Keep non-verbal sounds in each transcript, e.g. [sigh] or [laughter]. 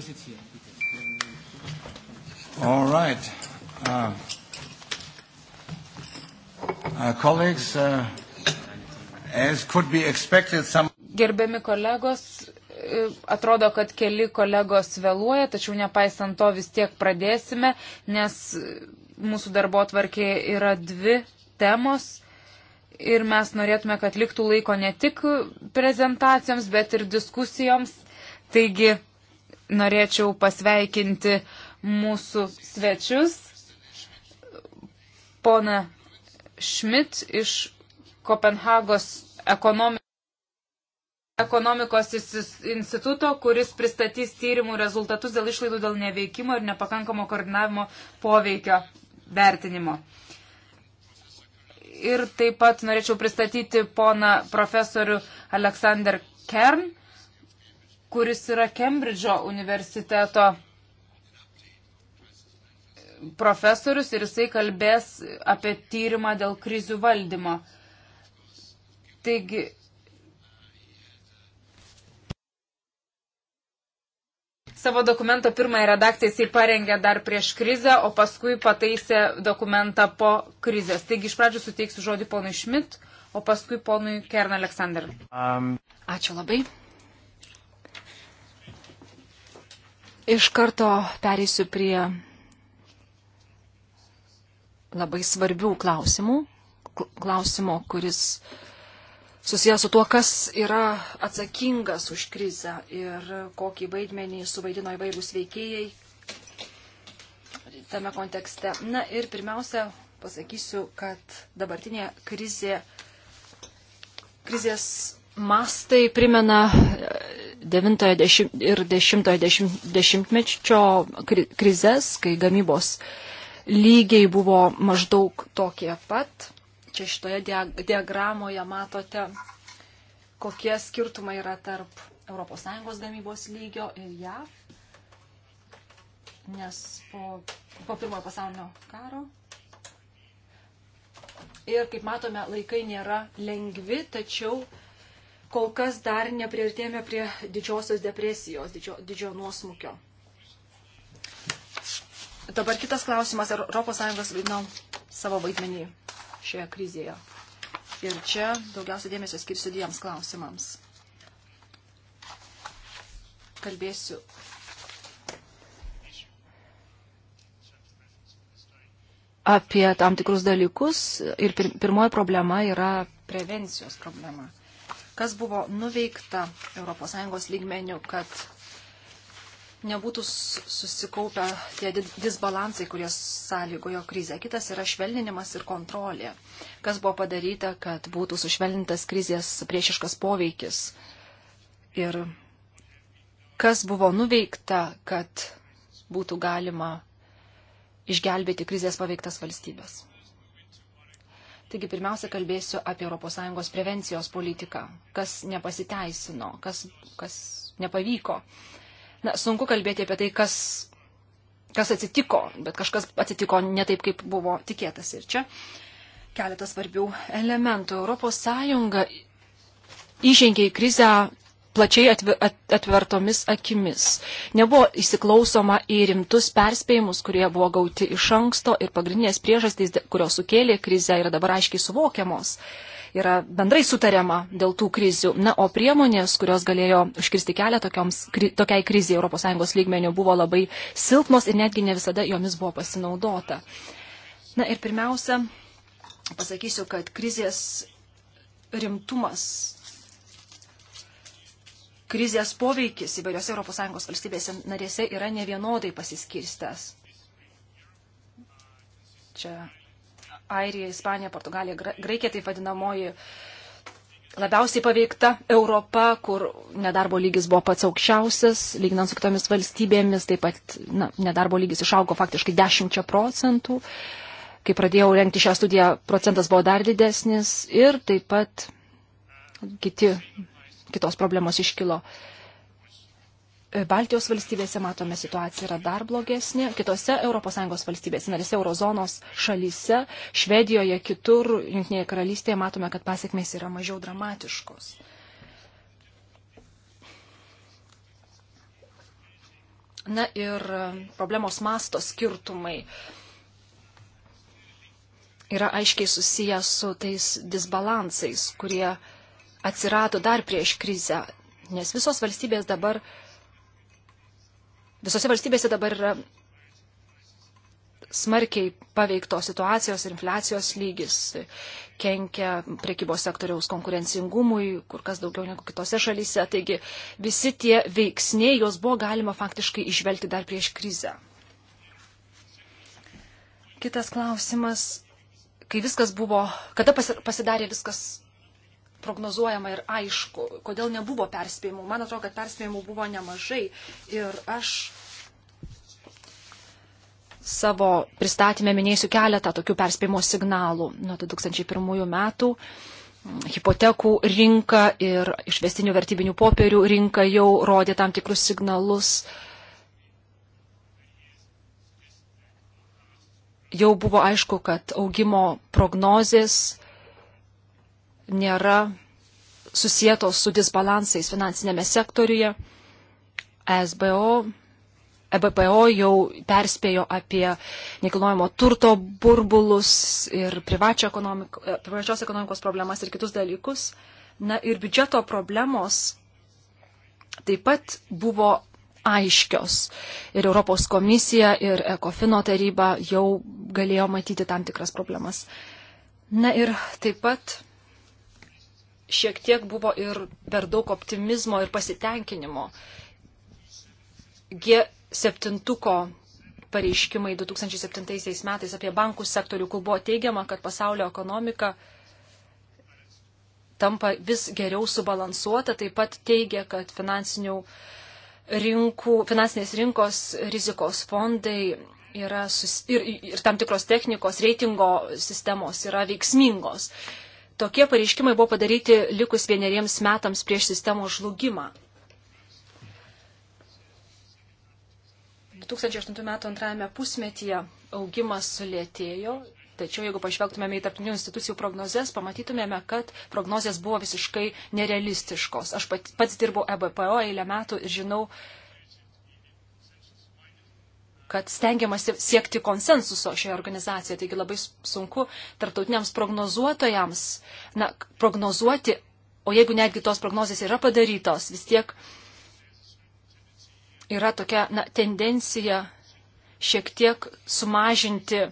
Plus it's here. All right. Uh, uh, colleagues, uh, as could be expected, some... Gerbiami kolegos, e, atrodo, kad keli kolegos vėluoja, tačiau nepaisant to vis tiek pradėsime, nes mūsų darbo tvarkė yra dvi temos ir mes norėtume, kad liktų laiko ne tik prezentacijoms, bet ir diskusijoms. Taigi norėčiau pasveikinti mūsų svečius, pona Šmit iš Kopenhagos ekonomikos ekonomikos instituto, kuris pristatys tyrimų rezultatus dėl išlaidų dėl neveikimo ir nepakankamo koordinavimo poveikio vertinimo. Ir taip pat norėčiau pristatyti poną profesorių Aleksandr Kern, kuris yra Kembridžo universiteto profesorius ir jisai kalbės apie tyrimą dėl krizių valdymo. Taigi, savo dokumento pirmąją redakciją jisai parengė dar prieš krizę, o paskui pataisė dokumentą po krizės. Taigi, iš pradžių suteiksiu žodį ponui Šmit, o paskui ponui Kern Aleksandr. Um. Ačiū labai. Iš karto pereisiu prie labai svarbių klausimų. Klausimo, kuris susijęs su tuo, kas yra atsakingas už krizę ir kokį vaidmenį suvaidino įvairūs veikėjai tame kontekste. Na ir pirmiausia, pasakysiu, kad dabartinė krizė, krizės mastai primena 90 ir 10-mečio krizės, kai gamybos lygiai buvo maždaug tokie pat. Čia šitoje diagramoje matote, kokie skirtumai yra tarp ES gamybos lygio ir JAV. Nes po, po pirmojo pasaulinio karo. Ir kaip matome, laikai nėra lengvi, tačiau kol kas dar neprieartėjome prie didžiosios depresijos, didžio, didžio nuosmukio. Dabar kitas klausimas, ar ES vaidino savo vaidmenį šioje krizėje. Ir čia daugiausia dėmesio skirsiu dviems klausimams. Kalbėsiu. apie tam tikrus dalykus ir pirmoji problema yra prevencijos problema kas buvo nuveikta ES lygmenių, kad nebūtų susikaupę tie disbalansai, kurie sąlygojo krizę. Kitas yra švelninimas ir kontrolė. Kas buvo padaryta, kad būtų sušvelnintas krizės priešiškas poveikis. Ir kas buvo nuveikta, kad būtų galima išgelbėti krizės paveiktas valstybės. Taigi pirmiausia kalbėsiu apie ES prevencijos politiką, kas nepasiteisino, kas, kas nepavyko. Na, sunku kalbėti apie tai, kas, kas atsitiko, bet kažkas atsitiko ne taip, kaip buvo tikėtas. Ir čia keletas svarbių elementų. ES įžengė į krizę plačiai atvertomis akimis. Nebuvo įsiklausoma į rimtus perspėjimus, kurie buvo gauti iš anksto ir pagrindinės priežastys, kurios sukėlė krizę, yra dabar aiškiai suvokiamos. Yra bendrai sutariama dėl tų krizių. Na, o priemonės, kurios galėjo užkirsti kelią tokioms, kri, tokiai kriziai ES lygmenių, buvo labai silpnos ir netgi ne visada jomis buvo pasinaudota. Na ir pirmiausia, pasakysiu, kad krizės rimtumas krizės poveikis įvairiose ES valstybėse narėse yra nevienodai pasiskirstęs. Čia Airija, Ispanija, Portugalija, Graikija taip vadinamoji labiausiai paveikta Europa, kur nedarbo lygis buvo pats aukščiausias, lyginant su kitomis valstybėmis, taip pat na, nedarbo lygis išaugo faktiškai 10 procentų. Kai pradėjau renkti šią studiją, procentas buvo dar didesnis ir taip pat kiti kitos problemos iškilo. E, Baltijos valstybėse matome situacija yra dar blogesnė, kitose ES valstybėse, narėse eurozonos šalyse, Švedijoje, kitur, Junktinėje karalystėje matome, kad pasiekmės yra mažiau dramatiškos. Na ir e, problemos masto skirtumai yra aiškiai susiję su tais disbalansais, kurie uh, atsirado dar prieš krizę, nes visos valstybės dabar, visose valstybėse dabar yra smarkiai paveiktos situacijos ir infliacijos lygis kenkia priekybos sektoriaus konkurencingumui, kur kas daugiau negu kitose šalyse. Taigi visi tie veiksniai, juos buvo galima faktiškai išvelgti dar prieš krizę. Kitas klausimas, kai viskas buvo, kada pasidarė viskas prognozuojama ir aišku, kodėl nebuvo perspėjimų. Man atrodo, kad perspėjimų buvo nemažai ir aš savo pristatymę minėsiu keletą tokių perspėjimo signalų nuo 2001 metų. Mm, hipotekų rinka ir išvestinių vertybinių popierių rinka jau rodė tam tikrus signalus. Jau buvo aišku, kad augimo prognozės nėra susijėtos su disbalansais finansinėme sektoriuje. SBO, EBPO jau perspėjo apie nekilnojamo turto burbulus ir ekonomiko, e, privačios ekonomikos problemas ir kitus dalykus. Na ir biudžeto problemos taip pat buvo aiškios. Ir Europos komisija, ir Ekofino taryba jau galėjo matyti tam tikras problemas. Na ir taip pat šiek tiek buvo ir per daug optimizmo ir pasitenkinimo. G7 pareiškimai 2007 metais apie bankų sektorių, kur buvo teigiama, kad pasaulio ekonomika tampa vis geriau subalansuota, taip pat teigia, kad rinkų, finansinės rinkos rizikos fondai yra sus, ir, ir tam tikros technikos reitingo sistemos yra veiksmingos tokie pareiškimai buvo padaryti likus vieneriems metams prieš sistemos žlugimą. 2008 metų antrajame pusmetyje augimas sulėtėjo, tačiau jeigu pažvelgtumėme į tarptautinių institucijų prognozes, pamatytumėme, kad prognozės buvo visiškai nerealistiškos. Aš pats dirbau EBPO eilę metų ir žinau, kad stengiamasi siekti konsensuso šioje organizacijoje. Taigi labai sunku tarptautiniams prognozuotojams na, prognozuoti, o jeigu netgi tos prognozijas yra padarytos, vis tiek yra tokia na, tendencija šiek tiek sumažinti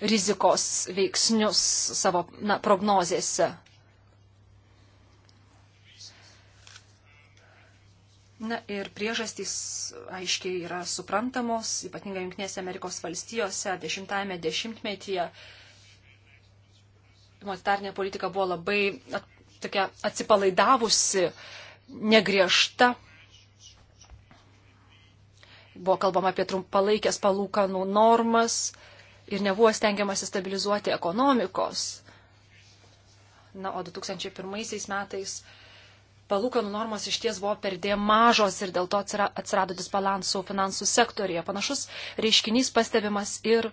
rizikos veiksnius savo na, prognozėse. Na ir priežastys aiškiai yra suprantamos, ypatingai Junktinėse Amerikos valstijose 10-ame dešimtmetyje monetarinė politika buvo labai at, tokia atsipalaidavusi, negriežta. Buvo kalbama apie trumpalaikės palūkanų normas ir nebuvo stengiamasi stabilizuoti ekonomikos. Na, o 2001 metais palūkanų normos iš ties buvo perdėm mažos ir dėl to atsirado disbalansų finansų sektorija. Panašus reiškinys pastebimas ir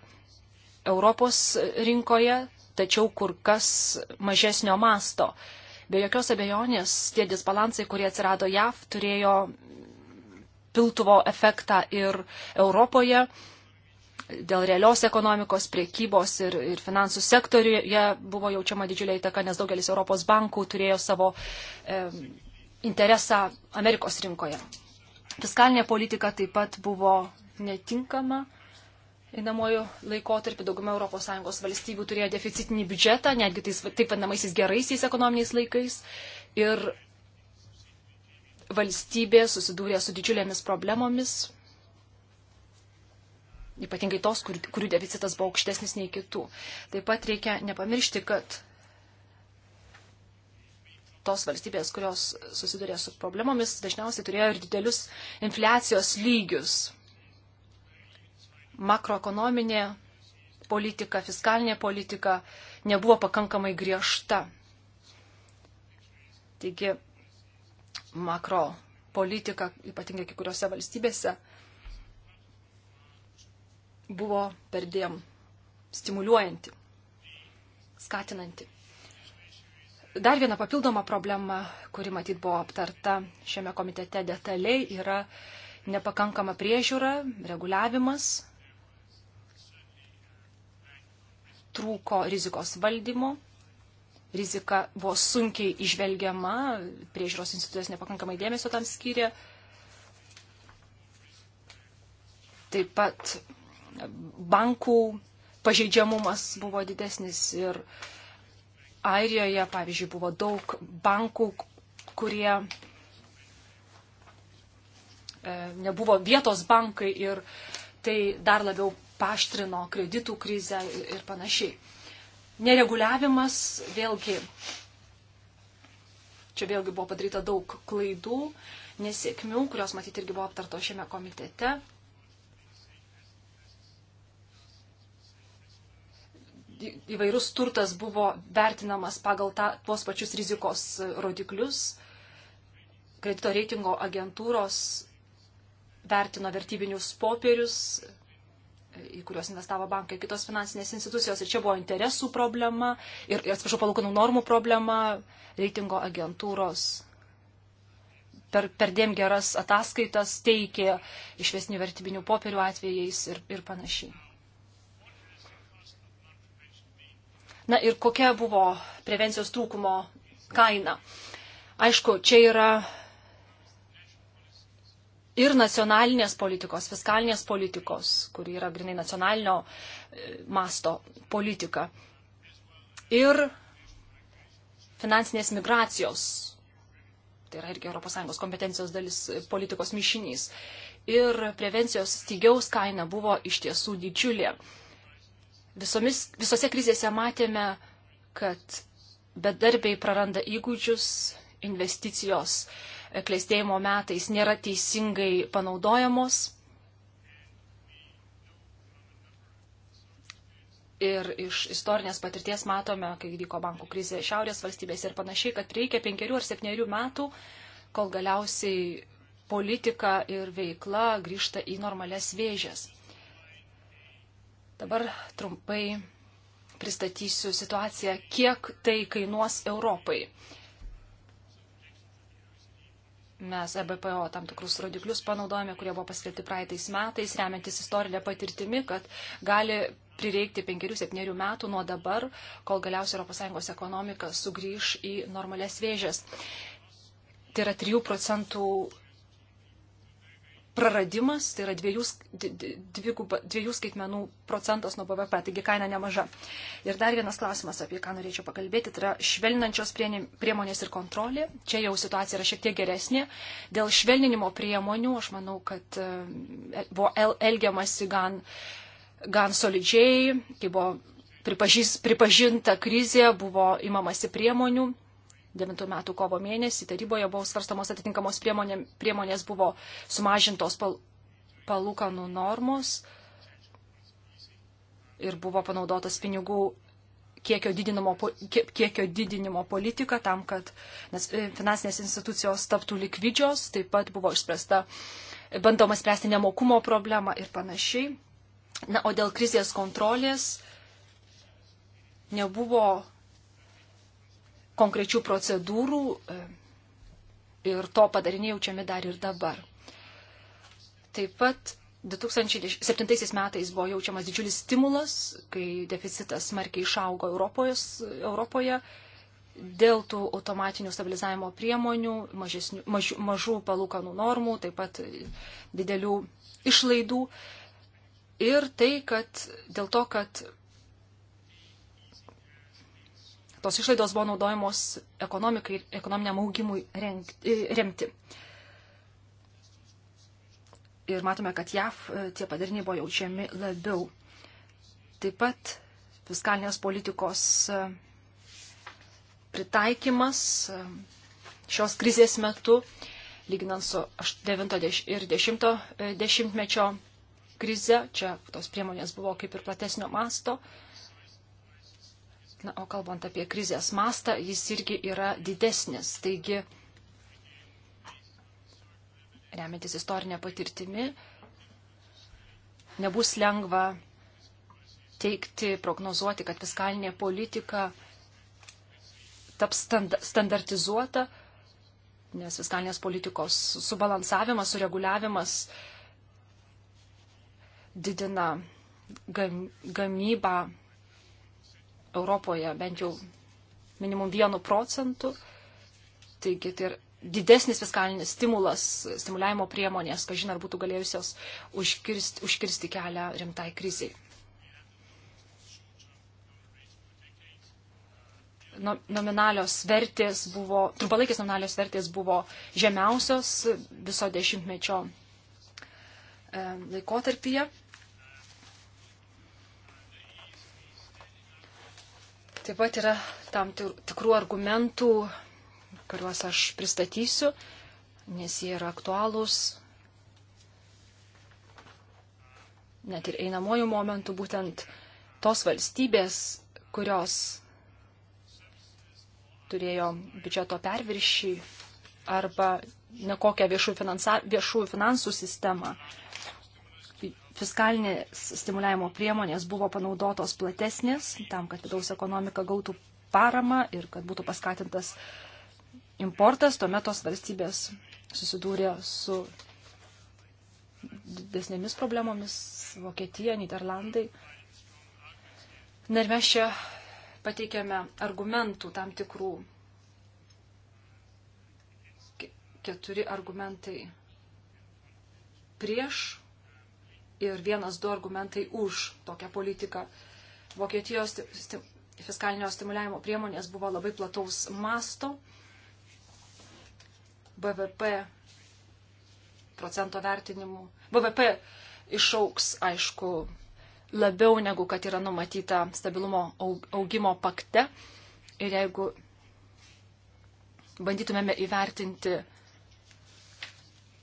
Europos rinkoje, tačiau kur kas mažesnio masto. Be jokios abejonės tie disbalansai, kurie atsirado JAV, turėjo piltuvo efektą ir Europoje dėl realios ekonomikos, priekybos ir, ir finansų sektoriuje buvo jaučiama didžiulė įtaka, nes daugelis Europos bankų turėjo savo e, interesą Amerikos rinkoje. Fiskalinė politika taip pat buvo netinkama. Einamojų laikotarpį dauguma ES valstybių turėjo deficitinį biudžetą, netgi tais, taip vadinamaisiais geraisiais ekonominiais laikais. Ir valstybė susidūrė su didžiulėmis problemomis, ypatingai tos, kur, kurių deficitas buvo aukštesnis nei kitų. Taip pat reikia nepamiršti, kad tos valstybės, kurios susidurė su problemomis, dažniausiai turėjo ir didelius infliacijos lygius. Makroekonominė politika, fiskalinė politika nebuvo pakankamai griežta. Taigi makro politika, ypatingai kai kuriuose valstybėse, buvo perdėm stimuliuojanti, skatinanti. Dar viena papildoma problema, kuri matyt buvo aptarta šiame komitete detaliai, yra nepakankama priežiūra, reguliavimas, trūko rizikos valdymo, rizika buvo sunkiai išvelgiama, priežiūros institucijos nepakankamai dėmesio tam skyrė. Taip pat bankų pažeidžiamumas buvo didesnis ir Airijoje, pavyzdžiui, buvo daug bankų, kurie e, nebuvo vietos bankai ir tai dar labiau paštrino kreditų krizę ir panašiai. Nereguliavimas vėlgi, čia vėlgi buvo padaryta daug klaidų, nesėkmių, kurios matyti irgi buvo aptarto šiame komitete. įvairus turtas buvo vertinamas pagal ta, tuos pačius rizikos rodiklius. Kredito reitingo agentūros vertino vertybinius popierius, į kuriuos investavo bankai ir kitos finansinės institucijos. Ir čia buvo interesų problema ir, atsiprašau, palūkanų normų problema, reitingo agentūros per, per dėm geras ataskaitas teikė išvesnių vertybinių popierių atvejais ir, ir panašiai. Na ir kokia buvo prevencijos trūkumo kaina. Aišku, čia yra ir nacionalinės politikos, fiskalinės politikos, kuri yra grinai nacionalinio e, masto politika. Ir finansinės migracijos. Tai yra irgi ES kompetencijos dalis e, politikos mišinys. Ir prevencijos stygiaus kaina buvo iš tiesų didžiulė. Visomis, visose krizėse matėme, kad bedarbiai praranda įgūdžius, investicijos e, klėstėjimo metais nėra teisingai panaudojamos. ir iš istorinės patirties matome, kai vyko bankų krizė šiaurės valstybėse ir panašiai, kad reikia penkerių ar septynerių metų, kol galiausiai politika ir veikla grįžta į normales vėžės. Dabar trumpai pristatysiu situaciją, kiek tai kainuos Europai. Mes EBPO tam tikrus rodiklius panaudojame, kurie buvo paskelbti praeitais metais, remiantis istorinę patirtimi, kad gali prireikti penkerių, septynerių metų nuo dabar, kol galiausiai ES ekonomika sugrįž į normales vėžės. Tai yra 3 procentų praradimas, tai yra dviejų, dviejų skaitmenų procentas nuo BVP, taigi kaina nemaža. Ir dar vienas klausimas, apie ką norėčiau pakalbėti, tai yra švelninančios priemonės ir kontrolė. Čia jau situacija yra šiek tiek geresnė. Dėl švelninimo priemonių aš manau, kad e, buvo elgiamasi gan, gan solidžiai, kai buvo pripažys, pripažinta krizė, buvo imamasi priemonių 2009 metų kovo mėnesį taryboje buvo svarstamos atitinkamos priemonė, priemonės, buvo sumažintos pal, palūkanų normos ir buvo panaudotas pinigų kiekio didinimo, kiekio didinimo politika tam, kad nes, e, finansinės institucijos taptų likvidžios, taip pat buvo išspręsta, bandoma spręsti nemokumo problemą ir panašiai. Na, o dėl krizės kontrolės nebuvo konkrečių procedūrų e, ir to padariniai jaučiami dar ir dabar. Taip pat 2007 metais buvo jaučiamas didžiulis stimulas, kai deficitas smarkiai išaugo Europojos, Europoje dėl tų automatinių stabilizavimo priemonių, mažesnių, maž, mažų palūkanų normų, taip pat didelių išlaidų. Ir tai, kad dėl to, kad tos išlaidos buvo naudojamos ekonomikai ir ekonominiam augimui renkti, remti. Ir matome, kad JAV e, tie padariniai buvo jaučiami labiau. Taip pat fiskalinės politikos e, pritaikymas e, šios krizės metu, lyginant su 9 ir 10 dešimtmečio krize, čia tos priemonės buvo kaip ir platesnio masto, Na, o kalbant apie krizės mastą, jis irgi yra didesnis. Taigi, remiantis istorinė patirtimi, nebus lengva teikti, prognozuoti, kad fiskalinė politika taps standartizuota, nes fiskalinės politikos subalansavimas, sureguliavimas didina gamybą, Europoje bent jau minimum vienu procentu. Taigi tai ir didesnis fiskalinis stimulas, stimuliavimo priemonės, kažin ar būtų galėjusios užkirsti, užkirsti kelią rimtai kriziai. No, nominalios vertės buvo, trumpalaikės nominalios vertės buvo žemiausios viso dešimtmečio laikotarpyje. Taip pat yra tam tikrų argumentų, kuriuos aš pristatysiu, nes jie yra aktualūs. Net ir einamojų momentų būtent tos valstybės, kurios turėjo biudžeto perviršį arba nekokią viešųjų, viešųjų finansų sistemą, fiskalinės stimuliavimo priemonės buvo panaudotos platesnės, tam, kad vidaus ekonomika gautų paramą ir kad būtų paskatintas importas, tuomet tos valstybės susidūrė su didesnėmis problemomis - Vokietija, Niderlandai. Na ir mes čia pateikėme argumentų tam tikrų. Keturi argumentai prieš ir vienas du argumentai už tokią politiką. Vokietijos sti fiskalinio stimuliavimo priemonės buvo labai plataus masto. BVP procento vertinimų. BVP išauks, aišku, labiau negu kad yra numatyta stabilumo augimo pakte. Ir jeigu bandytumėme įvertinti,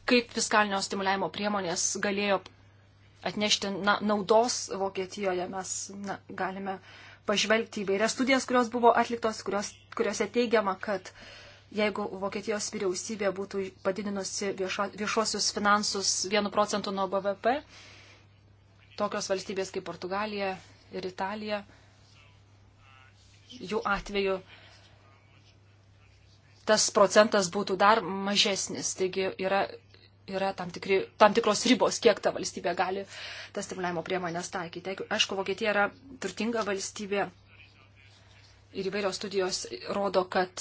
kaip fiskalinio stimuliavimo priemonės galėjo atnešti na, naudos Vokietijoje. Mes na, galime pažvelgti į vairias studijas, kurios buvo atliktos, kurios, kuriuose teigiama, kad jeigu Vokietijos vyriausybė būtų padidinusi viešo, viešuosius finansus 1 procentų nuo BVP, tokios valstybės kaip Portugalija ir Italija, jų atveju tas procentas būtų dar mažesnis. Taigi yra yra tam, tikri, tam tikros ribos, kiek ta valstybė gali tas stimuliavimo priemonės taikyti. Aišku, Vokietija yra turtinga valstybė ir įvairios studijos rodo, kad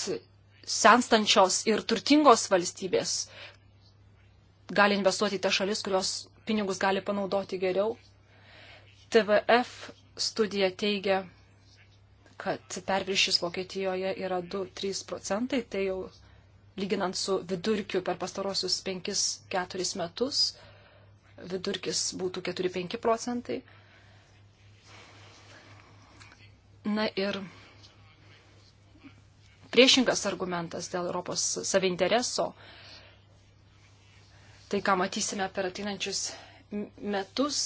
senstančios ir turtingos valstybės gali investuoti į tą šalis, kurios pinigus gali panaudoti geriau. TVF studija teigia, kad perviršis Vokietijoje yra 2-3 procentai, tai jau lyginant su vidurkiu per pastarosius 5-4 metus, vidurkis būtų 4-5 procentai. Na ir priešingas argumentas dėl Europos savintereso, tai ką matysime per ateinančius metus,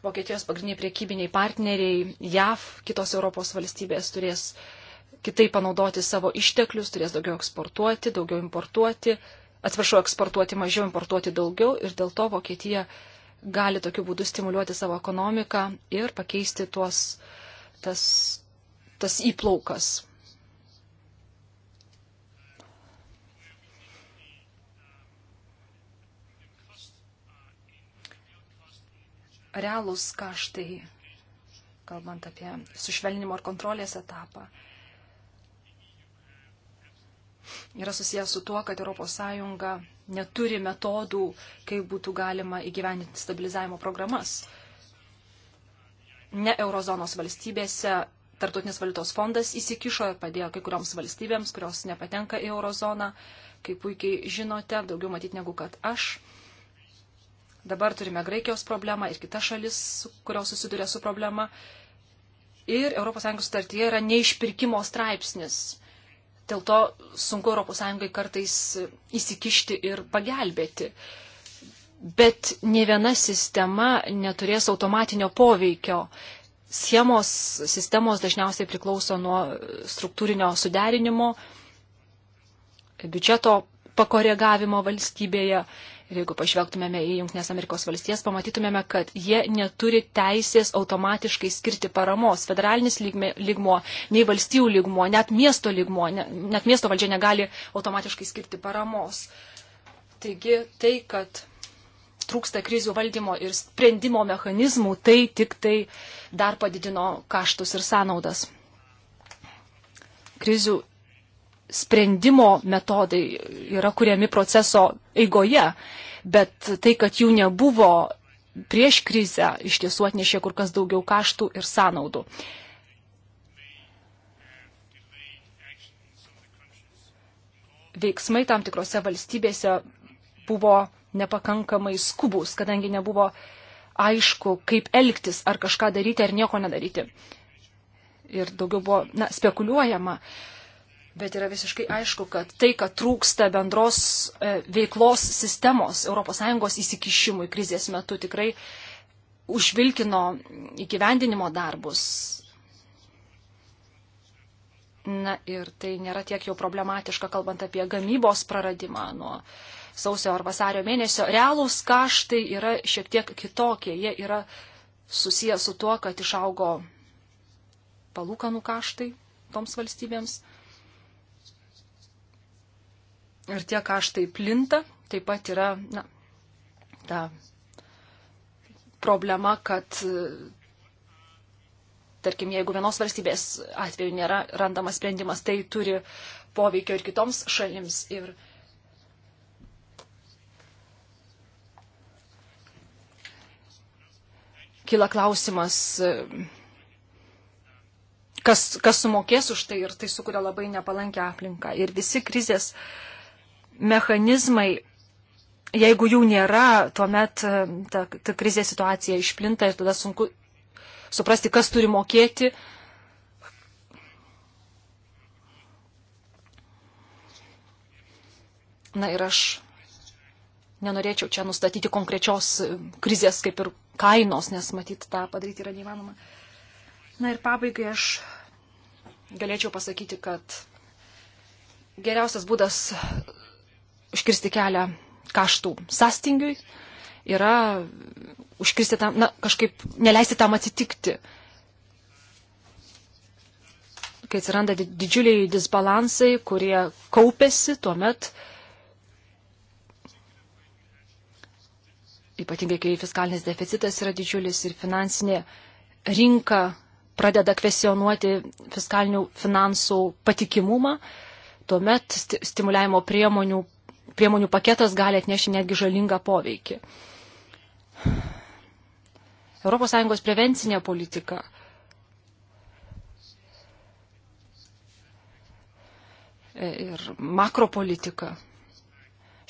Vokietijos pagrindiniai priekybiniai partneriai, JAV, kitos Europos valstybės turės uh, kitaip panaudoti savo išteklius, turės daugiau eksportuoti, daugiau importuoti, atsiprašau, eksportuoti mažiau, importuoti daugiau ir dėl to Vokietija gali tokiu būdu stimuliuoti savo ekonomiką ir pakeisti tuos, tas, tas įplaukas. Realūs kaštai, kalbant apie sušvelnimo ir kontrolės etapą, yra susijęs su tuo, kad ES neturi metodų, kaip būtų galima įgyveninti stabilizavimo programas. Ne eurozonos valstybėse Tartutinis valiutos fondas įsikišo ir padėjo kai kurioms valstybėms, kurios nepatenka į eurozoną, kaip puikiai žinote, daugiau matyti negu kad aš. Dabar turime Graikijos problemą ir kitas šalis, kurios susiduria su problema. Ir ES sutartyje yra neišpirkimo straipsnis. Dėl to sunku ES kartais įsikišti ir pagelbėti. Bet ne viena sistema neturės automatinio poveikio. Schemos, sistemos dažniausiai priklauso nuo struktūrinio suderinimo, biudžeto pakoregavimo valstybėje Ir jeigu pažvelgtumėme į Junktinės Amerikos valstijas, pamatytumėme, kad jie neturi teisės automatiškai skirti paramos. Federalinis lygmo, nei valstijų lygmo, net miesto lygmo, ne, net miesto valdžia negali automatiškai skirti paramos. Taigi tai, kad trūksta krizių valdymo ir sprendimo mechanizmų, tai tik tai dar padidino kaštus ir sąnaudas. Krizių sprendimo metodai yra kuriami proceso eigoje, bet tai, kad jų nebuvo prieš krizę, iš tiesų atnešė kur kas daugiau kaštų ir sąnaudų. Veiksmai tam tikrose valstybėse buvo nepakankamai skubus, kadangi nebuvo aišku, kaip elgtis, ar kažką daryti, ar nieko nedaryti. Ir daugiau buvo na, spekuliuojama. Uh, bet yra visiškai aišku, kad tai, kad trūksta bendros e, veiklos sistemos ES įsikišimui krizės metu, tikrai užvilkino įgyvendinimo darbus. Na ir tai nėra tiek jau problematiška, kalbant apie gamybos praradimą nuo sausio ar vasario mėnesio. Realūs kaštai yra šiek tiek kitokie. Jie yra susiję su tuo, kad išaugo palūkanų kaštai toms valstybėms ir tie kaštai plinta, taip pat yra na, ta problema, kad tarkim, jeigu vienos valstybės atveju nėra randamas sprendimas, tai turi poveikio ir kitoms šalims. Ir kyla klausimas, kas, kas sumokės už tai ir tai sukuria labai nepalankę aplinką. Ir visi krizės uh, mechanizmai, jeigu jų nėra, tuomet e, ta, ta krizė situacija išplinta ir tada sunku suprasti, kas turi mokėti. Na ir aš nenorėčiau čia nustatyti konkrečios krizės kaip ir kainos, nes matyt, tą padaryti yra neįmanoma. Na ir pabaigai aš galėčiau pasakyti, kad geriausias būdas užkirsti kelią kaštų sąstingiui, yra užkirsti tam, na, kažkaip neleisti tam atsitikti. Kai atsiranda didžiuliai disbalansai, kurie kaupėsi, tuomet ypatingai kai fiskalinis deficitas yra didžiulis ir finansinė rinka pradeda kvesionuoti fiskalinių finansų patikimumą, tuomet stimuliavimo priemonių priemonių paketas gali atnešti netgi žalingą poveikį. ES prevencinė politika ir makropolitika.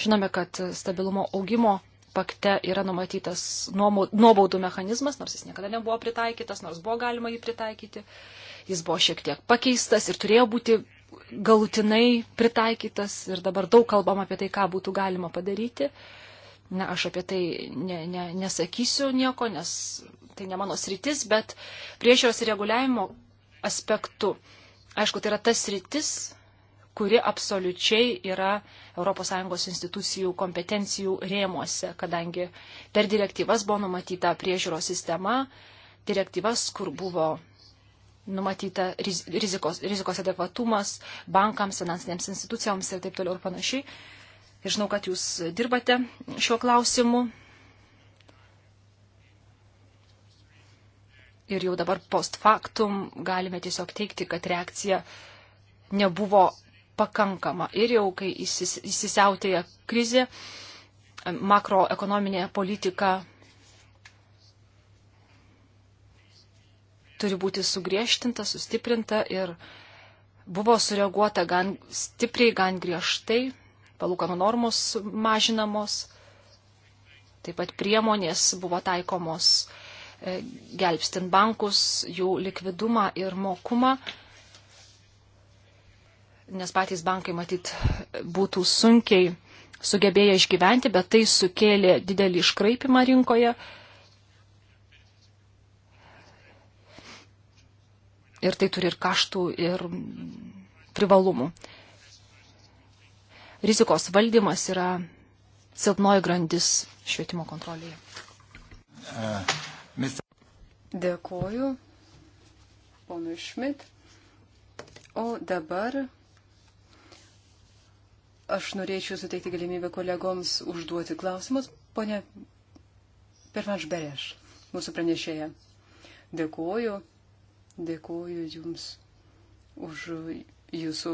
Žinome, kad stabilumo augimo pakte yra numatytas nuobaudų mechanizmas, nors jis niekada nebuvo pritaikytas, nors buvo galima jį pritaikyti. Jis buvo šiek tiek pakeistas ir turėjo būti galutinai pritaikytas ir dabar daug kalbam apie tai, ką būtų galima padaryti. Na, aš apie tai ne, ne, nesakysiu nieko, nes tai ne mano sritis, bet priešios reguliavimo aspektu. Aišku, tai yra tas sritis, kuri absoliučiai yra ES institucijų kompetencijų rėmuose, kadangi per direktyvas buvo numatyta priežiūros sistema, direktyvas, kur buvo numatyta rizikos, rizikos adekvatumas bankams, finansinėms institucijoms ir taip toliau ir panašiai. Ir žinau, kad jūs dirbate šiuo klausimu. Ir jau dabar post factum galime tiesiog teikti, kad reakcija nebuvo pakankama. Ir jau, kai įsis, įsisiautėja krizė, makroekonominė politika turi būti sugriežtinta, sustiprinta ir buvo sureaguota gan stipriai, gan griežtai, palūkanų normos mažinamos, taip pat priemonės buvo taikomos e, gelbstint bankus, jų likvidumą ir mokumą, nes patys bankai matyt būtų sunkiai sugebėję išgyventi, bet tai sukėlė didelį iškraipimą rinkoje Ir tai turi ir kaštų, ir privalumų. Rizikos valdymas yra silpnoji grandis švietimo kontrolėje. Uh, Dėkoju, ponui Šmit. O dabar aš norėčiau suteikti galimybę kolegoms užduoti klausimus. Pone Pervanš Bereš, mūsų pranešėja. Dėkoju. Dėkuoju Jums už Jūsų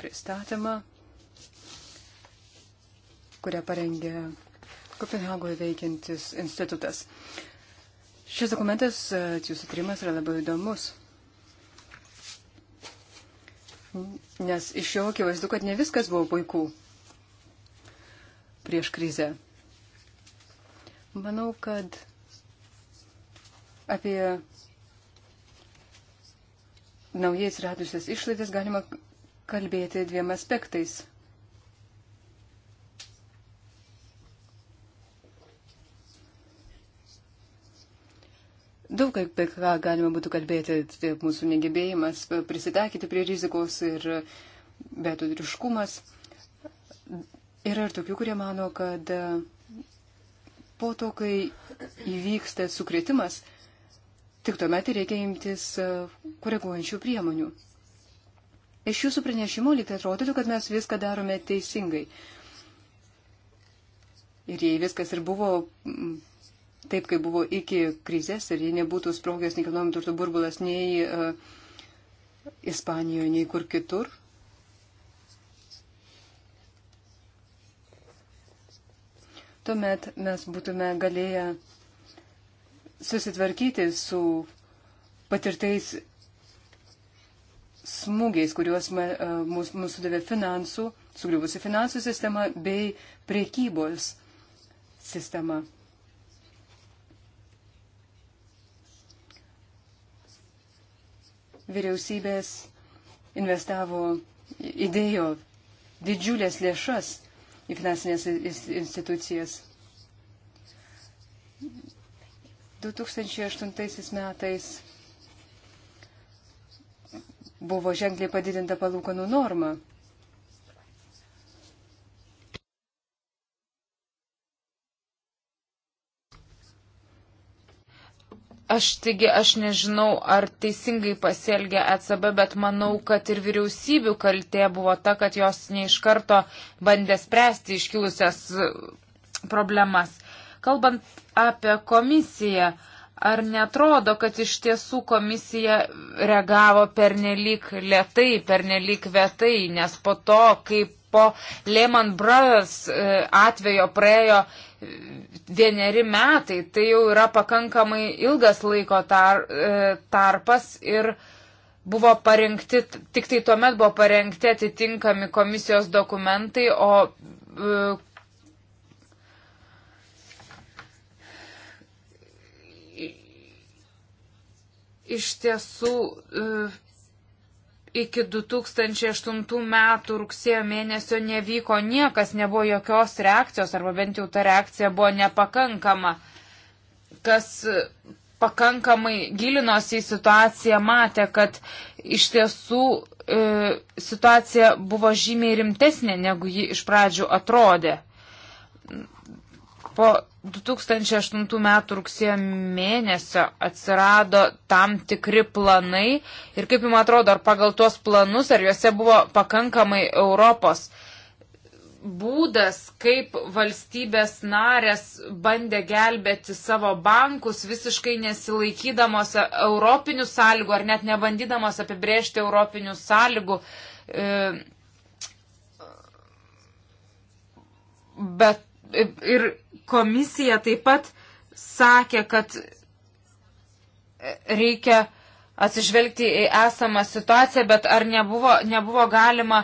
pristatymą, kurią parengė Kopenhagoje veikiantis institutas. Šis dokumentas, Jūsų tyrimas yra labai įdomus, nes iš jo akivaizdu, kad ne viskas buvo puiku prieš krizę. Manau, kad apie naujai atsiradusias išlaidas galima kalbėti dviem aspektais. Daug apie ką galima būtų kalbėti, tai mūsų negebėjimas prisitaikyti prie rizikos ir betodriškumas. Yra ir tokių, kurie mano, kad po to, kai įvyksta sukretimas, Tik tuomet reikia imtis e, koreguojančių priemonių. Iš jūsų pranešimo liktai atrodytų, kad mes viską darome teisingai. Ir jei viskas ir buvo mm, taip, kaip buvo iki krizės, ir jei nebūtų sprogęs nekilnojamo turto burbulas nei uh, Ispanijoje, nei kur kitur, tuomet mes būtume galėję susitvarkyti su patirtais smūgiais, kuriuos mūsų e, sudavė finansų, sugriuvusi finansų sistema bei priekybos sistema. Vyriausybės investavo, įdėjo didžiulės lėšas į finansinės institucijas. 2008 metais buvo ženkliai padidinta palūkanų norma. Aš taigi, aš nežinau, ar teisingai pasielgė ECB, bet manau, kad ir vyriausybių kaltė buvo ta, kad jos neiš karto bandė spręsti iškilusias problemas. Kalbant apie komisiją, ar netrodo, kad iš tiesų komisija reagavo pernelyg lietai, pernelyg vietai, nes po to, kai po Lehman Brothers e, atvejo praėjo e, vieneri metai, tai jau yra pakankamai ilgas laiko tar, e, tarpas ir buvo parengti, tik tai tuomet buvo parengti atitinkami komisijos dokumentai, o iš tiesų e, iki 2008 metų rugsėjo mėnesio nevyko niekas, nebuvo jokios reakcijos, arba bent jau ta reakcija buvo nepakankama. Kas pakankamai gilinosi į situaciją, matė, kad iš tiesų e, situacija buvo žymiai rimtesnė, negu ji iš pradžių atrodė po 2008 metų rugsėjo mėnesio atsirado tam tikri planai ir kaip jums atrodo, ar pagal tuos planus, ar juose buvo pakankamai Europos būdas, kaip valstybės narės bandė gelbėti savo bankus, visiškai nesilaikydamos europinių sąlygų ar net nebandydamos apibrėžti europinių sąlygų. E, bet ir komisija taip pat sakė, kad reikia atsižvelgti į esamą situaciją, bet ar nebuvo, nebuvo galima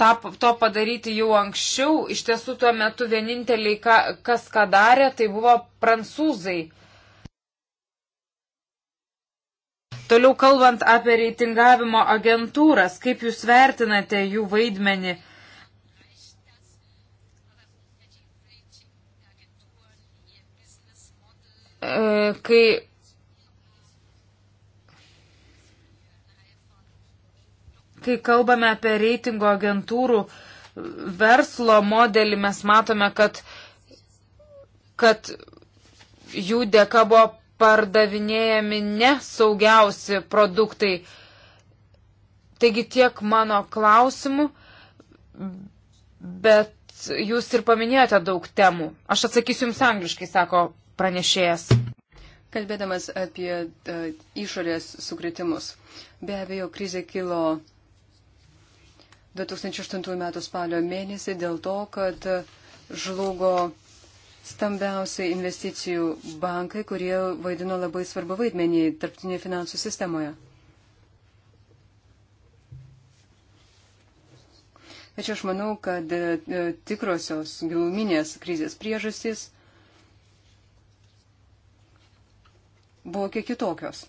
tą, to padaryti jau anksčiau? Iš tiesų tuo metu vieninteliai, ka, kas ką darė, tai buvo prancūzai. Toliau kalbant apie reitingavimo agentūras, kaip jūs vertinate jų vaidmenį? kai kai kalbame apie reitingo agentūrų verslo modelį, mes matome, kad, kad jų dėka buvo pardavinėjami nesaugiausi produktai. Taigi tiek mano klausimų, bet jūs ir paminėjote daug temų. Aš atsakysiu jums angliškai, sako pranešėjas. Kalbėdamas apie uh, išorės sukretimus, be abejo, krizė kilo 2008 m. spalio mėnesį dėl to, kad žlugo stambiausiai investicijų bankai, kurie vaidino labai svarbu vaidmenį tarptinėje finansų sistemoje. Tačiau aš manau, kad e, tikrosios giluminės krizės priežastys buvo kiek kitokios.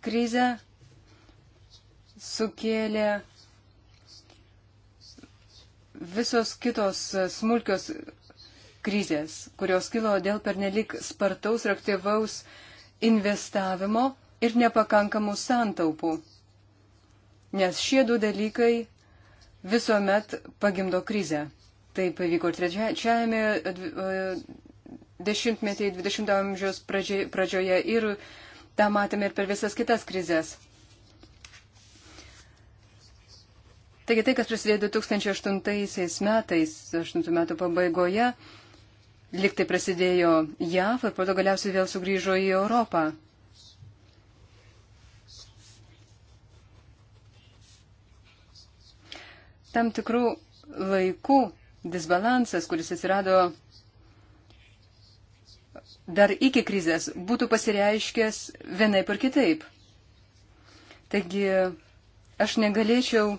Krize sukėlė visos kitos smulkios krizės, kurios kilo dėl pernelik spartaus ir aktyvaus investavimo ir nepakankamų santaupų. Nes šie du dalykai visuomet pagimdo krizę. Tai pavyko ir trečiajame e, dešimtmetyje, 20 amžiaus pradžioje ir tą matėme ir per visas kitas krizės. Taigi tai, kas prasidėjo 2008 metais, 2008 metų pabaigoje, liktai prasidėjo JAV ir po to galiausiai vėl sugrįžo į Europą. Tam tikrų laikų disbalansas, kuris atsirado dar iki krizės, būtų pasireiškęs vienaip ar kitaip. Taigi aš negalėčiau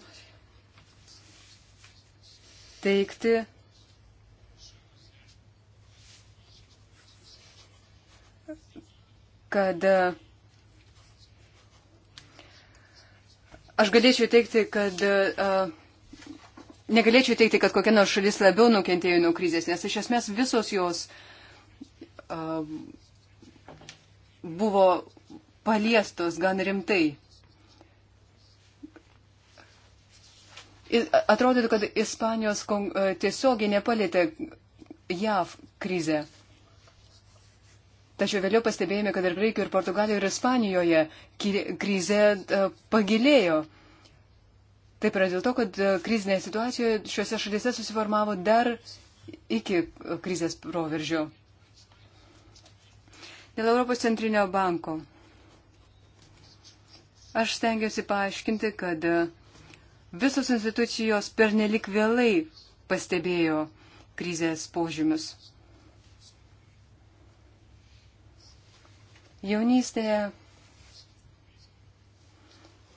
teikti, kad aš galėčiau teikti, kad uh, negalėčiau teikti, kad kokia nors šalis labiau nukentėjo nuo krizės, nes iš esmės visos jos uh, buvo paliestos gan rimtai. Atrodytų, kad Ispanijos e, tiesiogiai nepalėtė JAV krizę. Tačiau vėliau pastebėjome, kad ir Graikijoje, ir Portugalijoje, ir Ispanijoje krize pagilėjo. Uh, Taip yra dėl to, kad e, krizinėje situacijoje šiuose šalyse susiformavo dar iki e, krizės proveržio. Dėl Europos centrinio banko. Aš stengiuosi paaiškinti, kad e, visos institucijos pernelik vėlai pastebėjo krizės požymius. Jaunystėje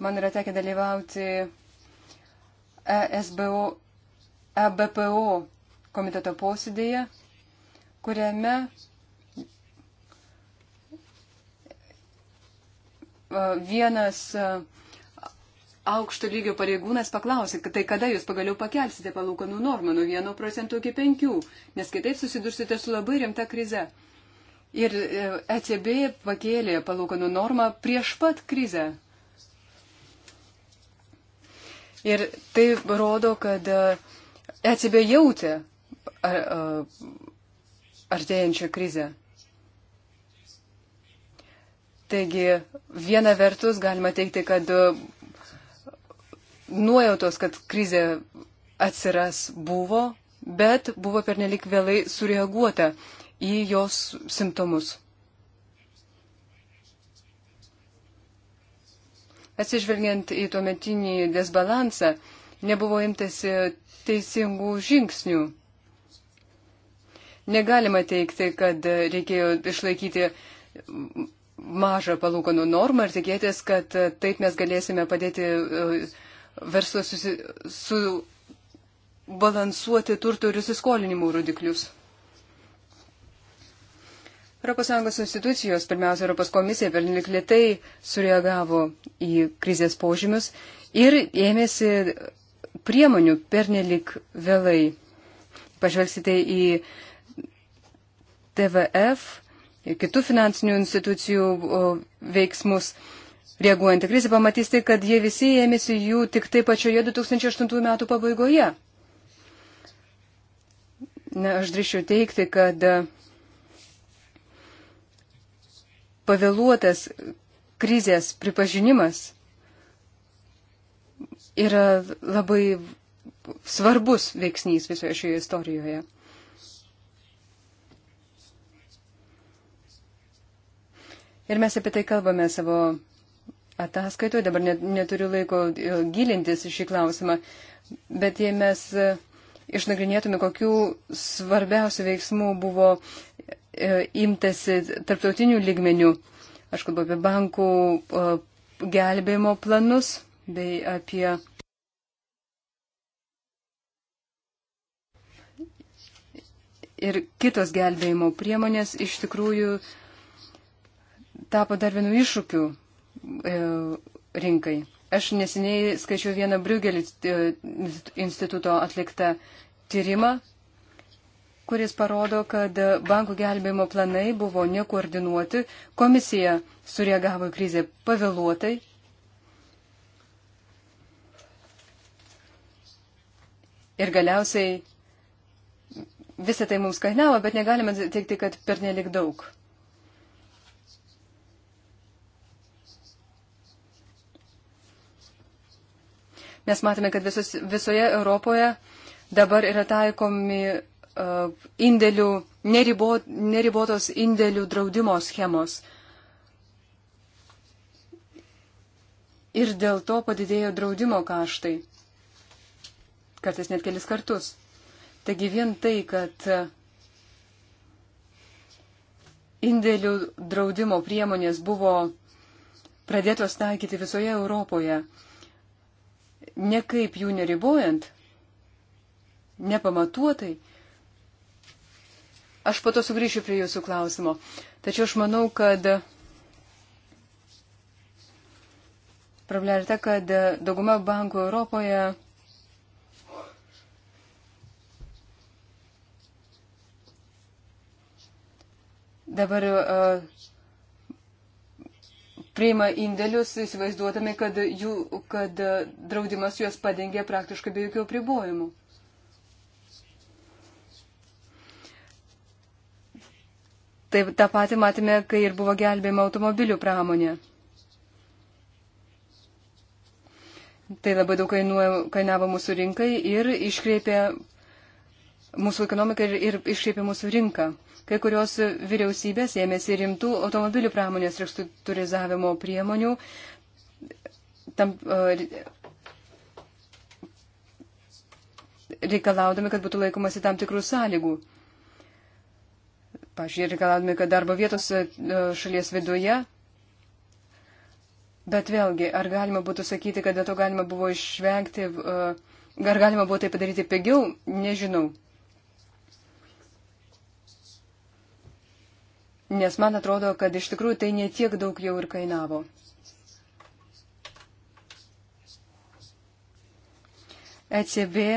man yra tekę dalyvauti ESBO, EBPO komiteto posėdėje, kuriame e, vienas e, aukšto lygio pareigūnas paklausė, kad tai kada jūs pagaliau pakelsite palūkanų normą nuo 1 procentų iki 5, nes kitaip susidursite su labai rimta krize. Ir ECB e pakėlė palūkanų normą prieš pat krizę. Ir tai rodo, kad e, ECB jautė ar, artėjančią krizę. Taigi, viena vertus galima teikti, kad e, nuojautos, kad krizė atsiras buvo, bet buvo pernelik vėlai sureaguota į jos simptomus. atsižvelgiant į tuometinį desbalansą, nebuvo imtasi teisingų žingsnių. Negalima teikti, kad reikėjo išlaikyti mažą palūkanų normą ir tikėtis, kad taip mes galėsime padėti e, verslą susi, subalansuoti turtų ir įsiskolinimų rodiklius. ES institucijos, pirmiausia, ES komisija pernelik lietai sureagavo į krizės požymius ir ėmėsi priemonių pernelik vėlai. Pažvelgsite į TVF ir kitų finansinių institucijų veiksmus. Reaguojant į krizę, pamatysite, kad jie visi ėmėsi jų tik tai pačioje 2008 metų pabaigoje. Na, aš drįšiu teikti, kad pavėluotas krizės pripažinimas yra labai svarbus veiksnys visoje šioje istorijoje. Ir mes apie tai kalbame savo ataskaitoje, dabar net, neturiu laiko e, gilintis šį klausimą, bet jei mes e, išnagrinėtume, kokių svarbiausių veiksmų buvo E, imtasi tarptautinių lygmenių. Aš kalbu apie bankų e, gelbėjimo planus bei apie ir kitos gelbėjimo priemonės iš tikrųjų tapo dar vienu iššūkiu e, rinkai. Aš neseniai skaičiau vieną Briugelį instituto atliktą tyrimą, kuris parodo, kad bankų gelbėjimo planai buvo nekoordinuoti, komisija sureagavo į krizę pavėluotai. Ir galiausiai visą tai mums kainavo, bet negalime teikti, kad per nelik daug. Mes matome, kad visos, visoje Europoje dabar yra taikomi E, indėlių, neribot, neribotos indėlių draudimo schemos. Ir dėl to padidėjo draudimo kaštai. Kartais net kelis kartus. Taigi vien tai, kad indėlių draudimo priemonės buvo pradėtos taikyti visoje Europoje, nekaip jų neribojant, nepamatuotai, Aš po to sugrįšiu prie jūsų klausimo. Tačiau aš manau, kad problema yra ta, kad dauguma bankų Europoje dabar uh, priima indėlius, įsivaizduodami, kad, jų, kad draudimas juos padengia praktiškai be jokių pribojimų. Tai tą patį matėme, kai ir buvo gelbėjama automobilių pramonė. Tai labai daug kainuoja, kainavo mūsų rinkai ir iškreipė mūsų ekonomiką ir, ir iškreipė mūsų rinką. Kai kurios vyriausybės ėmėsi rimtų automobilių pramonės restruktūrizavimo priemonių. Tam, e, reikalaudami, kad būtų laikomasi tam tikrų sąlygų. Pavyzdžiui, reikalavome, kad darbo vietos e, šalies viduje. Bet vėlgi, ar galima būtų sakyti, kad to galima buvo išvengti, e, ar galima buvo tai padaryti pigiau, nežinau. Nes man atrodo, kad iš tikrųjų tai netiek daug jau ir kainavo. ECB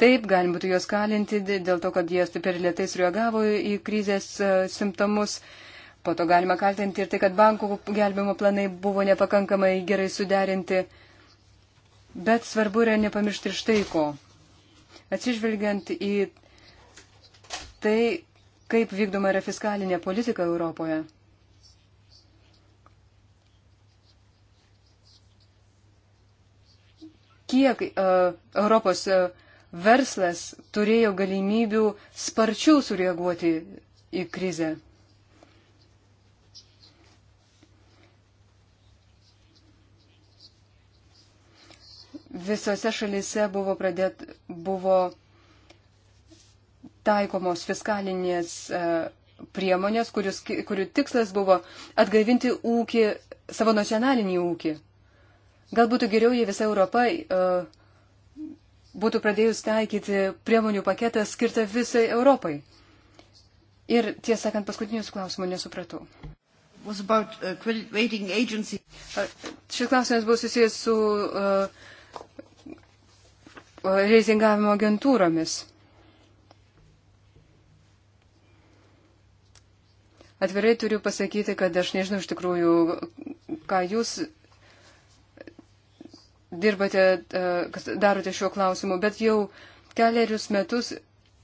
Taip, galim būtų juos kalinti dėl to, kad jie per lietai sureagavo į krizės e, simptomus. Po to galima kaltinti ir tai, kad bankų gelbimo planai buvo nepakankamai gerai suderinti. Bet svarbu yra nepamiršti ir štai ko. Atsižvelgiant į tai, kaip vykdoma yra fiskalinė politika Europoje. Kiek uh, Europos uh, verslas turėjo galimybių sparčiau sureaguoti į krizę. Visose šalise buvo, pradėt, buvo taikomos fiskalinės e, priemonės, kurius, kurių tikslas buvo atgaivinti ūkį, savo nacionalinį ūkį. Galbūt geriau, jei visa Europa uh, būtų pradėjus taikyti priemonių paketą skirtą visai Europai. Ir tiesą sakant, paskutinius klausimus nesupratau. About, uh, Šis klausimas buvo susijęs su uh, uh, reitingavimo agentūromis. Atvirai turiu pasakyti, kad aš nežinau iš tikrųjų, ką jūs dirbate, e, darote šiuo klausimu, bet jau keliarius metus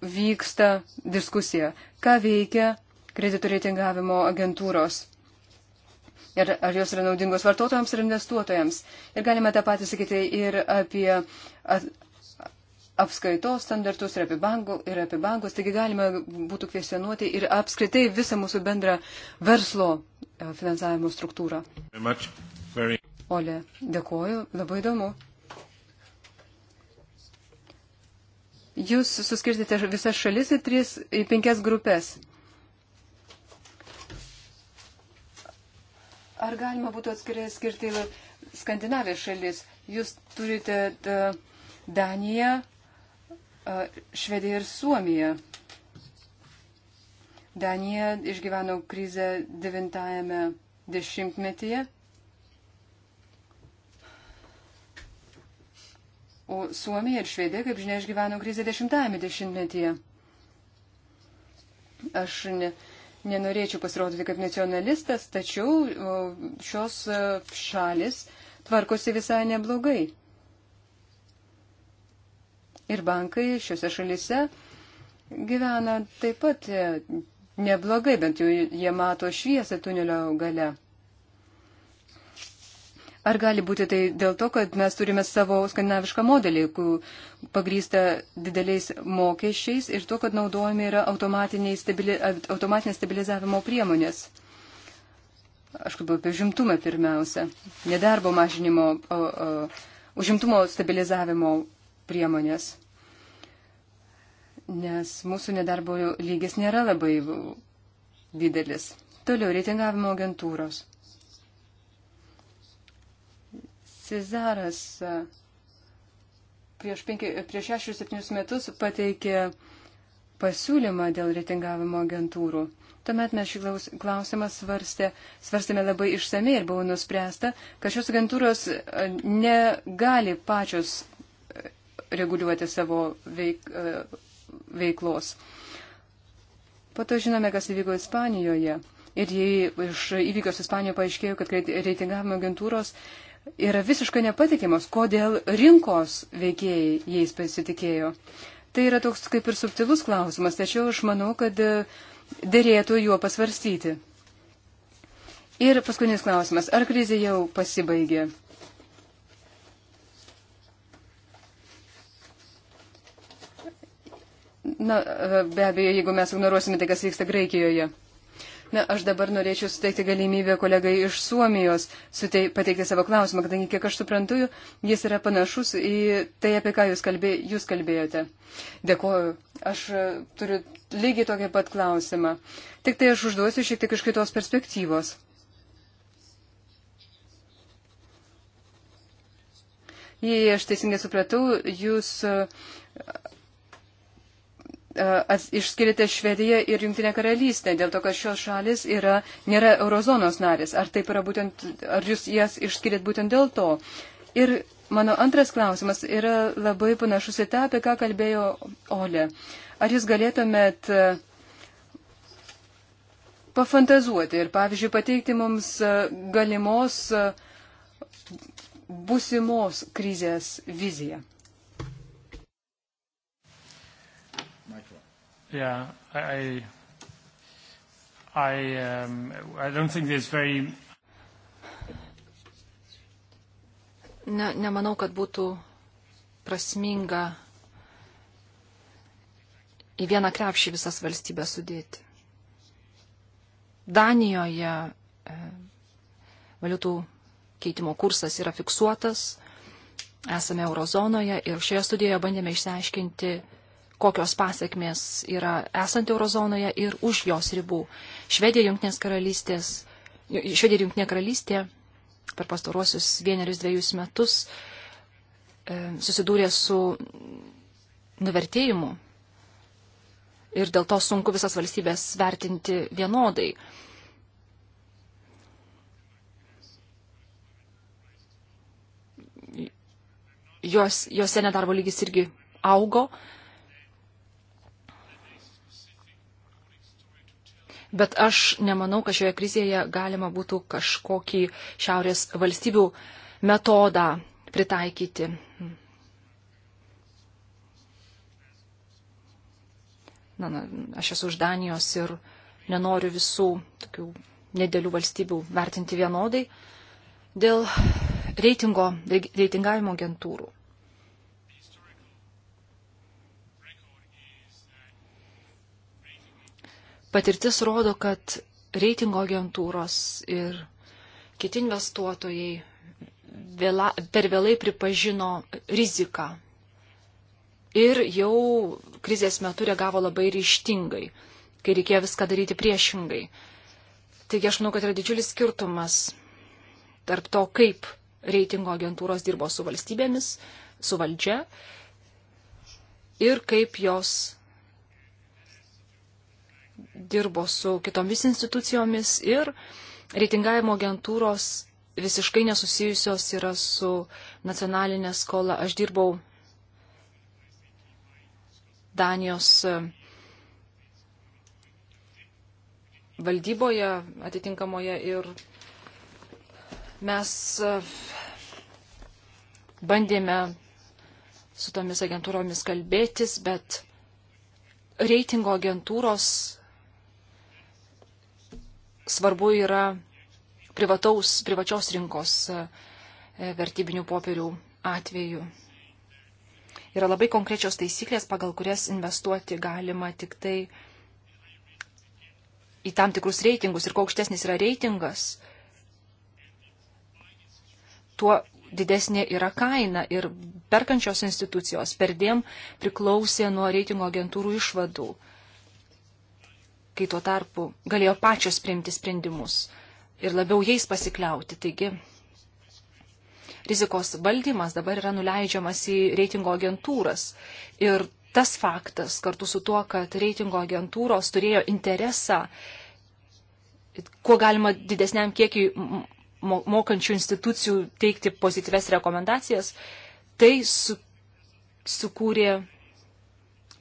vyksta diskusija, ką veikia kredito reitingavimo agentūros. Ir ar jos yra naudingos vartotojams ir investuotojams. Ir galime tą patį sakyti ir apie apskaitos standartus ir apie, bankų, ir apie bankus. Taigi galime būtų kvestionuoti ir apskritai visą mūsų bendrą verslo e, finansavimo struktūrą. Very much, very... Olė, dėkoju, labai įdomu. Jūs suskirstėte visas šalis į, tris, į penkias grupės. Ar galima būtų atskirai skirti Skandinavijos šalis? Jūs turite Daniją, Švediją ir Suomiją. Danija išgyveno krizę devintajame dešimtmetyje. O Suomija ir Švedija, kaip žinia, išgyveno krizę dešimtajame dešimtmetyje. Aš ne, nenorėčiau pasirodyti kaip nacionalistas, tačiau šios e, šalis tvarkosi visai neblogai. Ir bankai šiuose šalise gyvena taip pat e, neblogai, bent jau jie mato šviesą tunelio gale. Ar gali būti tai dėl to, kad mes turime savo skandinavišką modelį, pagrįsta dideliais mokesčiais ir to, kad naudojami yra stabili, automatinės stabilizavimo priemonės? Aš kalbu apie žimtumą pirmiausia, nedarbo mažinimo, o, o, užimtumo stabilizavimo priemonės. Nes mūsų nedarbo lygis nėra labai didelis. Toliau reitingavimo agentūros. Cezaras e, prieš, penki, prieš 6-7 metus pateikė pasiūlymą dėl reitingavimo agentūrų. Tuomet mes šį klausimą svarstė, svarstėme labai išsamei ir buvo nuspręsta, kad šios agentūros e, negali pačios e, reguliuoti savo veik, veiklos. Po to žinome, kas įvyko Ispanijoje. Ir jei iš įvykios Ispanijoje paaiškėjo, kad reitingavimo agentūros uh, yra visiškai nepatikimos, kodėl rinkos veikėjai jais pasitikėjo. Tai yra toks kaip ir subtilus klausimas, tačiau aš manau, kad e, dėrėtų juo pasvarstyti. Ir paskutinis klausimas, ar krizė jau pasibaigė? Na, e, be abejo, jeigu mes ignoruosime tai, kas vyksta Graikijoje. Na, aš dabar norėčiau suteikti galimybę kolegai iš Suomijos sutei, pateikti savo klausimą, kadangi, kiek aš suprantu, jis yra panašus į tai, apie ką jūs, kalbė, jūs kalbėjote. Dėkuoju. Aš e, turiu lygiai tokį pat klausimą. Tik tai aš užduosiu šiek tiek iš kitos perspektyvos. Jei aš teisingai supratau, jūs E, išskirite Švediją ir Junktinę karalystę, dėl to, kad šios šalis yra, nėra eurozonos narės. Ar taip yra būtent, ar jūs jas išskirite būtent dėl to? Ir mano antras klausimas yra labai panašus į tą, apie ką kalbėjo Olė. Ar jūs galėtumėt e, pafantazuoti ir, pavyzdžiui, pateikti mums e, galimos būsimos krizės viziją? Yeah, I, I, um, I don't think there's very. Ne, nemanau, kad būtų prasminga į vieną krepšį visas valstybės sudėti. Danijoje e, valiutų keitimo kursas yra fiksuotas, esame eurozonoje ir šioje studijoje bandėme išsiaiškinti kokios pasiekmės yra esant eurozonoje ir už jos ribų. Švedija Junktinės karalystės, Švedija ir Junktinė karalystė per pastaruosius vienerius dviejus metus e, susidūrė su nuvertėjimu ir dėl to sunku visas valstybės vertinti vienodai. Jos, jose nedarbo lygis irgi augo, bet aš nemanau, kad šioje krizėje galima būtų kažkokį šiaurės valstybių metodą pritaikyti. Na, na, aš esu už Danijos ir nenoriu visų tokių nedėlių valstybių vertinti vienodai dėl reitingo, reitingavimo agentūrų. Patirtis rodo, kad reitingo agentūros ir kiti investuotojai vėla, per vėlai pripažino riziką ir jau krizės metu reagavo labai ryštingai, kai reikėjo viską daryti priešingai. Taigi aš manau, kad yra didžiulis skirtumas tarp to, kaip reitingo agentūros dirbo su valstybėmis, su valdžia ir kaip jos dirbo su kitomis institucijomis ir reitingavimo agentūros visiškai nesusijusios yra su nacionalinė skola. Aš dirbau Danijos e, valdyboje atitinkamoje ir mes e, bandėme su tomis agentūromis kalbėtis, bet reitingo agentūros svarbu yra privataus, privačios rinkos e, vertybinių popierių atveju. Yra labai konkrečios taisyklės, pagal kurias investuoti galima tik tai į tam tikrus reitingus. Ir kuo aukštesnis yra reitingas, tuo didesnė yra kaina. Ir perkančios institucijos perdėm priklausė nuo reitingo agentūrų išvadų kai tuo tarpu galėjo pačios priimti sprendimus ir labiau jais pasikliauti. Taigi, rizikos valdymas dabar yra nuleidžiamas į reitingo agentūras. Ir tas faktas, kartu su tuo, kad reitingo agentūros turėjo interesą, kuo galima didesniam kiekiui mokančių institucijų teikti pozityves rekomendacijas, tai su, sukūrė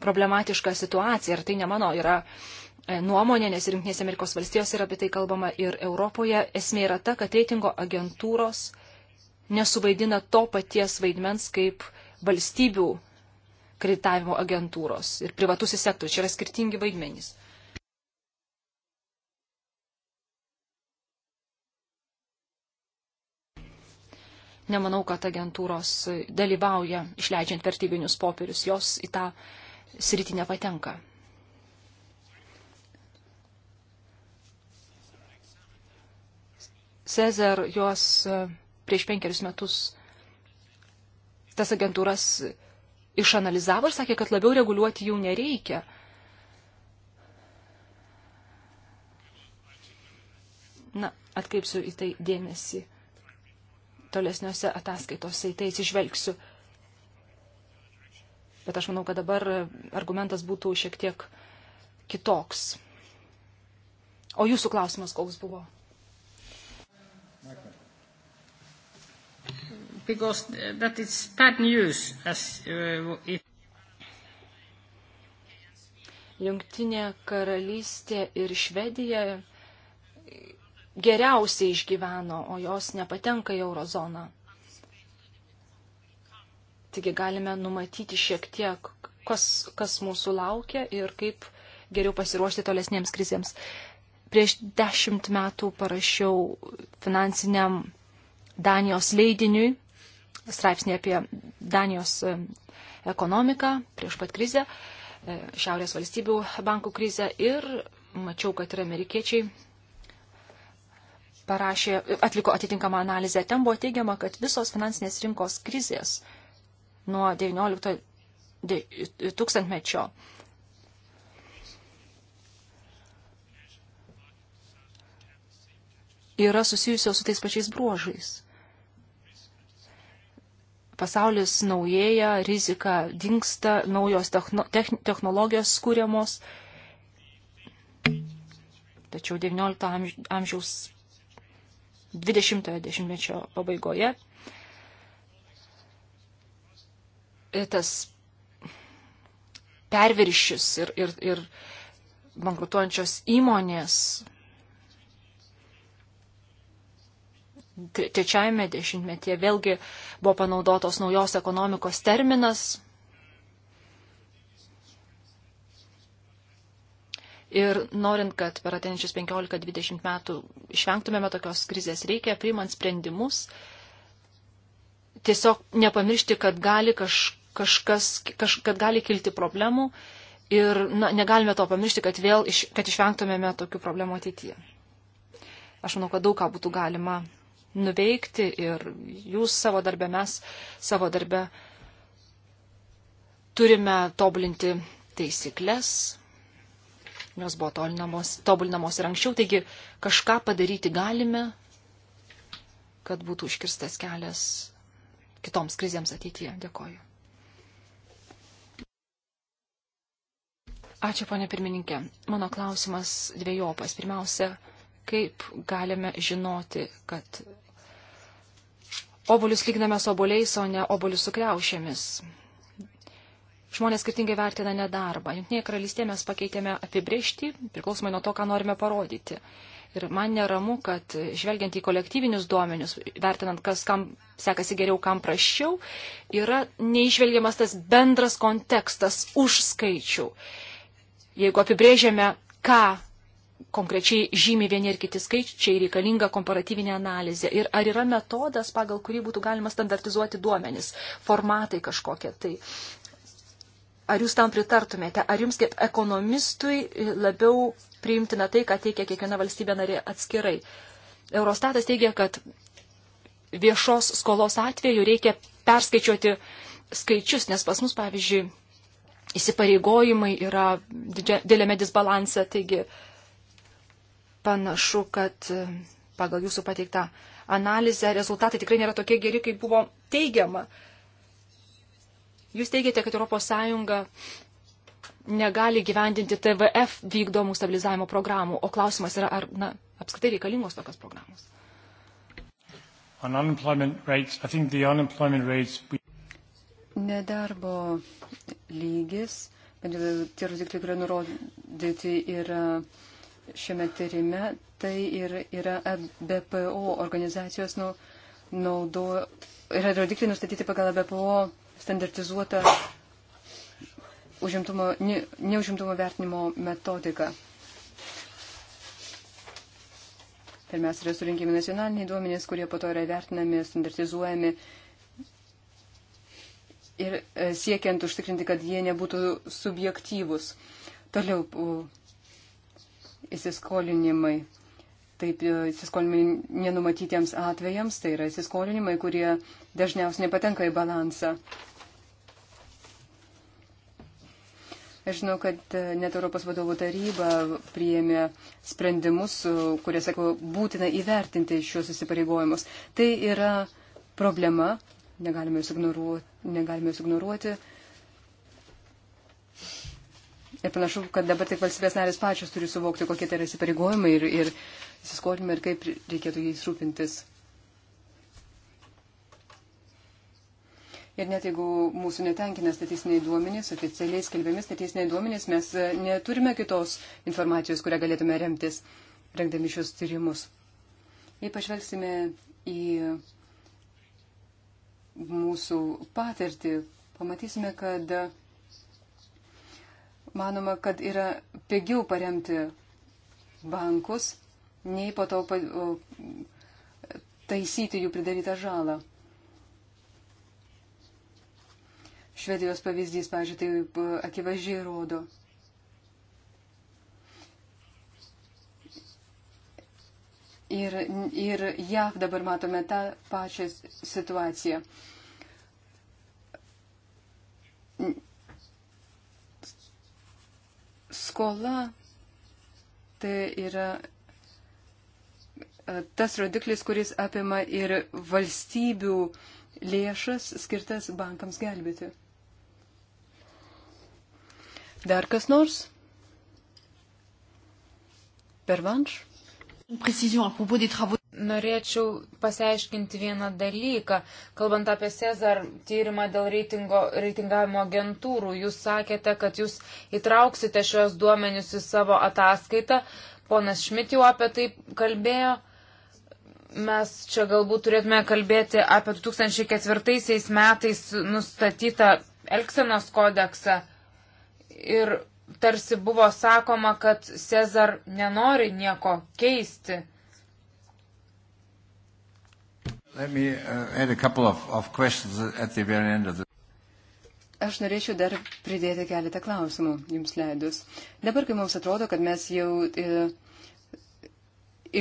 problematišką situaciją. Ir tai ne mano yra uh, E, nuomonė, nes Junktinės Amerikos valstijos yra apie tai kalbama ir Europoje. Esmė yra ta, kad reitingo agentūros nesuvaidina to paties vaidmens kaip valstybių kreditavimo agentūros ir privatusis sektorius. Čia yra skirtingi vaidmenys. Nemanau, kad agentūros dalyvauja išleidžiant vertybinius popierius, jos į tą sritį nepatenka. Cezar juos e, prieš penkerius metus tas agentūras išanalizavo ir sakė, kad labiau reguliuoti jų nereikia. Na, atkreipsiu į tai dėmesį tolesniuose ataskaitose, į tai atsižvelgsiu. Bet aš manau, kad dabar argumentas būtų šiek tiek kitoks. O jūsų klausimas koks buvo? because that is bad news as uh, it Jungtinė karalystė ir Švedija geriausiai išgyveno, o jos nepatenka į eurozoną. Taigi galime numatyti šiek tiek, kas, kas mūsų laukia ir kaip geriau pasiruošti tolesniems krizėms. Prieš dešimt metų parašiau finansiniam Danijos leidiniui straipsnį apie Danijos e, ekonomiką prieš pat krizę, e, šiaurės valstybių bankų krizę ir mačiau, kad ir amerikiečiai parašė, atliko atitinkamą analizę. Ten buvo teigiama, kad visos finansinės rinkos krizės nuo 19 tūkstantmečio yra susijusios su tais pačiais bruožais pasaulis naujėja, rizika dinksta, naujos techno, technologijos skūriamos. Tačiau XIX amžiaus 20-ojo dešimtmečio pabaigoje e, tas perviršis ir, ir, ir bankrutuojančios įmonės trečiajame dešimtmetyje vėlgi buvo panaudotos naujos ekonomikos terminas. Ir norint, kad per ateinančius 15-20 metų išvengtumėme tokios krizės, reikia priimant sprendimus tiesiog nepamiršti, kad gali, kaž, kažkas, kaž, kad gali kilti problemų ir na, negalime to pamiršti, kad, vėl, iš, kad išvengtumėme tokių problemų ateityje. Aš manau, kad daug ką būtų galima nuveikti ir jūs savo darbę, mes savo darbę turime tobulinti taisyklės. Jos buvo tobulinamos, tobulinamos ir anksčiau, taigi kažką padaryti galime, kad būtų užkirstas kelias kitoms krizėms ateityje. Dėkoju. Ačiū, ponė pirmininkė. Mano klausimas dviejopas. Pirmiausia, kaip galime žinoti, kad obolius lygname su oboliais, o ne obolius su kreušėmis. Žmonės skirtingai vertina nedarbą. Junktinėje karalystėje mes pakeitėme apibriežtį, priklausomai nuo to, ką norime parodyti. Ir man neramu, kad žvelgiant į kolektyvinius duomenius, vertinant, kas kam sekasi geriau, kam prašiau, yra neišvelgiamas tas bendras kontekstas už skaičių. Jeigu apibrėžiame, ką konkrečiai žymi vieni ir kiti skaičiai, reikalinga komparatyvinė analizė ir ar yra metodas, pagal kurį būtų galima standartizuoti duomenis, formatai kažkokie. Tai ar jūs tam pritartumėte, ar jums kaip ekonomistui labiau priimtina tai, ką teikia kiekviena valstybė narė atskirai. Eurostatas teigia, kad viešos skolos atveju reikia perskaičiuoti skaičius, nes pas mus, pavyzdžiui, įsipareigojimai yra didžiame disbalanse, taigi uh, panašu, kad e, pagal jūsų pateiktą analizę rezultatai tikrai nėra tokie geri, kaip buvo teigiama. Jūs teigiate, kad ES negali gyvendinti TVF vykdomų stabilizavimo programų, o klausimas yra, ar na, apskritai reikalingos tokios programos. Rates, we... Nedarbo lygis, bent jau tie rodikliai, kurie nurodyti, yra. Uh, šiame tyrime, tai ir yra BPO organizacijos nu, naudo, yra rodikliai nustatyti pagal BPO standartizuotą užimtumo, ne, neužimtumo vertinimo metodiką. Pirmiausia, yra surinkimi nacionaliniai duomenys, kurie po to yra vertinami, standartizuojami ir e, siekiant užtikrinti, kad jie nebūtų subjektyvus. Toliau įsiskolinimai. Taip, e, įsiskolinimai nenumatytiems atvejams, tai yra įsiskolinimai, kurie dažniausiai nepatenka į balansą. Aš žinau, kad e, net Europos vadovų taryba priėmė sprendimus, kurie sako, būtina įvertinti šios įsipareigojimus. Tai yra problema, negalime jos ignoruoti. Negalime jos ignoruoti. Ir panašu, kad dabar tik valstybės narės pačios turi suvokti, kokie tai yra įsipareigojimai ir, ir įsiskolinimai ir kaip reikėtų jais rūpintis. Ir net jeigu mūsų netenkina statistiniai duomenys, oficialiai skelbiami statistiniai duomenys, mes e, neturime kitos informacijos, kurią galėtume remtis, rengdami šios tyrimus. Jei pažvelgsime į mūsų patirtį, pamatysime, kad manoma, kad yra pigiau paremti bankus, nei po to taisyti jų pridarytą žalą. Švedijos pavyzdys, pažiūrėjau, tai e, akivaizdžiai rodo. Ir, ir jav dabar matome tą pačią situaciją. skola tai yra e, tas rodiklis, kuris apima ir valstybių lėšas skirtas bankams gelbėti. Dar kas nors? Pervanš? norėčiau pasiaiškinti vieną dalyką. Kalbant apie Cezar tyrimą dėl reitingo, reitingavimo agentūrų, jūs sakėte, kad jūs įtrauksite šios duomenius į savo ataskaitą. Ponas Šmit jau apie tai kalbėjo. Mes čia galbūt turėtume kalbėti apie 2004 metais nustatytą Elksenos kodeksą. Ir tarsi buvo sakoma, kad Cezar nenori nieko keisti. Me, uh, of, of the... Aš norėčiau dar pridėti keletą klausimų jums leidus. Dabar, kai mums atrodo, kad mes jau e,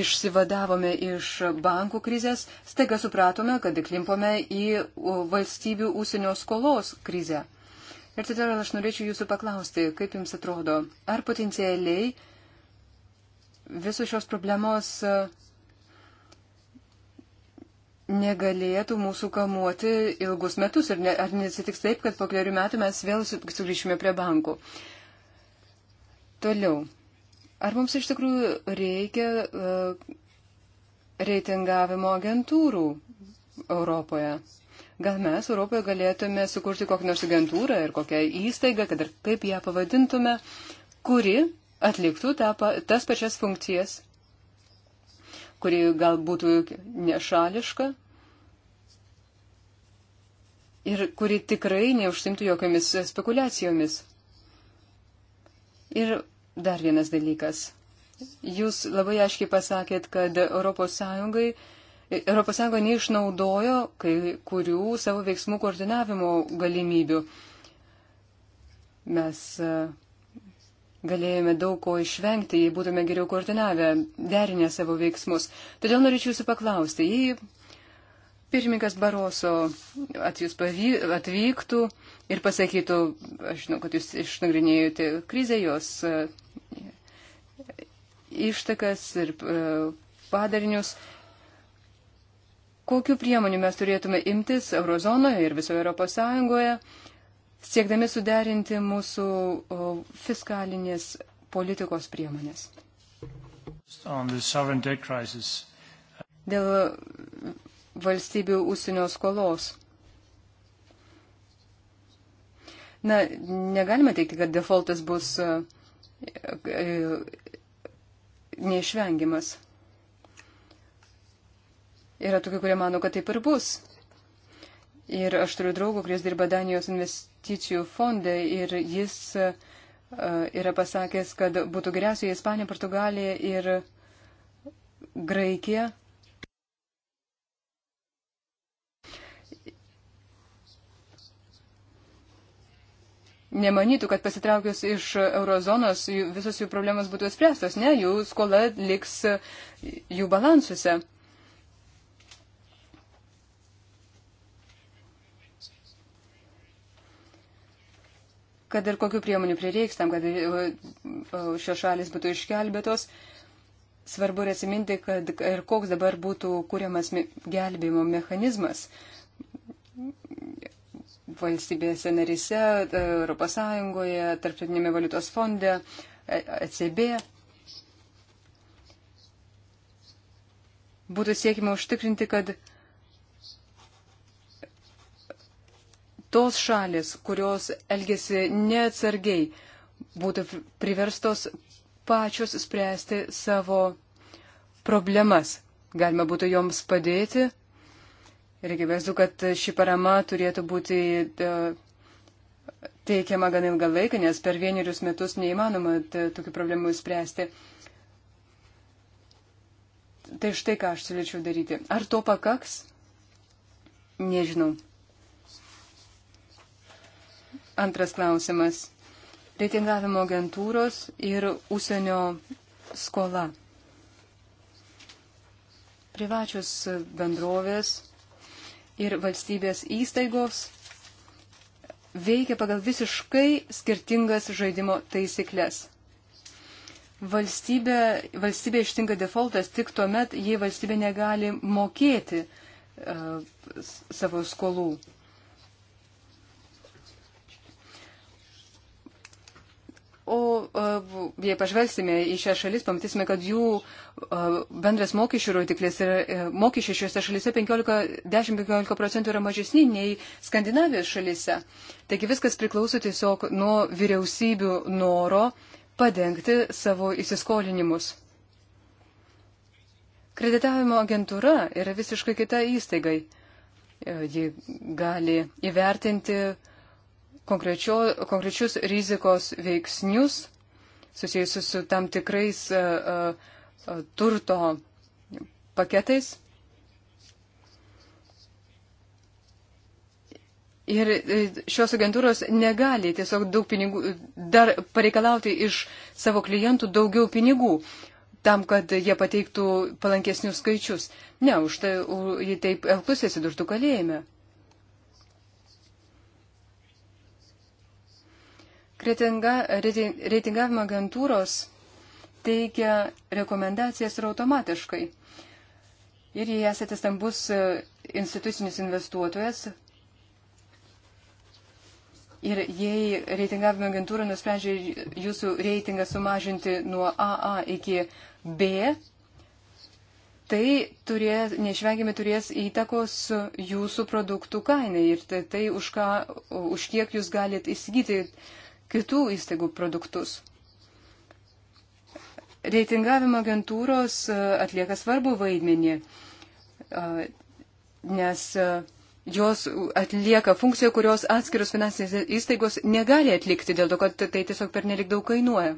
išsivadavome iš bankų krizės, staiga supratome, kad įklimpome į valstybių ūsienio skolos krizę. Ir tada aš norėčiau jūsų paklausti, kaip jums atrodo, ar potencialiai visos šios problemos. E, negalėtų mūsų kamuoti ilgus metus. Ir ne, ar nesitiks taip, kad po keliarių metų mes vėl sugrįšime prie bankų. Toliau. Ar mums iš tikrųjų reikia uh, reitingavimo agentūrų Europoje? Gal mes Europoje galėtume sukurti kokią nors agentūrą ir kokią įstaigą, kad ir kaip ją pavadintume, kuri atliktų tą, tas pačias funkcijas kuri gal būtų nešališka ir kuri tikrai neužsimtų jokiamis spekulacijomis. Ir dar vienas dalykas. Jūs labai aiškiai pasakėt, kad Europos Sąjungai Europos Sąjunga neišnaudojo kai kurių savo veiksmų koordinavimo galimybių. Mes uh, Galėjome daug ko išvengti, jei būtume geriau koordinavę, derinę savo veiksmus. Todėl norėčiau jūsų paklausti, jei pirmininkas Baroso at jūs atvyktų ir pasakytų, aš žinau, kad jūs išnagrinėjote krizę, jos e, ištakas ir e, padarinius, kokiu priemoniu mes turėtume imtis eurozonoje ir visoje Europos Sąjungoje, siekdami suderinti mūsų fiskalinės politikos priemonės. Dėl valstybių užsienio skolos. Na, negalime teikti, kad defaultas bus e, e, neišvengiamas. Yra tokių, kurie mano, kad taip ir bus. Ir aš turiu draugų, kuris dirba Danijos invest investicijų fondą ir jis e, yra pasakęs, kad būtų geriausia Ispanija, Portugalija ir Graikija. Nemanytų, kad pasitraukius iš eurozonos visos jų problemas būtų spręstos, ne, jų skola liks jų balansuose. kad ir kokiu priemonių prireiks tam, kad e, e, šios šalis būtų išgelbėtos, svarbu ir atsiminti, kad ir koks dabar būtų kūriamas gelbėjimo mechanizmas valstybėse narise, e, Europos Sąjungoje, Tarptautinėme valiutos fonde, ECB. Būtų siekima užtikrinti, kad tos šalis, kurios elgesi neatsargiai, būtų priverstos pačios spręsti savo problemas. Galima būtų joms padėti. Ir akivaizdu, kad ši parama turėtų būti e, teikiama gan ilgą laiką, nes per vienerius metus neįmanoma e, tokių problemų spręsti. Tai štai ką aš siūlyčiau daryti. Ar to pakaks? Nežinau. Antras klausimas. Reitingavimo agentūros ir užsienio skola. Privačios bendrovės ir valstybės įstaigos veikia pagal visiškai skirtingas žaidimo taisyklės. Valstybė, valstybė ištinka defaultas tik tuo met, jei valstybė negali mokėti uh, savo skolų. O jei pažvelgsime į šią šalis, pamatysime, kad jų bendras mokesčių rodiklis ir e, mokesčiai šiuose šalise 10-15 procentų yra mažesni nei Skandinavijos šalise. Taigi viskas priklauso tiesiog nuo vyriausybių noro padengti savo įsiskolinimus. Kreditavimo agentūra yra visiškai kita įstaigai. E, ji gali įvertinti konkrečius rizikos veiksnius susijusius su tam tikrais uh, uh, turto paketais. Ir e, šios agentūros negali tiesiog daug pinigų, dar pareikalauti iš savo klientų daugiau pinigų tam, kad jie pateiktų palankesnius skaičius. Ne, už tai jie taip elgtųsi atsidurtų kalėjime. Kretinga, reitingavimo agentūros teikia rekomendacijas ir automatiškai. Ir jei esate stambus e, institucinis investuotojas, ir jei reitingavimo agentūra nusprendžia jūsų reitingą sumažinti nuo AA iki B, tai turės, neišvengiamai turės įtakos jūsų produktų kainai ir tai, tai už, ką, už kiek jūs galite įsigyti kitų įstaigų produktus. Reitingavimo agentūros e, atlieka svarbu vaidmenį, e, nes e, jos atlieka funkciją, kurios atskiros finansinės įstaigos negali atlikti, dėl to, kad tai tiesiog per nelik daug kainuoja.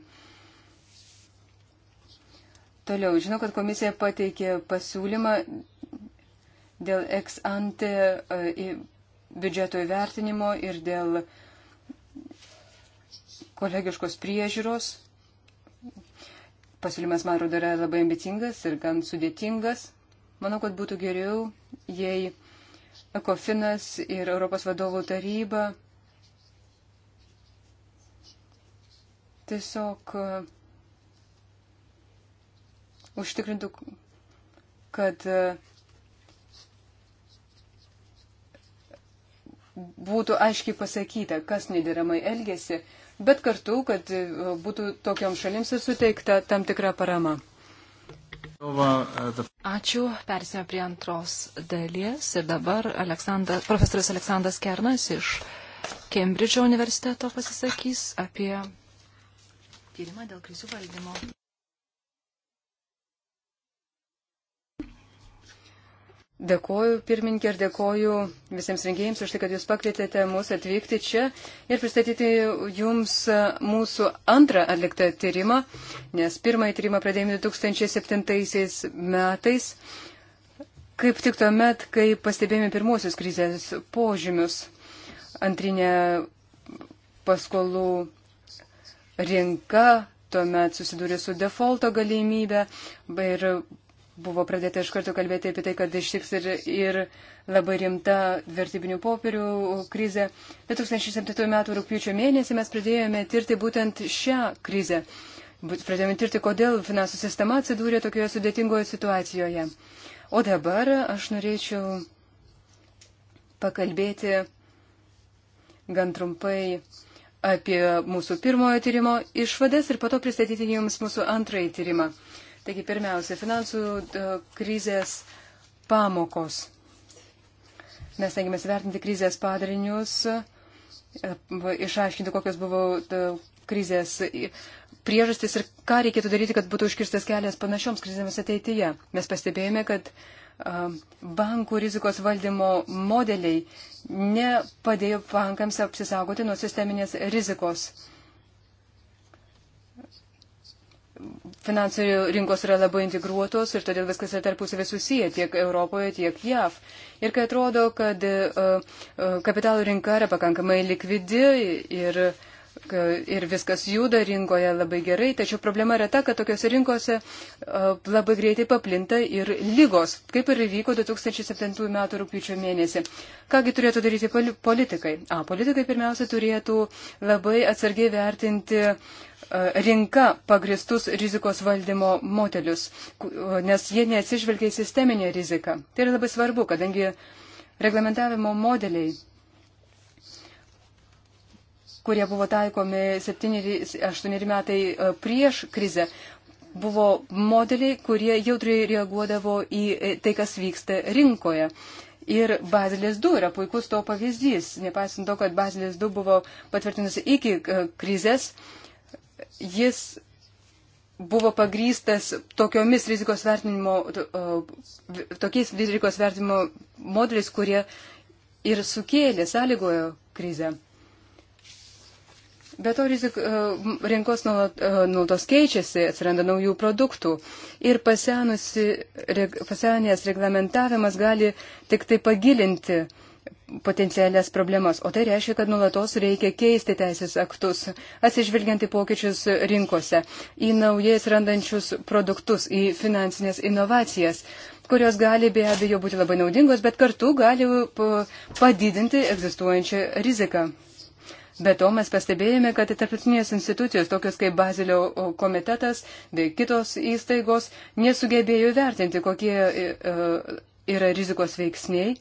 Toliau, žinau, kad komisija pateikė pasiūlymą dėl ex ante biudžeto įvertinimo ir dėl uh, kolegiškos priežiūros. Pasiūlymas, man atrodo, yra labai ambicingas ir gan sudėtingas. Manau, kad būtų geriau, jei Ekofinas ir Europos vadovų taryba tiesiog uh, užtikrintų, kad uh, būtų aiškiai pasakyta, kas nederamai elgesi bet kartu, kad e, būtų tokiam šalims ir suteikta tam tikra parama. Ačiū, persime prie antros dalies ir dabar Aleksandra, profesorius Aleksandras Kernas iš Kembridžo universiteto pasisakys apie tyrimą dėl krizių valdymo. Dėkoju pirmininkė ir dėkoju visiems rengėjams už tai, kad jūs pakvietėte mus atvykti čia ir pristatyti jums mūsų antrą atliktą tyrimą, nes pirmąjį tyrimą pradėjome 2007 metais, kaip tik tuo met, kai pastebėjome pirmosius krizės požymius antrinė paskolų rinka tuomet susidūrė su defolto galimybė ir buvo pradėta iš karto kalbėti apie tai, kad ištiks ir, ir labai rimta vertybinių popierių krizė. 2007 m. rūpiučio mėnesį mes pradėjome tirti būtent šią krizę. Pradėjome tirti, kodėl finansų sistema atsidūrė tokioje sudėtingoje situacijoje. O dabar aš norėčiau pakalbėti gan trumpai apie mūsų pirmojo tyrimo išvadas ir po to pristatyti jums mūsų antrąjį tyrimą. Taigi pirmiausia, finansų e, krizės pamokos. Mes tengiamės vertinti krizės padarinius, e, išaiškinti, kokios buvo e, krizės priežastis ir ką reikėtų daryti, kad būtų užkirstas kelias panašioms krizėms ateityje. Mes pastebėjome, kad bankų rizikos valdymo modeliai nepadėjo bankams apsisaugoti nuo sisteminės rizikos. finansų rinkos yra labai integruotos ir todėl viskas yra tarpusavė susiję tiek Europoje, tiek JAV. Ir kai atrodo, kad e, e, kapitalų rinka yra pakankamai likvidi ir, e, ir viskas juda rinkoje labai gerai, tačiau problema yra ta, kad tokiuose rinkose labai greitai paplinta ir lygos, kaip ir įvyko 2007 m. rūpiučio mėnesį. Kągi turėtų daryti politikai? A, politikai pirmiausia turėtų labai atsargiai vertinti uh, rinka pagristus rizikos valdymo modelius, nes jie neatsižvelgia į sisteminę riziką. Tai yra labai svarbu, kadangi reglamentavimo modeliai, kurie buvo taikomi 7-8 metai prieš krizę, buvo modeliai, kurie jautriai reaguodavo į e, tai, kas vyksta rinkoje. Ir Bazilės 2 yra puikus to pavyzdys, nepaisant to, kad Bazilės 2 buvo patvirtinusi iki e, krizės, uh, jis buvo pagrystas tokiomis rizikos vertinimo, tokiais rizikos vertinimo modeliais, kurie ir sukėlė, sąlygojo krizę. Be to rizik, e, rinkos e, nuolatos keičiasi, atsiranda naujų produktų ir pasenusi, pasenęs reglamentavimas gali tik tai pagilinti uh, potencialias problemas, o tai reiškia, kad nulatos reikia keisti teisės aktus, atsižvelgiant į pokyčius rinkose, į naujai randančius produktus, į finansinės inovacijas, kurios gali be abejo būti labai naudingos, bet kartu gali padidinti egzistuojančią riziką. Be to mes pastebėjome, kad tarptautinės institucijos, tokios kaip Bazilio komitetas bei kitos įstaigos, nesugebėjo vertinti, kokie e, e, yra rizikos veiksniai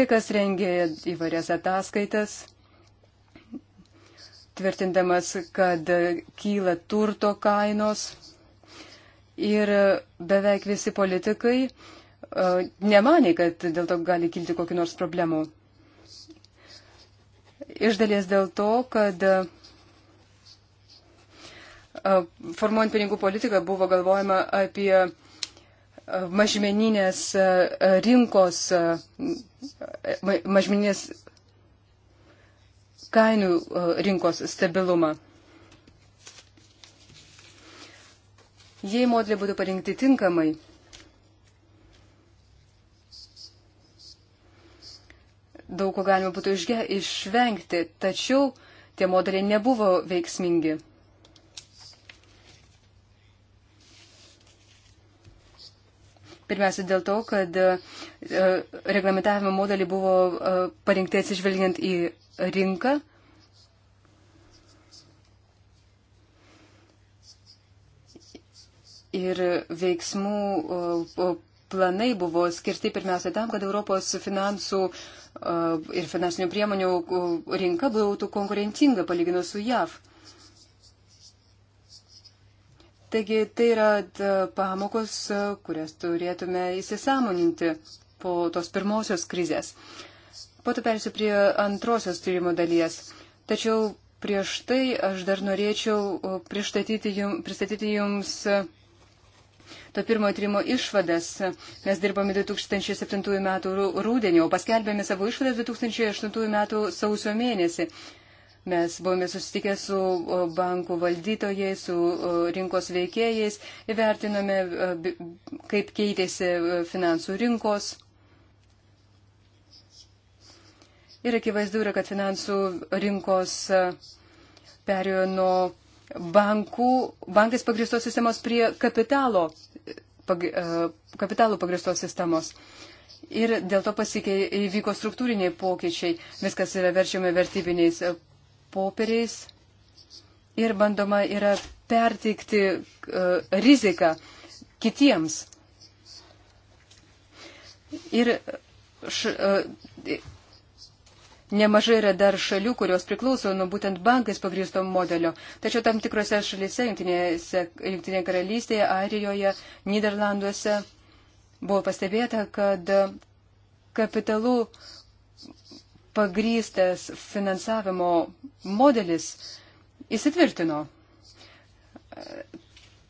Kai kas rengė įvairias ataskaitas, tvirtindamas, kad kyla turto kainos ir beveik visi politikai e, nemanė, kad dėl to gali kilti kokiu nors problemu. Iš dalies dėl to, kad e, formuojant pinigų politiką buvo galvojama apie mažmeninės e, rinkos, e, mažmeninės kainų e, rinkos stabilumą. Jei modeliai būtų parinkti tinkamai, daug ko galima būtų išvengti, tačiau tie modeliai nebuvo veiksmingi. Pirmiausia, dėl to, kad e, reglamentavimo modeliai buvo e, parinkti atsižvelgiant į rinką. Ir veiksmų e, planai buvo skirti pirmiausia tam, kad Europos finansų ir finansinių priemonių rinka būtų konkurencinga palyginus su JAV. Taigi tai yra e, pamokos, e, kurias turėtume įsisamoninti po tos pirmosios krizės. Po to persiu prie antrosios tyrimo dalies. Tačiau prieš tai aš dar norėčiau e, pristatyti jums, pristatyti jums to pirmojo tyrimo išvadas. Mes dirbame 2007 metų rūdienį, o paskelbėme savo išvadas 2008 metų sausio mėnesį. Mes buvome susitikę su bankų valdytojais, su rinkos veikėjais, įvertinome, kaip keitėsi finansų rinkos. Ir akivaizdu yra, kad finansų rinkos perėjo nuo bankų, bankais pagristos sistemos prie kapitalo, pag, kapitalo pagristos sistemos. Ir dėl to pasikei įvyko struktūriniai pokyčiai. Viskas yra verčiama vertybiniais popieriais ir bandoma yra perteikti uh, riziką kitiems. Ir š, uh, Nemažai yra dar šalių, kurios priklauso nuo būtent bankais pagristo modelio. Tačiau tam tikrose šalyse, Junktinėje karalystėje, Airijoje, Niderlanduose, buvo pastebėta, kad kapitalų pagrystas finansavimo modelis įsitvirtino.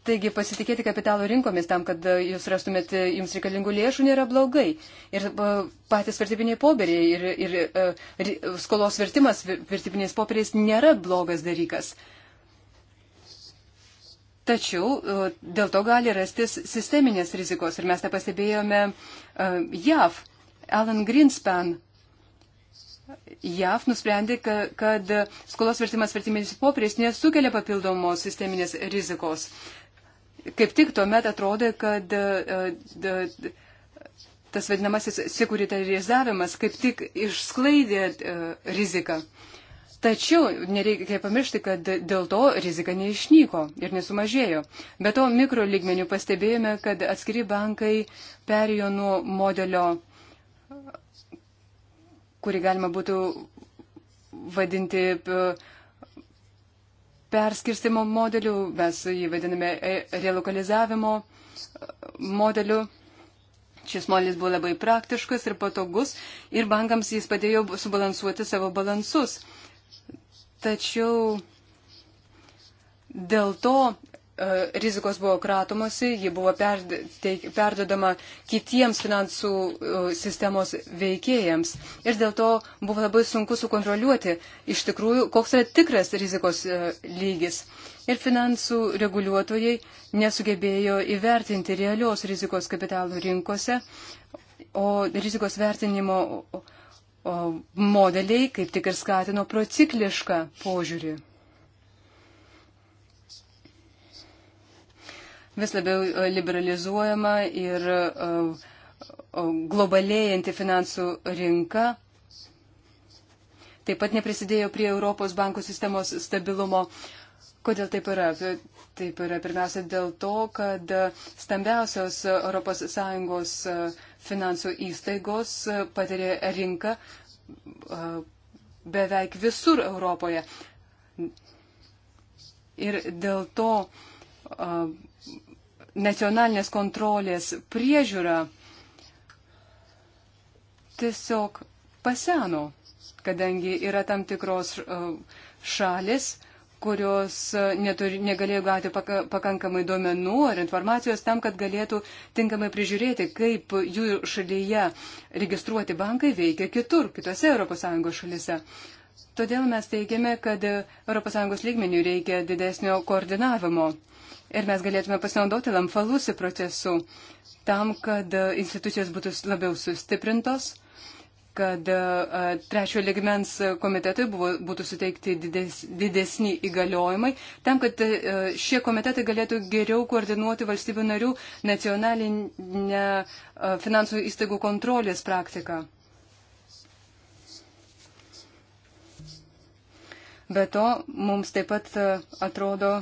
Taigi pasitikėti kapitalo rinkomis tam, kad jūs rastumėte jums reikalingų lėšų, nėra blogai. Ir e, patys vertybiniai popieriai ir, ir, e, ir skolos vertimas vertybiniais popieriais nėra blogas dalykas. Tačiau e, dėl to gali rastis sisteminės rizikos ir mes tą pastebėjome JAV. Alan Greenspan JAF nusprendė, kad skolos vertimas vertiminis popieriais nesukelia papildomos sisteminės rizikos. Kaip tik tuomet atrodė, kad e, tas vadinamasis sekuritarizavimas kaip tik išsklaidė e, riziką. Tačiau nereikia pamiršti, kad dėl to rizika neišnyko ir nesumažėjo. Be to mikro lygmenių pastebėjome, kad atskiri bankai perėjo nuo modelio kurį galima būtų vadinti e, perskirstimo modeliu, mes jį vadiname e, relokalizavimo e, modeliu. Šis modelis buvo labai praktiškas ir patogus ir bankams jis padėjo subalansuoti savo balansus. Tačiau dėl to E, rizikos buvo kratomasi, ji buvo perdodama kitiems finansų e, sistemos veikėjams. Ir dėl to buvo labai sunku sukontroliuoti iš tikrųjų, koks yra tikras rizikos e, lygis. Ir finansų reguliuotojai nesugebėjo įvertinti realios rizikos kapitalų rinkose, o rizikos vertinimo modeliai kaip tik ir skatino prociklišką požiūrį. vis labiau e, liberalizuojama ir e, globalėjanti finansų rinka taip pat neprisidėjo prie Europos bankų sistemos stabilumo. Kodėl taip yra? Taip yra pirmiausia dėl to, kad stambiausios ES e, finansų įstaigos patiria rinką beveik visur Europoje. Ir dėl to nacionalinės kontrolės priežiūra tiesiog paseno, kadangi yra tam tikros e, šalis, kurios e, neturi, negalėjo gauti pakankamai duomenų ar informacijos tam, kad galėtų tinkamai prižiūrėti, kaip jų šalyje registruoti bankai veikia kitur, kitose ES šalise. Todėl mes teigiame, kad ES lygmenių reikia didesnio koordinavimo ir mes galėtume pasinaudoti lamfalusi procesu tam, kad e, institucijos būtų labiau sustiprintos, kad e, e, trečiojo ligmens komitetui buvo, būtų suteikti dides, didesni įgaliojimai, tam, kad šie komitetai galėtų geriau koordinuoti valstybių narių nacionalinę finansų įstaigų kontrolės praktiką. Be to, mums taip pat atrodo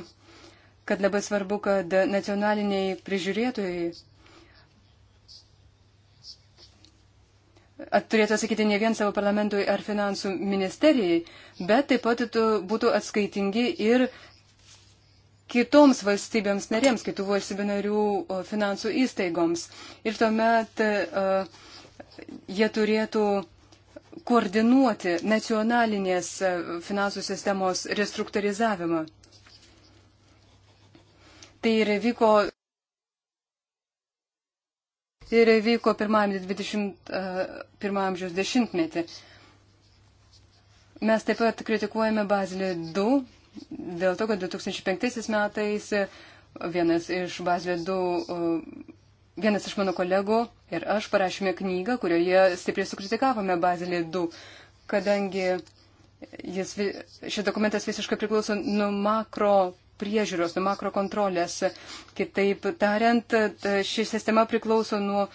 kad labai svarbu, kad nacionaliniai prižiūrėtojai turėtų atsakyti ne vien savo parlamentui ar finansų ministerijai, bet taip pat būtų atskaitingi ir kitoms valstybėms narėms, kitų valstybių narių finansų įstaigoms. Ir tuomet uh, jie turėtų koordinuoti nacionalinės e, finansų sistemos restruktūrizavimą. Tai ir vyko. Tai ir vyko pirmajame 21 e, amžiaus dešimtmetį. Mes taip pat kritikuojame Bazilį 2 dėl to, kad 2005 metais vienas iš Bazilio 2 e, vienas iš mano kolegų ir aš parašėme knygą, kurioje stipriai sukritikavome Bazilį 2, kadangi jis, šis dokumentas visiškai priklauso nuo makro priežiūros, nuo makrokontrolės. Kitaip tariant, ši sistema priklauso nuo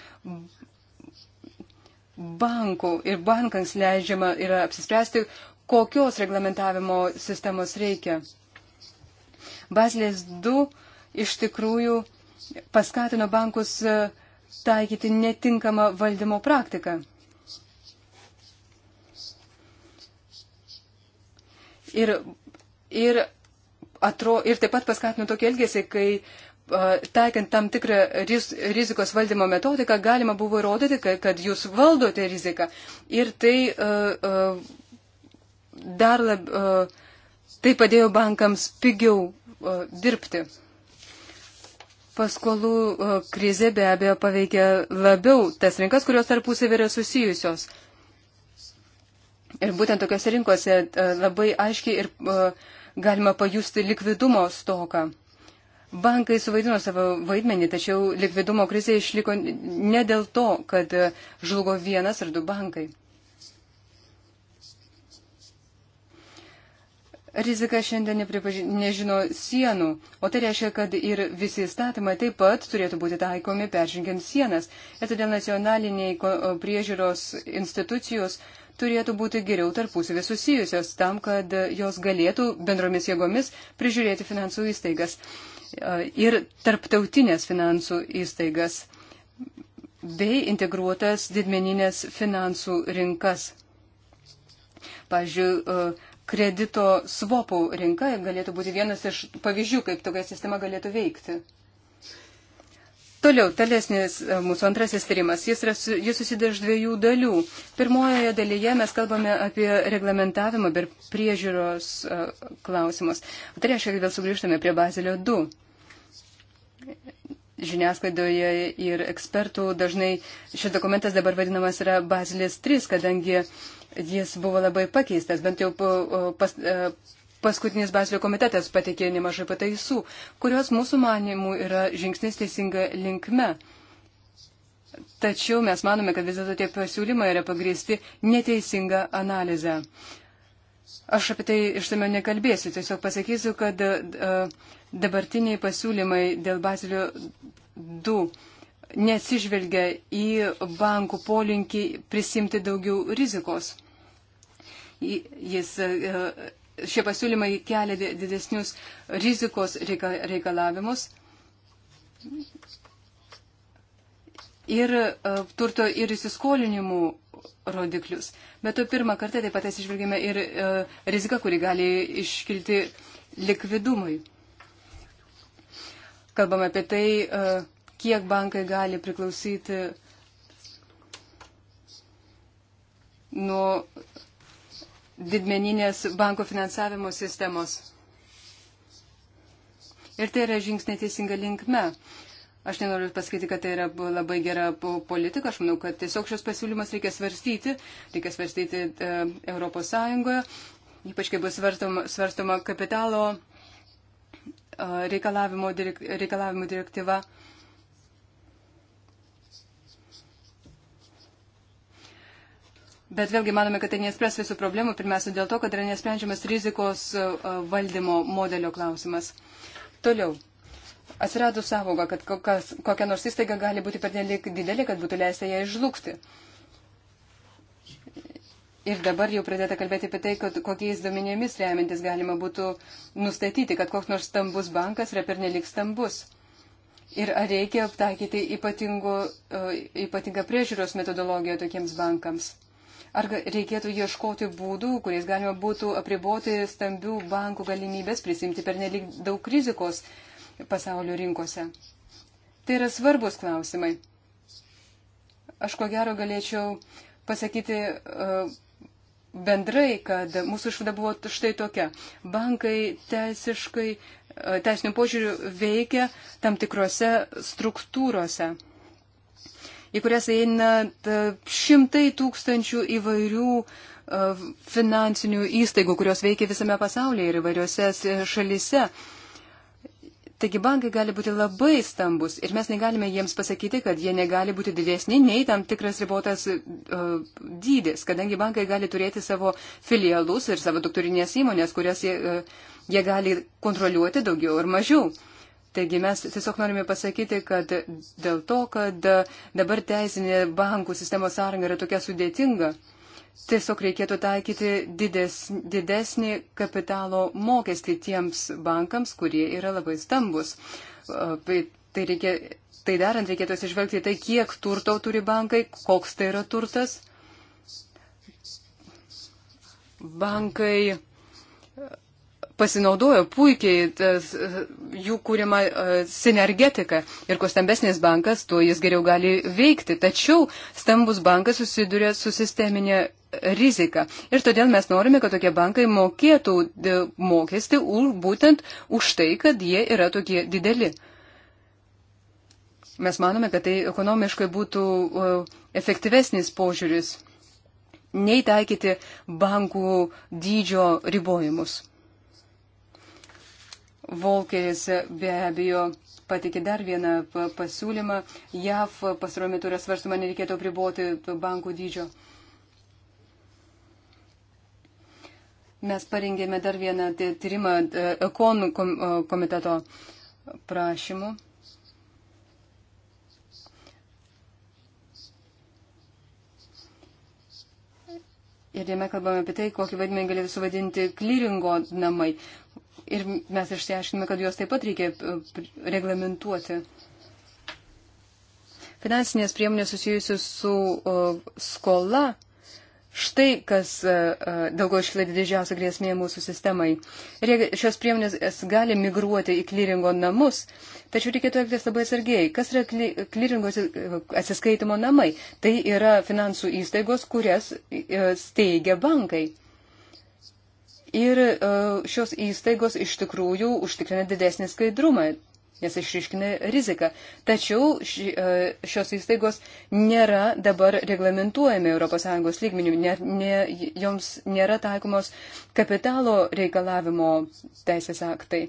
bankų ir bankams leidžiama yra apsispręsti, kokios reglamentavimo sistemos reikia. Bazlės 2 iš tikrųjų paskatino bankus e, taikyti netinkamą valdymo praktiką. Ir, ir atro, ir taip pat paskatino tokį elgesį, kai taikant tam tikrą riz, rizikos valdymo metodiką galima buvo įrodyti, kad, kad jūs valdote riziką. Ir tai uh, uh, dar lab, uh, tai padėjo bankams pigiau uh, dirbti. Paskolų uh, krizė be abejo paveikia labiau tas rinkas, kurios tarpusavį yra susijusios. Ir būtent tokiuose rinkose uh, labai aiškiai ir uh, galima pajusti likvidumo stoką. Bankai suvaidino savo vaidmenį, tačiau likvidumo krizė išliko ne dėl to, kad žlugo vienas ar du bankai. Rizika šiandien nežino sienų, o tai reiškia, kad ir visi įstatymai taip pat turėtų būti taikomi peržengiant sienas. Ir todėl nacionaliniai priežiūros institucijos uh, turėtų būti geriau tarpusavė susijusios tam, kad jos galėtų bendromis jėgomis prižiūrėti finansų įstaigas e, ir tarptautinės finansų įstaigas bei integruotas didmeninės finansų rinkas. Pavyzdžiui, e, kredito svopų rinka galėtų būti vienas iš pavyzdžių, kaip tokia sistema galėtų veikti. Toliau, talesnis e, mūsų antrasis tyrimas. Jis, jis susideda iš dviejų dalių. Pirmojoje dalyje mes kalbame apie reglamentavimą ir priežiūros e, klausimus. Tai reiškia, kad vėl sugrįžtame prie Bazilio 2. Žiniasklaidoje ir ekspertų dažnai šis dokumentas dabar vadinamas yra Bazilės 3, kadangi jis buvo labai pakeistas, bent jau pas, e, Paskutinis Basilio komitetas patikė nemažai pataisų, kurios mūsų manimų yra žingsnis teisinga linkme. Tačiau mes manome, kad vis dėlto tie pasiūlymai yra pagristi neteisinga analize. Aš apie tai ištame nekalbėsiu, tiesiog pasakysiu, kad e, dabartiniai pasiūlymai dėl Basilio 2 nesižvelgia į bankų polinkį prisimti daugiau rizikos. Jis e, šie pasiūlymai kelia didesnius rizikos reikalavimus. Ir e, turto ir įsiskolinimų rodiklius. Bet to pirmą kartą taip pat atsižvelgėme ir e, riziką, kuri gali iškilti likvidumui. Kalbame apie tai, e, kiek bankai gali priklausyti nuo didmeninės banko finansavimo sistemos. Ir tai yra žingsnė teisinga linkme. Aš nenoriu pasakyti, kad tai yra labai gera politika. Aš manau, kad tiesiog šios pasiūlymas reikia svarstyti. Reikia svarstyti e, Europos Sąjungoje, ypač kai bus svarstoma, svarstoma kapitalo e, reikalavimo, direk, reikalavimo direktyva. E, Bet vėlgi manome, kad tai nespręs visų problemų, pirmiausia dėl to, kad yra nesprendžiamas rizikos e, e, valdymo modelio klausimas. Toliau. Atsirado savoga, kad kokas, kokia nors įstaiga gali būti pernelik didelė, kad būtų leista ją išžlugti. Ir dabar jau pradėta kalbėti apie tai, kad kokiais duomenėmis remintis galima būtų nustatyti, kad koks nors stambus bankas yra pernelik stambus. Ir ar reikia aptaikyti e, ypatingą priežiūros metodologiją tokiems bankams. Ar reikėtų ieškoti būdų, kuriais galima būtų apriboti stambių bankų galimybės prisimti per nelik daug rizikos pasaulio rinkose? Tai yra svarbus klausimai. Aš ko gero galėčiau pasakyti e, bendrai, kad mūsų išvada buvo štai tokia. Bankai teisiškai, e, teisinių požiūrių veikia tam tikrose struktūrose į kurias eina e, šimtai tūkstančių įvairių e, finansinių įstaigų, kurios veikia visame pasaulyje ir įvairiose e, šalise. Taigi bankai gali būti labai stambus ir mes negalime jiems pasakyti, kad jie negali būti didesni nei tam tikras ribotas uh, dydis, kadangi bankai gali turėti savo filialus ir savo dukterinės įmonės, kurias jie, uh, jie gali kontroliuoti daugiau ir mažiau. Uh, Taigi mes tiesiog norime pasakyti, kad dėl to, kad dabar teisinė bankų sistemos sąranga yra tokia sudėtinga, tiesiog reikėtų taikyti dides, didesnį kapitalo mokestį tiems bankams, kurie yra labai stambus. Tai, tai, reikia, tai darant reikėtų atsižvelgti tai, kiek turto turi bankai, koks tai yra turtas. Bankai pasinaudojo puikiai tas, e, e, jų kūrimą e, sinergetiką ir kuo stambesnis bankas, tuo jis geriau gali veikti. Tačiau stambus bankas susiduria su sisteminė rizika. Ir todėl mes norime, kad tokie bankai mokėtų mokestį būtent už tai, kad jie yra tokie dideli. Mes manome, kad tai ekonomiškai būtų efektyvesnis požiūris nei taikyti bankų dydžio ribojimus. Volkeris be abejo patikė dar vieną pasiūlymą. JAV pastaruoju metu yra svarstama, nereikėtų apriboti bankų dydžio. Mes parengėme dar vieną tyrimą e, Ekon e, komiteto prašymu. Ir jame kalbame apie tai, kokį vaidmenį galėtų suvadinti klyringo namai. Ir mes išsiaiškinome, kad juos taip pat reikia e, reglamentuoti. Finansinės priemonės susijusios su o, e, skola. Štai kas e, dėl ko iškyla didžiausia grėsmė mūsų sistemai. Ir šios priemonės gali migruoti į klyringo namus, tačiau reikėtų elgtis labai sargiai. Kas yra klyringo atsiskaitimo namai? Tai yra finansų įstaigos, kurias steigia bankai. Ir e, šios įstaigos iš tikrųjų užtikrina didesnį skaidrumą, nes išriškina riziką. Tačiau e, šios įstaigos nėra dabar reglamentuojami ES lygmenių, ne, ne, joms nėra taikomos kapitalo reikalavimo teisės aktai.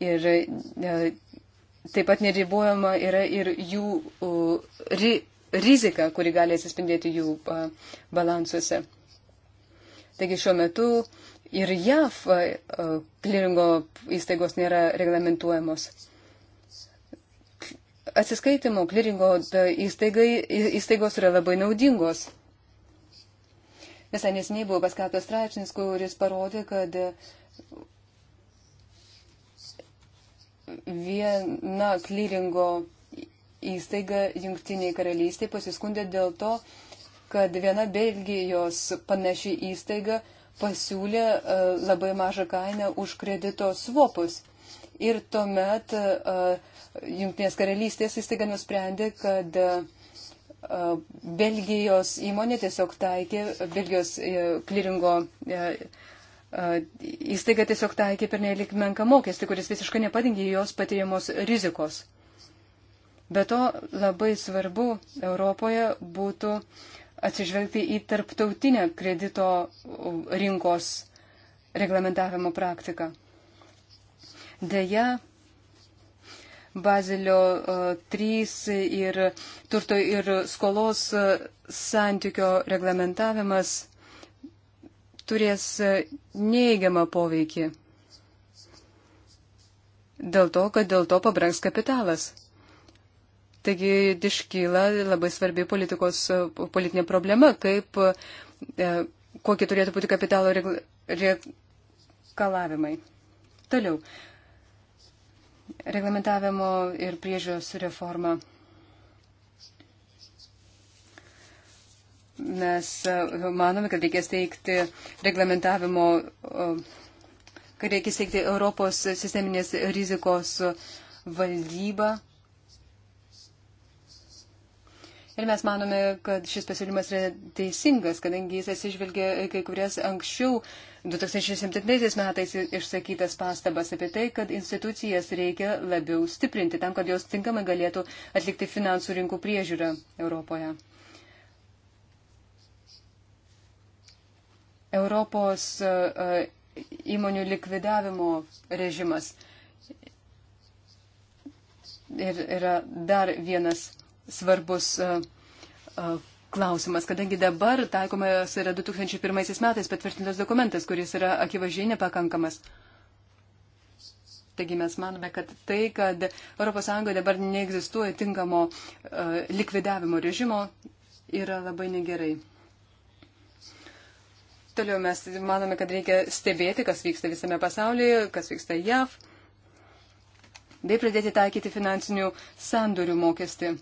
Ir e, taip pat neribojama yra ir jų ri, rizika, kuri gali atsispindėti jų balansuose. Taigi šiuo metu uh, ir JAF e, kliringo įstaigos nėra reglamentuojamos. Atsiskaitimo kliringo e, įstaigai, įstaigos yra labai naudingos. Visai nesiniai buvo paskelbtas straipsnis, kuris parodė, kad e, viena klyringo įstaiga Junktiniai karalystiai pasiskundė dėl to, kad viena Belgijos panaši įstaiga uh, pasiūlė e, labai mažą kainą už kredito svopus. Ir tuomet e, Junktinės karalystės įstaiga nusprendė, kad e, Belgijos įmonė tiesiog taikė, Belgijos kliringo įstaiga tiesiog taikė per nelik menką mokestį, kuris visiškai nepadingė jos patiriamos rizikos. Be to labai svarbu Europoje būtų uh, atsižvelgti į tarptautinę kredito rinkos reglamentavimo praktiką. Deja, Bazilio 3 e, ir turto ir skolos e, santykio reglamentavimas turės e, neįgiamą poveikį. Dėl to, kad dėl to pabranks kapitalas. Taigi iškyla labai svarbi politikos, politinė problema, kaip, e, kokie turėtų būti kapitalo reikalavimai. Toliau. Reglamentavimo ir priežios reforma. Mes e, manome, kad reikės teikti reglamentavimo, kad reikės teikti Europos sisteminės rizikos e, valdybą Ir mes manome, kad šis pasiūlymas yra teisingas, kadangi jis atsižvelgia kai kurias anksčiau 2007 metais išsakytas pastabas apie tai, kad institucijas reikia labiau stiprinti tam, kad jos tinkamai galėtų atlikti finansų rinkų priežiūrą Europoje. Europos e, e, įmonių likvidavimo režimas. Ir yra dar vienas svarbus e, e, klausimas, kadangi dabar taikomas yra 2001 metais patvirtintas dokumentas, kuris yra akivaizdžiai nepakankamas. Taigi mes manome, kad tai, kad ES dabar neegzistuoja tinkamo e, likvidavimo režimo, yra labai negerai. Toliau mes manome, kad reikia stebėti, kas vyksta visame pasaulyje, kas vyksta JAV, bei pradėti taikyti finansinių sandorių mokestį.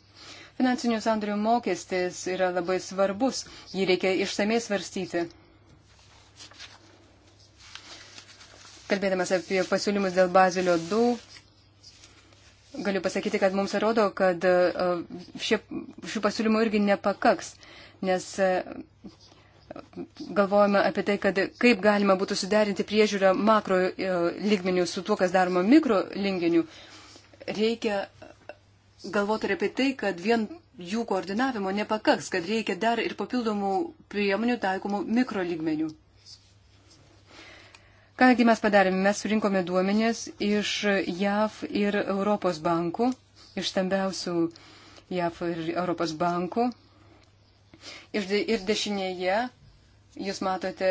Finansinių sandorių mokestis yra labai svarbus, jį reikia išsamei svarstyti. Kalbėdamas apie pasiūlymus dėl Bazilio 2, galiu pasakyti, kad mums atrodo, kad e, šie, šių pasiūlymų irgi nepakaks, nes e, galvojame apie tai, kad kaip galima būtų suderinti priežiūrą makro e, lygmenių su tuo, kas daroma mikro lygmenių, reikia galvoti ir apie tai, kad vien jų koordinavimo nepakaks, kad reikia dar ir papildomų priemonių taikomų mikrolygmenių. Kągi mes padarėme? Mes surinkome duomenės iš JAV ir Europos bankų, iš stambiausių JAV ir Europos bankų. Ir, de, ir dešinėje jūs matote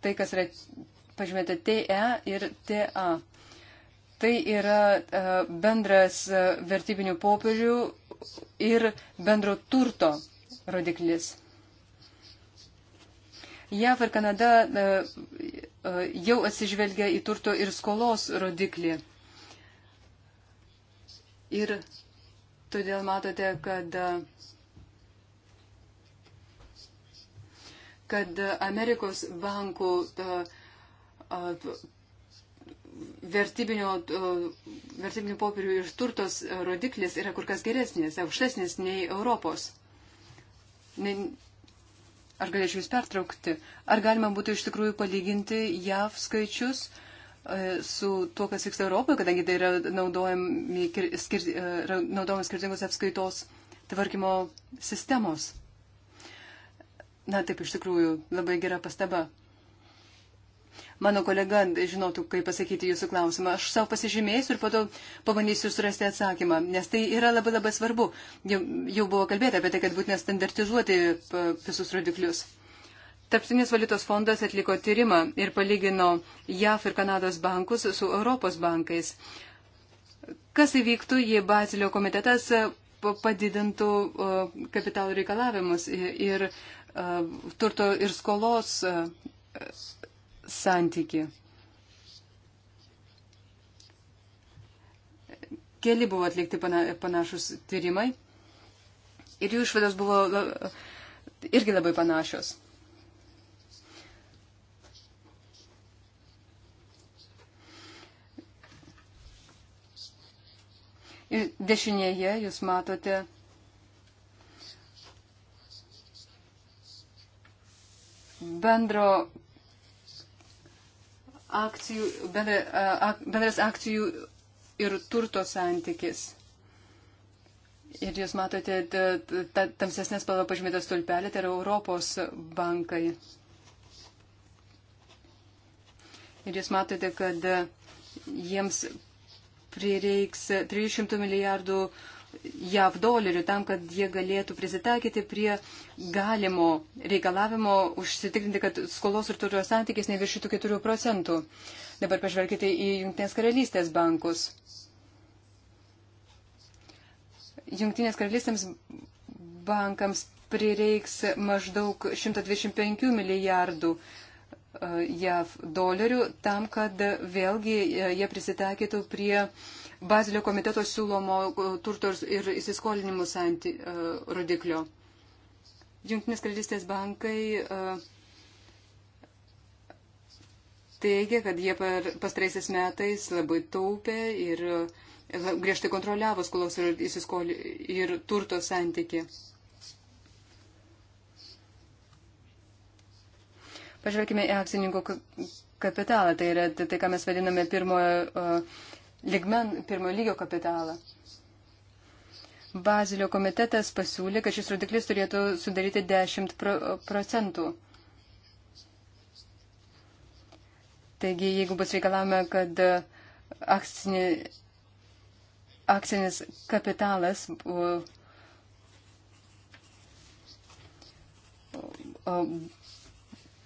tai, kas yra pažymėta TE ir TA. Tai yra e, bendras e, vertybinių popierių ir bendro turto rodiklis. JAV ir Kanada e, jau atsižvelgia į turto ir skolos rodiklį. Ir todėl matote, kad, kad Amerikos bankų ta, vertybinio, vertybinio popierių ir turtos rodiklis yra kur kas geresnis, aukštesnis nei Europos. Ne, Ar galėčiau Jūs pertraukti? Ar galima būtų iš tikrųjų palyginti JAV skaičius e, su tuo, kas vyksta Europoje, kadangi tai yra naudojami, skir, e, naudojami skirtingos apskaitos tvarkymo sistemos? Na taip, iš tikrųjų, labai gera pastaba. Mano kolega žinotų, kaip pasakyti jūsų klausimą. Aš savo pasižymėsiu ir po to pabandysiu surasti atsakymą, nes tai yra labai labai svarbu. Jau, jau buvo kalbėta apie tai, kad būtina standartizuoti visus rodiklius. Tarptinis valiutos fondas atliko tyrimą ir palygino JAF ir Kanados bankus su Europos bankais. Kas įvyktų, jei Bazilio komitetas e, padidintų e, kapitalo reikalavimus ir e, turto ir skolos santyki. Keli buvo atlikti pana, panašus tyrimai ir jų išvados buvo irgi labai panašios. Ir dešinėje jūs matote bendro akcijų, bendras akcijų ir turto santykis. Ir jūs matote, ta tamsesnė spalva pažymėta stulpelė, tai yra Europos bankai. Ir jūs matote, kad jiems prireiks 300 milijardų uh, JAV dolerių tam, kad jie galėtų prisitaikyti prie galimo reikalavimo užsitikrinti, kad skolos ir turto santykis neviršytų 4 procentų. Dabar pažvelkite į Junktinės karalystės bankus. Junktinės karalystėms bankams prireiks maždaug 125 milijardų e, JAV dolerių tam, kad vėlgi e, jie prisitaikytų prie uh, Bazilio komiteto siūlomo e, turto ir įsiskolinimų santy, e, rodiklio. Junktinės karalystės bankai e, teigia, kad jie per pastraisiais metais labai taupė ir griežtai kontroliavo skolos ir, įsiskoli, ir turto santyki. Pažvelkime į akcininkų kapitalą, tai yra tai, ką mes vadiname pirmojo uh, ligmen, pirmo lygio kapitalą. Bazilio komitetas pasiūlė, kad šis rodiklis turėtų sudaryti 10 procentų. Taigi, jeigu bus reikalavome, kad e, akcinė, akcinis kapitalas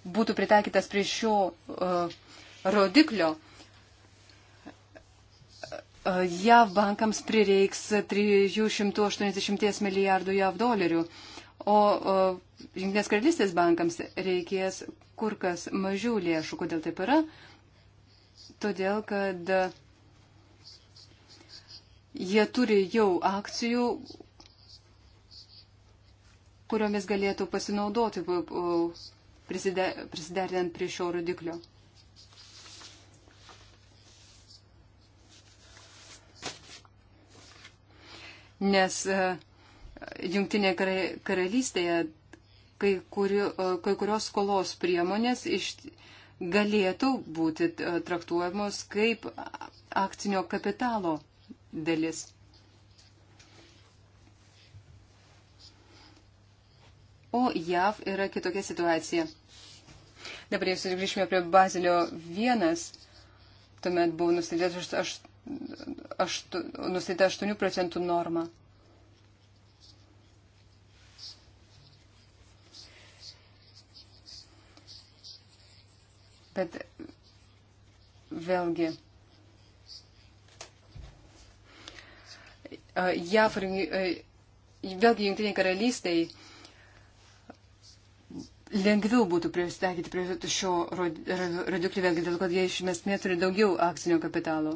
būtų pritaikytas prie šio e, rodiklio, E, JAV bankams prireiks 380 milijardų JAV dolerių, o Junktinės karalystės bankams reikės kur kas mažiau lėšų. Kodėl taip yra? Todėl, kad jie turi jau akcijų, kuriomis galėtų pasinaudoti prisiderinant prie šio rodiklio. nes e, Junktinėje karalystėje kai, kurio, e, kai kurios skolos priemonės iš, galėtų būti e, traktuojamos kaip akcinio kapitalo dalis. O JAV yra kitokia situacija. Dabar jeigu sugrįžtume prie Bazilio vienas, tuomet buvo nustatytas aštu, nustatyta 8 procentų norma. Bet vėlgi. JAF, vėlgi jungtiniai karalystiai lengviau būtų prisitaikyti prie šio rodiklį, vėlgi dėl to, kad jie iš esmės turi daugiau akcinio kapitalo.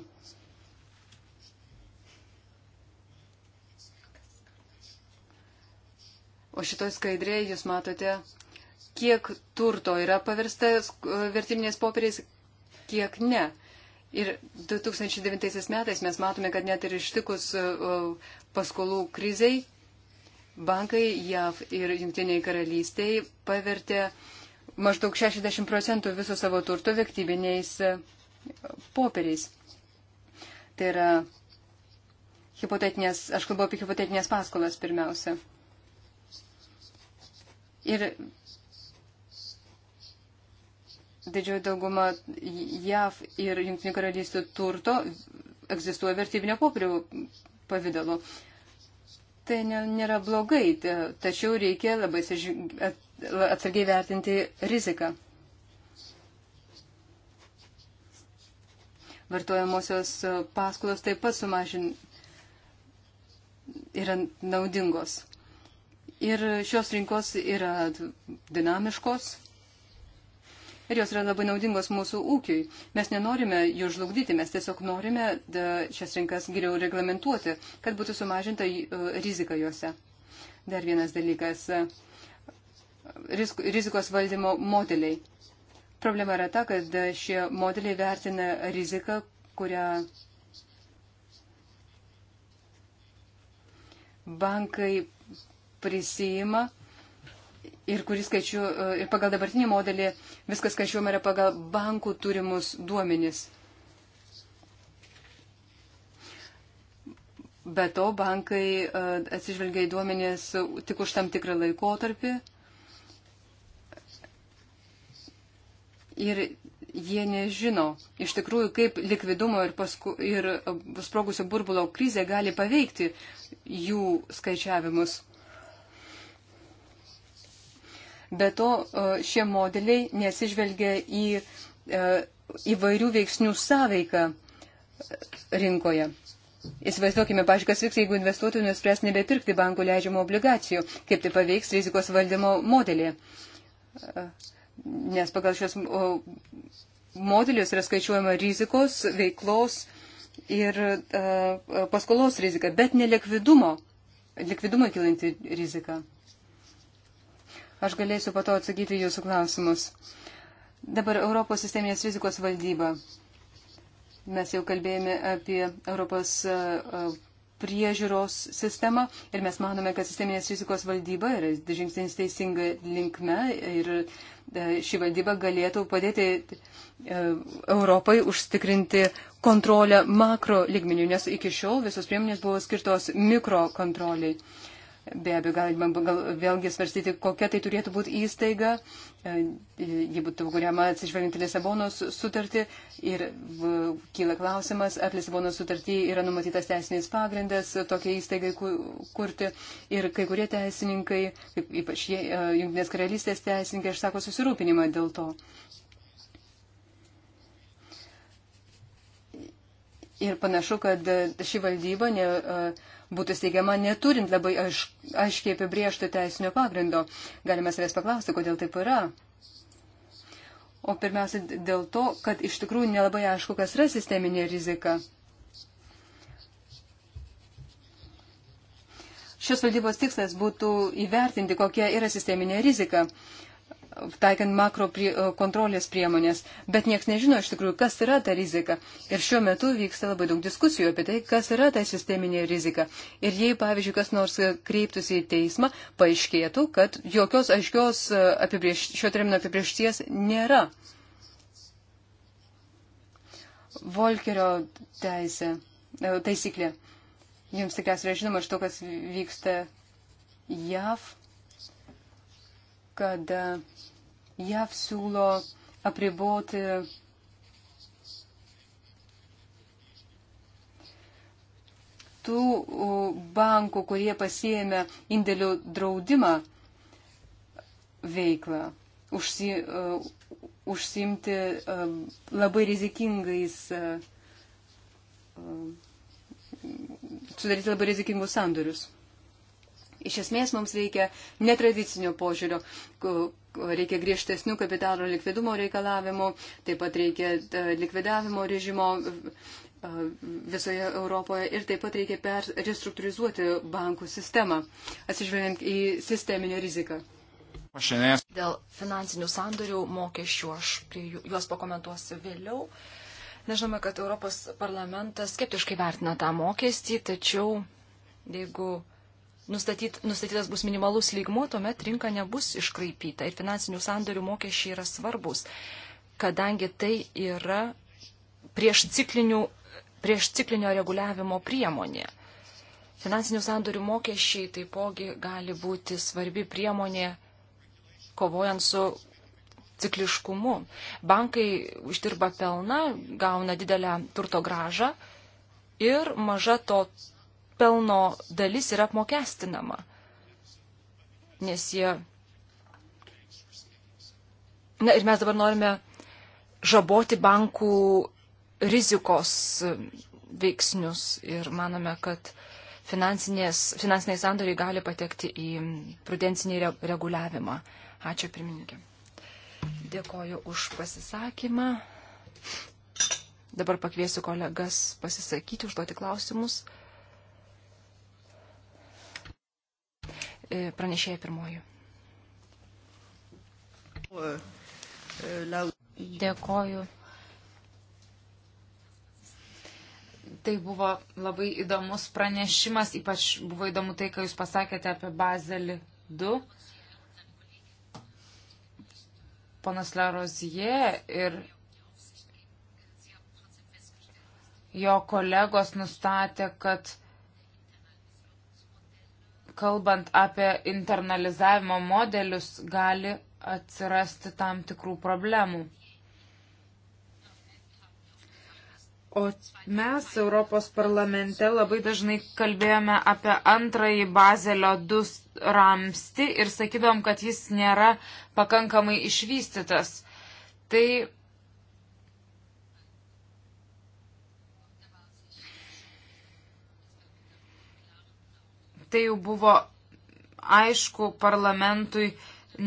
O šitoje skaidrėje jūs matote, kiek turto yra pavirsta vertiminiais popieriais, kiek ne. Ir 2009 metais mes matome, kad net ir ištikus e, paskolų kriziai, bankai JAV ir Junktiniai karalystiai pavertė maždaug 60 procentų viso savo turto vertybiniais e, popieriais. Tai yra hipotetinės, aš kalbu apie hipotetinės paskolas pirmiausia. Ir didžioji dauguma JAV ir Junktinių karalystų turto egzistuoja vertybinio popierių pavydalu. Tai nėra blogai, tačiau reikia labai atsargiai vertinti riziką. Vartojamosios paskolos taip pat sumažin yra naudingos. Ir šios rinkos yra dinamiškos ir jos yra labai naudingos mūsų ūkiui. Mes nenorime jų žlugdyti, mes tiesiog norime šias rinkas geriau reglamentuoti, kad būtų sumažinta e, rizika juose. Dar vienas dalykas e, - rizikos valdymo modeliai. Problema yra ta, kad e, šie modeliai vertina riziką, kurią bankai prisijima ir kuris skaičiu, e, ir pagal dabartinį modelį viskas skaičiuoma yra pagal bankų turimus duomenis. Be to, bankai e, atsižvelgia į duomenės tik už tam tikrą laikotarpį. Ir jie nežino iš tikrųjų, kaip likvidumo ir, pasku, ir e, sprogusio burbulo krizė gali paveikti jų skaičiavimus. Be to, e, šie modeliai nesižvelgia į e, įvairių veiksnių sąveiką rinkoje. Įsivaizduokime, pažiūrėk, kas vyks, jeigu investuotojai nuspręs nebepirkti bankų leidžiamų obligacijų, kaip tai paveiks rizikos valdymo modelį. E, nes pagal šios modelius yra skaičiuojama rizikos, veiklos ir paskolos rizika, bet nelikvidumo, likvidumo kilanti rizika. Aš galėsiu po to atsakyti jūsų klausimus. Dabar Europos sisteminės rizikos valdyba. Mes jau kalbėjome apie Europos e, e, priežiūros sistemą ir mes manome, kad sisteminės rizikos valdyba yra žingsnis teisinga linkme ir e, ši valdyba galėtų padėti Europai užtikrinti kontrolę makro lygmenių, nes iki šiol visos priemonės buvo skirtos mikro kontroliai. Be abejo, galima gal, vėlgi svarstyti, kokia tai turėtų būti įstaiga, e, ji būtų kuriama atsižvelgiant į Lisabonos sutartį ir kyla klausimas, ar Lisabonos sutartį yra numatytas teisinis pagrindas tokiai įstaigai kurti ir kai kurie teisininkai, ypač e, Junktinės karalystės teisininkai, išsako susirūpinimą dėl to. Ir panašu, kad e, ši valdyba ne. Uh, būtų steigiama neturint labai aiš, aiškiai apibriešto teisinio pagrindo. Galime savęs paklausti, kodėl taip yra. O pirmiausia dėl to, kad iš tikrųjų nelabai aišku, kas yra sisteminė rizika. Šios valdybos tikslas būtų įvertinti, kokia yra sisteminė rizika. Uh, taikant makro prie, e, kontrolės priemonės, bet niekas nežino iš tikrųjų, kas yra ta rizika. Ir šiuo metu vyksta labai daug diskusijų apie tai, kas yra ta sisteminė rizika. Ir jei, pavyzdžiui, kas nors e, kreiptųsi į teismą, paaiškėtų, kad jokios aiškios e, apibrieš, šio termino apibriešties nėra. Volkerio teisė, taisyklė. Jums tikriausiai yra žinoma iš to, kas vyksta JAV, kad uh, JAV siūlo apriboti tų bankų, kurie pasijėmė indėlių draudimą veiklą, užsi, uh, užsimti uh, labai rizikingais, uh, sudaryti labai rizikingus sandorius. Iš esmės mums reikia netradicinio požiūrio, reikia griežtesnių kapitalo likvidumo reikalavimų, taip pat reikia e, likvidavimo režimo e, visoje Europoje ir taip pat reikia per restruktūrizuoti bankų sistemą, atsižvelgiant į sisteminę riziką. Dėl finansinių sandorių mokesčių aš prie juos pakomentuosiu vėliau. Nežinome, kad Europos parlamentas skeptiškai vertina tą mokestį, tačiau jeigu nustatyt, nustatytas bus minimalus lygmuo, tuomet rinka nebus iškraipyta ir finansinių sandorių mokesčiai yra svarbus, kadangi tai yra prieš, ciklinių, prieš ciklinio reguliavimo priemonė. Finansinių sandorių mokesčiai taipogi gali būti svarbi priemonė kovojant su cikliškumu. Bankai uždirba pelną, gauna didelę turto gražą ir maža to pelno dalis yra apmokestinama, nes jie. Na ir mes dabar norime žaboti bankų rizikos veiksnius ir manome, kad finansiniai sandoriai gali patekti į prudencinį reguliavimą. Ačiū pirmininkė. Dėkoju už pasisakymą. Dabar pakviesiu kolegas pasisakyti, užduoti klausimus. E, pranešėja pirmoji. Dėkoju. Tai buvo labai įdomus pranešimas, ypač buvo įdomu tai, ką Jūs pasakėte apie Bazelį 2. Ponas Larozie ir jo kolegos nustatė, kad kalbant apie internalizavimo modelius, gali atsirasti tam tikrų problemų. O mes Europos parlamente labai dažnai kalbėjome apie antrąjį bazelio du ramsti ir sakydom, kad jis nėra pakankamai išvystytas. Tai tai jau buvo aišku parlamentui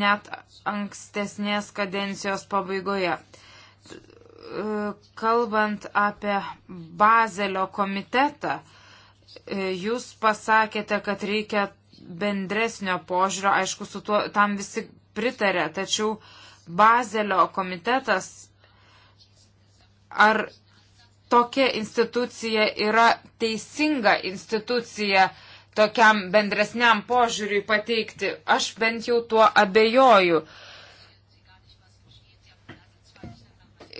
net ankstesnės kadencijos pabaigoje. Kalbant apie Bazelio komitetą, jūs pasakėte, kad reikia bendresnio požiūrio, aišku, su tuo tam visi pritarė, tačiau Bazelio komitetas ar tokia institucija yra teisinga institucija, tokiam bendresniam požiūriui pateikti. Aš bent jau tuo abejoju.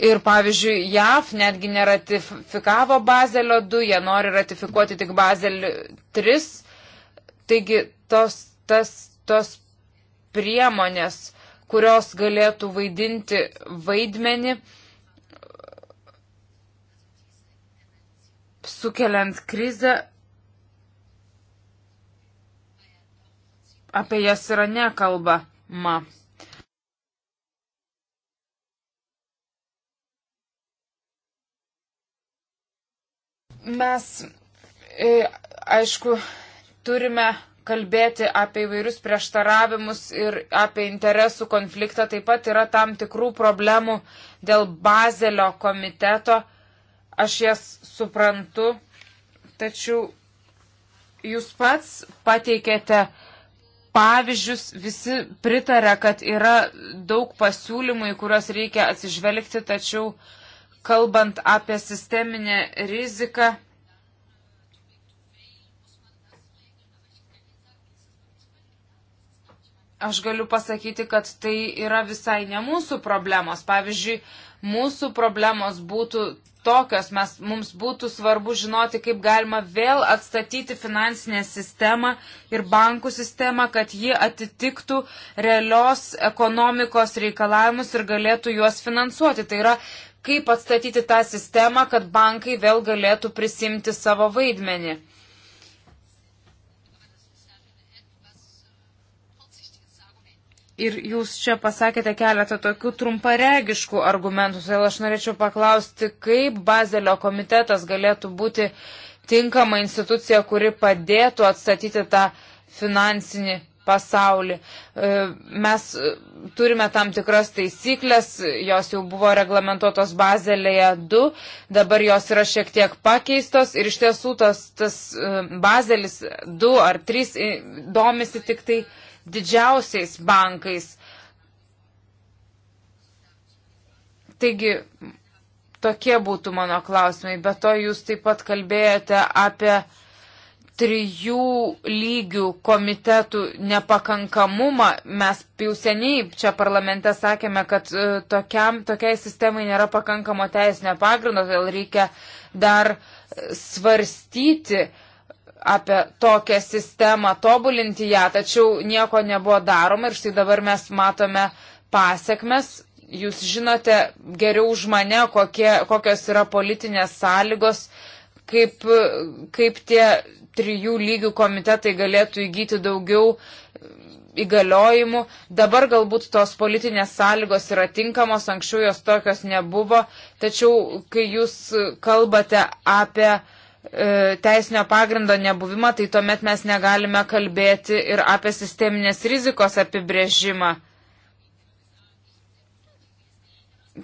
Ir pavyzdžiui, JAV netgi neratifikavo Bazelio 2, jie nori ratifikuoti tik Bazelį 3. Taigi tos, tas, tos priemonės, kurios galėtų vaidinti vaidmenį, sukeliant krizę, apie jas yra nekalbama. Mes, e, aišku, turime kalbėti apie įvairius prieštaravimus ir apie interesų konfliktą. Taip pat yra tam tikrų problemų dėl Bazelio komiteto. Aš jas suprantu, tačiau jūs pats pateikėte uh, pavyzdžius, visi pritarė, kad yra daug pasiūlymų, į kuriuos reikia atsižvelgti, tačiau kalbant apie sisteminę riziką, aš galiu pasakyti, kad tai yra visai ne mūsų problemos. Pavyzdžiui, mūsų problemos būtų tokios. Mes, mums būtų svarbu žinoti, kaip galima vėl atstatyti finansinę sistemą ir bankų sistemą, kad ji atitiktų realios ekonomikos reikalavimus ir galėtų juos finansuoti. Tai yra, kaip atstatyti tą sistemą, kad bankai vėl galėtų prisimti savo vaidmenį. Ir jūs čia pasakėte keletą tokių trumparegiškų argumentų, todėl aš norėčiau paklausti, kaip Bazelio komitetas galėtų būti tinkama institucija, kuri padėtų atstatyti tą finansinį pasaulį. E, mes e, turime tam tikras taisyklės, jos jau buvo reglamentuotos bazelėje 2, dabar jos yra šiek tiek pakeistos ir iš tiesų tas, tas e, bazelis 2 ar 3 domisi tik tai uh, didžiausiais bankais. Taigi, tokie būtų mano klausimai. Be to, jūs taip pat kalbėjote apie trijų lygių komitetų nepakankamumą. Mes jau seniai čia parlamente sakėme, kad e, tokiam, tokiai sistemai nėra pakankamo teisinio pagrindo, todėl reikia dar e, svarstyti, apie tokią sistemą, tobulinti ją, tačiau nieko nebuvo daroma ir štai dabar mes matome pasiekmes. Jūs žinote geriau už mane, kokie, kokios yra politinės sąlygos, kaip, kaip tie trijų lygių komitetai galėtų įgyti daugiau įgaliojimų. Dabar galbūt tos politinės sąlygos yra tinkamos, anksčiau jos tokios nebuvo, tačiau kai jūs kalbate apie E, teisinio pagrindo nebuvimą, tai tuomet mes negalime kalbėti ir apie sisteminės rizikos apibrėžimą.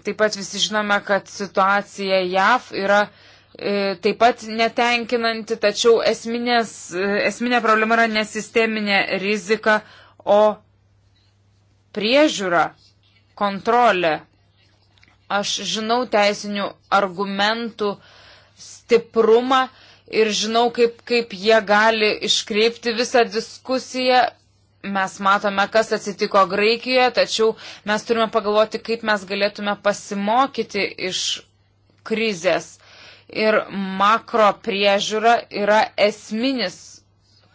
Taip pat visi žinome, kad situacija JAV yra e, taip pat netenkinanti, tačiau esminės, e, esminė problema yra nesisteminė rizika, o priežiūra, kontrolė. Aš žinau teisinių argumentų, stiprumą ir žinau, kaip, kaip jie gali iškreipti visą diskusiją. Mes matome, kas atsitiko Graikijoje, tačiau mes turime pagalvoti, kaip mes galėtume pasimokyti iš krizės. Ir makro priežiūra yra esminis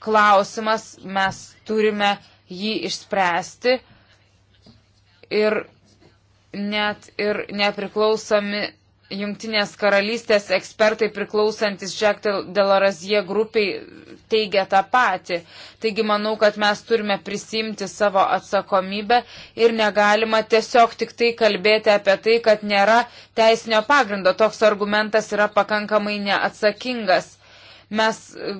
klausimas, mes turime jį išspręsti. Ir net ir nepriklausomi Jungtinės karalystės ekspertai priklausantis Jack Delarazie grupiai teigia tą patį. Taigi manau, kad mes turime prisimti savo atsakomybę ir negalima tiesiog tik tai kalbėti apie tai, kad nėra teisinio pagrindo. Toks argumentas yra pakankamai neatsakingas mes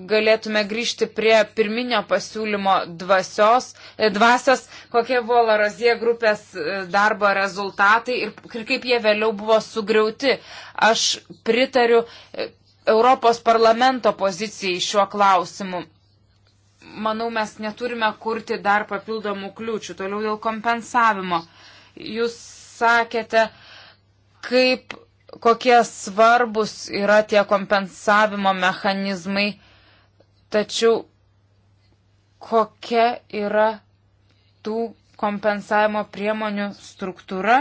galėtume grįžti prie pirminio pasiūlymo dvasios, e, dvasios kokie buvo Larozie grupės e, darbo rezultatai ir kaip jie vėliau buvo sugriauti. Aš pritariu e, Europos parlamento pozicijai šiuo klausimu. Manau, mes neturime kurti dar papildomų kliūčių. Toliau dėl kompensavimo. Jūs sakėte, kaip kokie svarbus yra tie kompensavimo mechanizmai, tačiau kokia yra tų kompensavimo priemonių struktūra.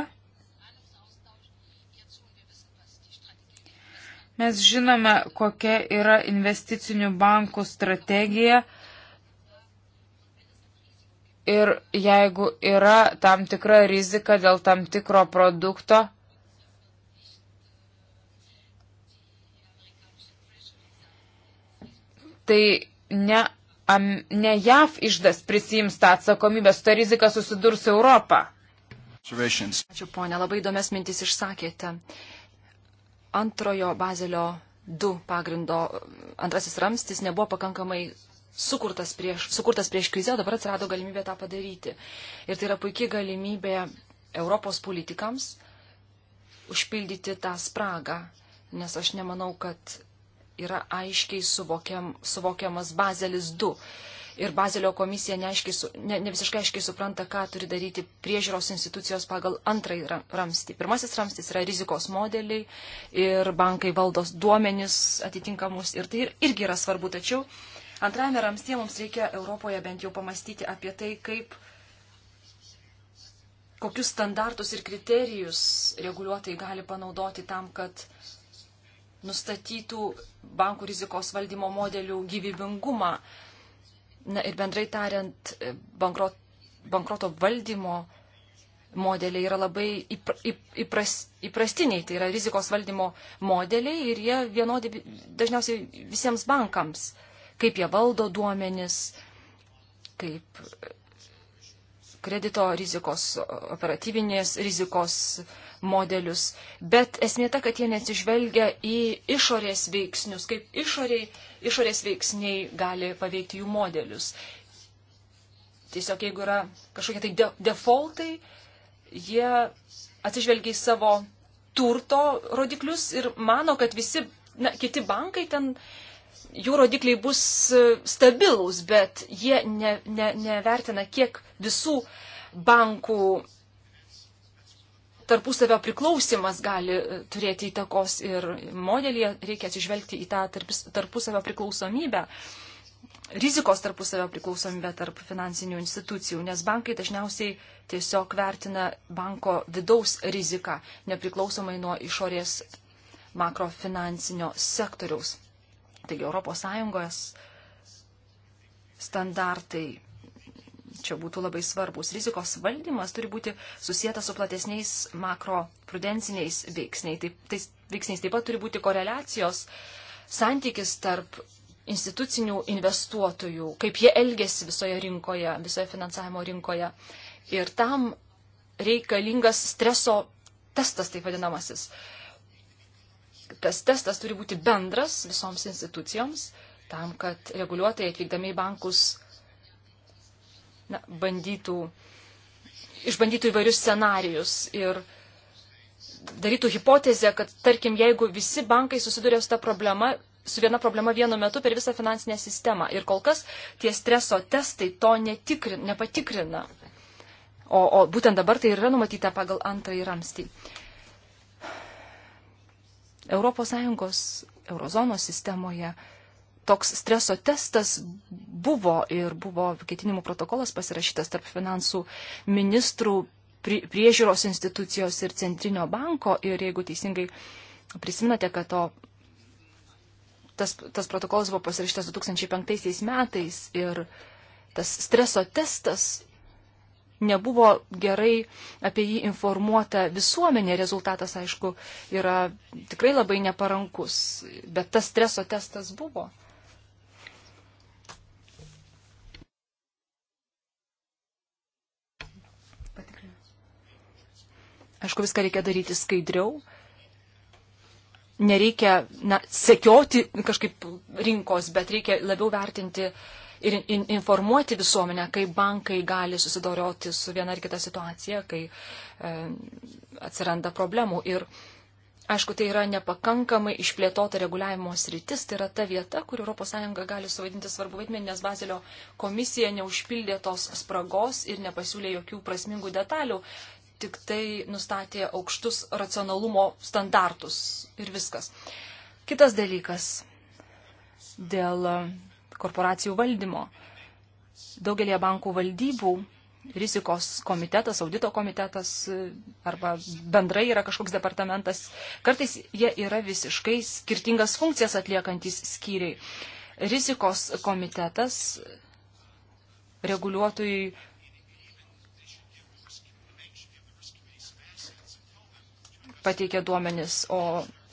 Mes žinome, kokia yra investicinių bankų strategija ir jeigu yra tam tikra rizika dėl tam tikro produkto, tai ne, am, ne JAV išdas prisijims tą atsakomybę, su ta rizika susidurs Europą. Ačiū ponė, labai įdomias mintis išsakėte. Antrojo bazelio 2 pagrindo antrasis ramstis nebuvo pakankamai sukurtas prieš, sukurtas prieš krizę, dabar atsirado galimybė tą padaryti. Ir tai yra puikia galimybė Europos politikams užpildyti tą spragą, nes aš nemanau, kad yra aiškiai suvokiam, suvokiamas Bazelis 2. Ir Bazelio komisija neaiškiai, su, ne, ne visiškai aiškiai supranta, ką turi daryti priežiūros institucijos pagal antrąjį ramstį. Pirmasis ramstis yra rizikos modeliai ir bankai valdos duomenis atitinkamus ir tai irgi yra svarbu. Tačiau antrajame ramstie mums reikia Europoje bent jau pamastyti apie tai, kaip kokius standartus ir kriterijus reguliuotojai gali panaudoti tam, kad nustatytų bankų rizikos valdymo modelių gyvybingumą. Na ir bendrai tariant, e, bankrot, bankroto valdymo modeliai yra labai įpras, įprastiniai, tai yra rizikos valdymo modeliai ir jie vienodi dažniausiai visiems bankams, kaip jie valdo duomenis, kaip kredito rizikos, operatyvinės rizikos modelius, bet esmė ta, kad jie neatsižvelgia į išorės veiksnius, kaip išoriai, išorės veiksniai gali paveikti jų modelius. Tiesiog jeigu yra kažkokie tai de defaultai, jie atsižvelgia į savo turto rodiklius ir mano, kad visi na, kiti bankai ten jų rodikliai bus e, stabilūs, bet jie ne, ne, nevertina, kiek visų bankų tarpusavio priklausimas gali e, turėti įtakos ir modelį reikia atsižvelgti į tą tarpusavio priklausomybę, rizikos tarpusavio priklausomybę tarp finansinių institucijų, nes bankai dažniausiai tiesiog vertina banko vidaus riziką, nepriklausomai nuo išorės makrofinansinio sektoriaus. Taigi ES standartai čia būtų labai svarbus. Rizikos valdymas turi būti susijęta su platesniais makroprudenciniais veiksniais. Taip, tais, veiksniais taip pat turi būti koreliacijos santykis tarp institucinių investuotojų, kaip jie elgesi visoje rinkoje, visoje finansavimo rinkoje. Ir tam reikalingas streso testas, taip vadinamasis. Tas testas turi būti bendras visoms institucijoms, tam, kad reguliuotojai atvykdami į bankus na, bandytų, išbandytų įvairius scenarius ir darytų hipotezę, kad tarkim, jeigu visi bankai susiduria su ta problema, su viena problema vienu metu per visą finansinę sistemą. Ir kol kas tie streso testai to netikrin, nepatikrina. O, o būtent dabar tai yra numatyta pagal antrąjį ramstį. Europos Sąjungos, Eurozonos sistemoje toks streso testas buvo ir buvo ketinimų protokolas pasirašytas tarp finansų ministrų, priežiūros institucijos ir centrinio banko. Ir jeigu teisingai prisiminate, kad to, tas, tas protokolas buvo pasirašytas 2005 metais ir tas streso testas nebuvo gerai apie jį informuota visuomenė, rezultatas, aišku, yra tikrai labai neparankus, bet tas streso testas buvo. Aišku, viską reikia daryti skaidriau. Nereikia na, sekioti kažkaip rinkos, bet reikia labiau vertinti ir in, informuoti visuomenę, kaip bankai gali susidoroti su viena ar kita situacija, kai e, atsiranda problemų. Ir aišku, tai yra nepakankamai išplėtota reguliavimo sritis, tai yra ta vieta, kur ES gali suvaidinti svarbu vaidmenį, nes Bazilio komisija neužpildė tos spragos ir nepasiūlė jokių prasmingų detalių tik tai nustatė aukštus racionalumo standartus ir viskas. Kitas dalykas dėl korporacijų valdymo. Daugelie bankų valdybų rizikos komitetas, audito komitetas arba bendrai yra kažkoks departamentas. Kartais jie yra visiškai skirtingas funkcijas atliekantis skyriai. Rizikos komitetas reguliuotojui pateikia duomenis, o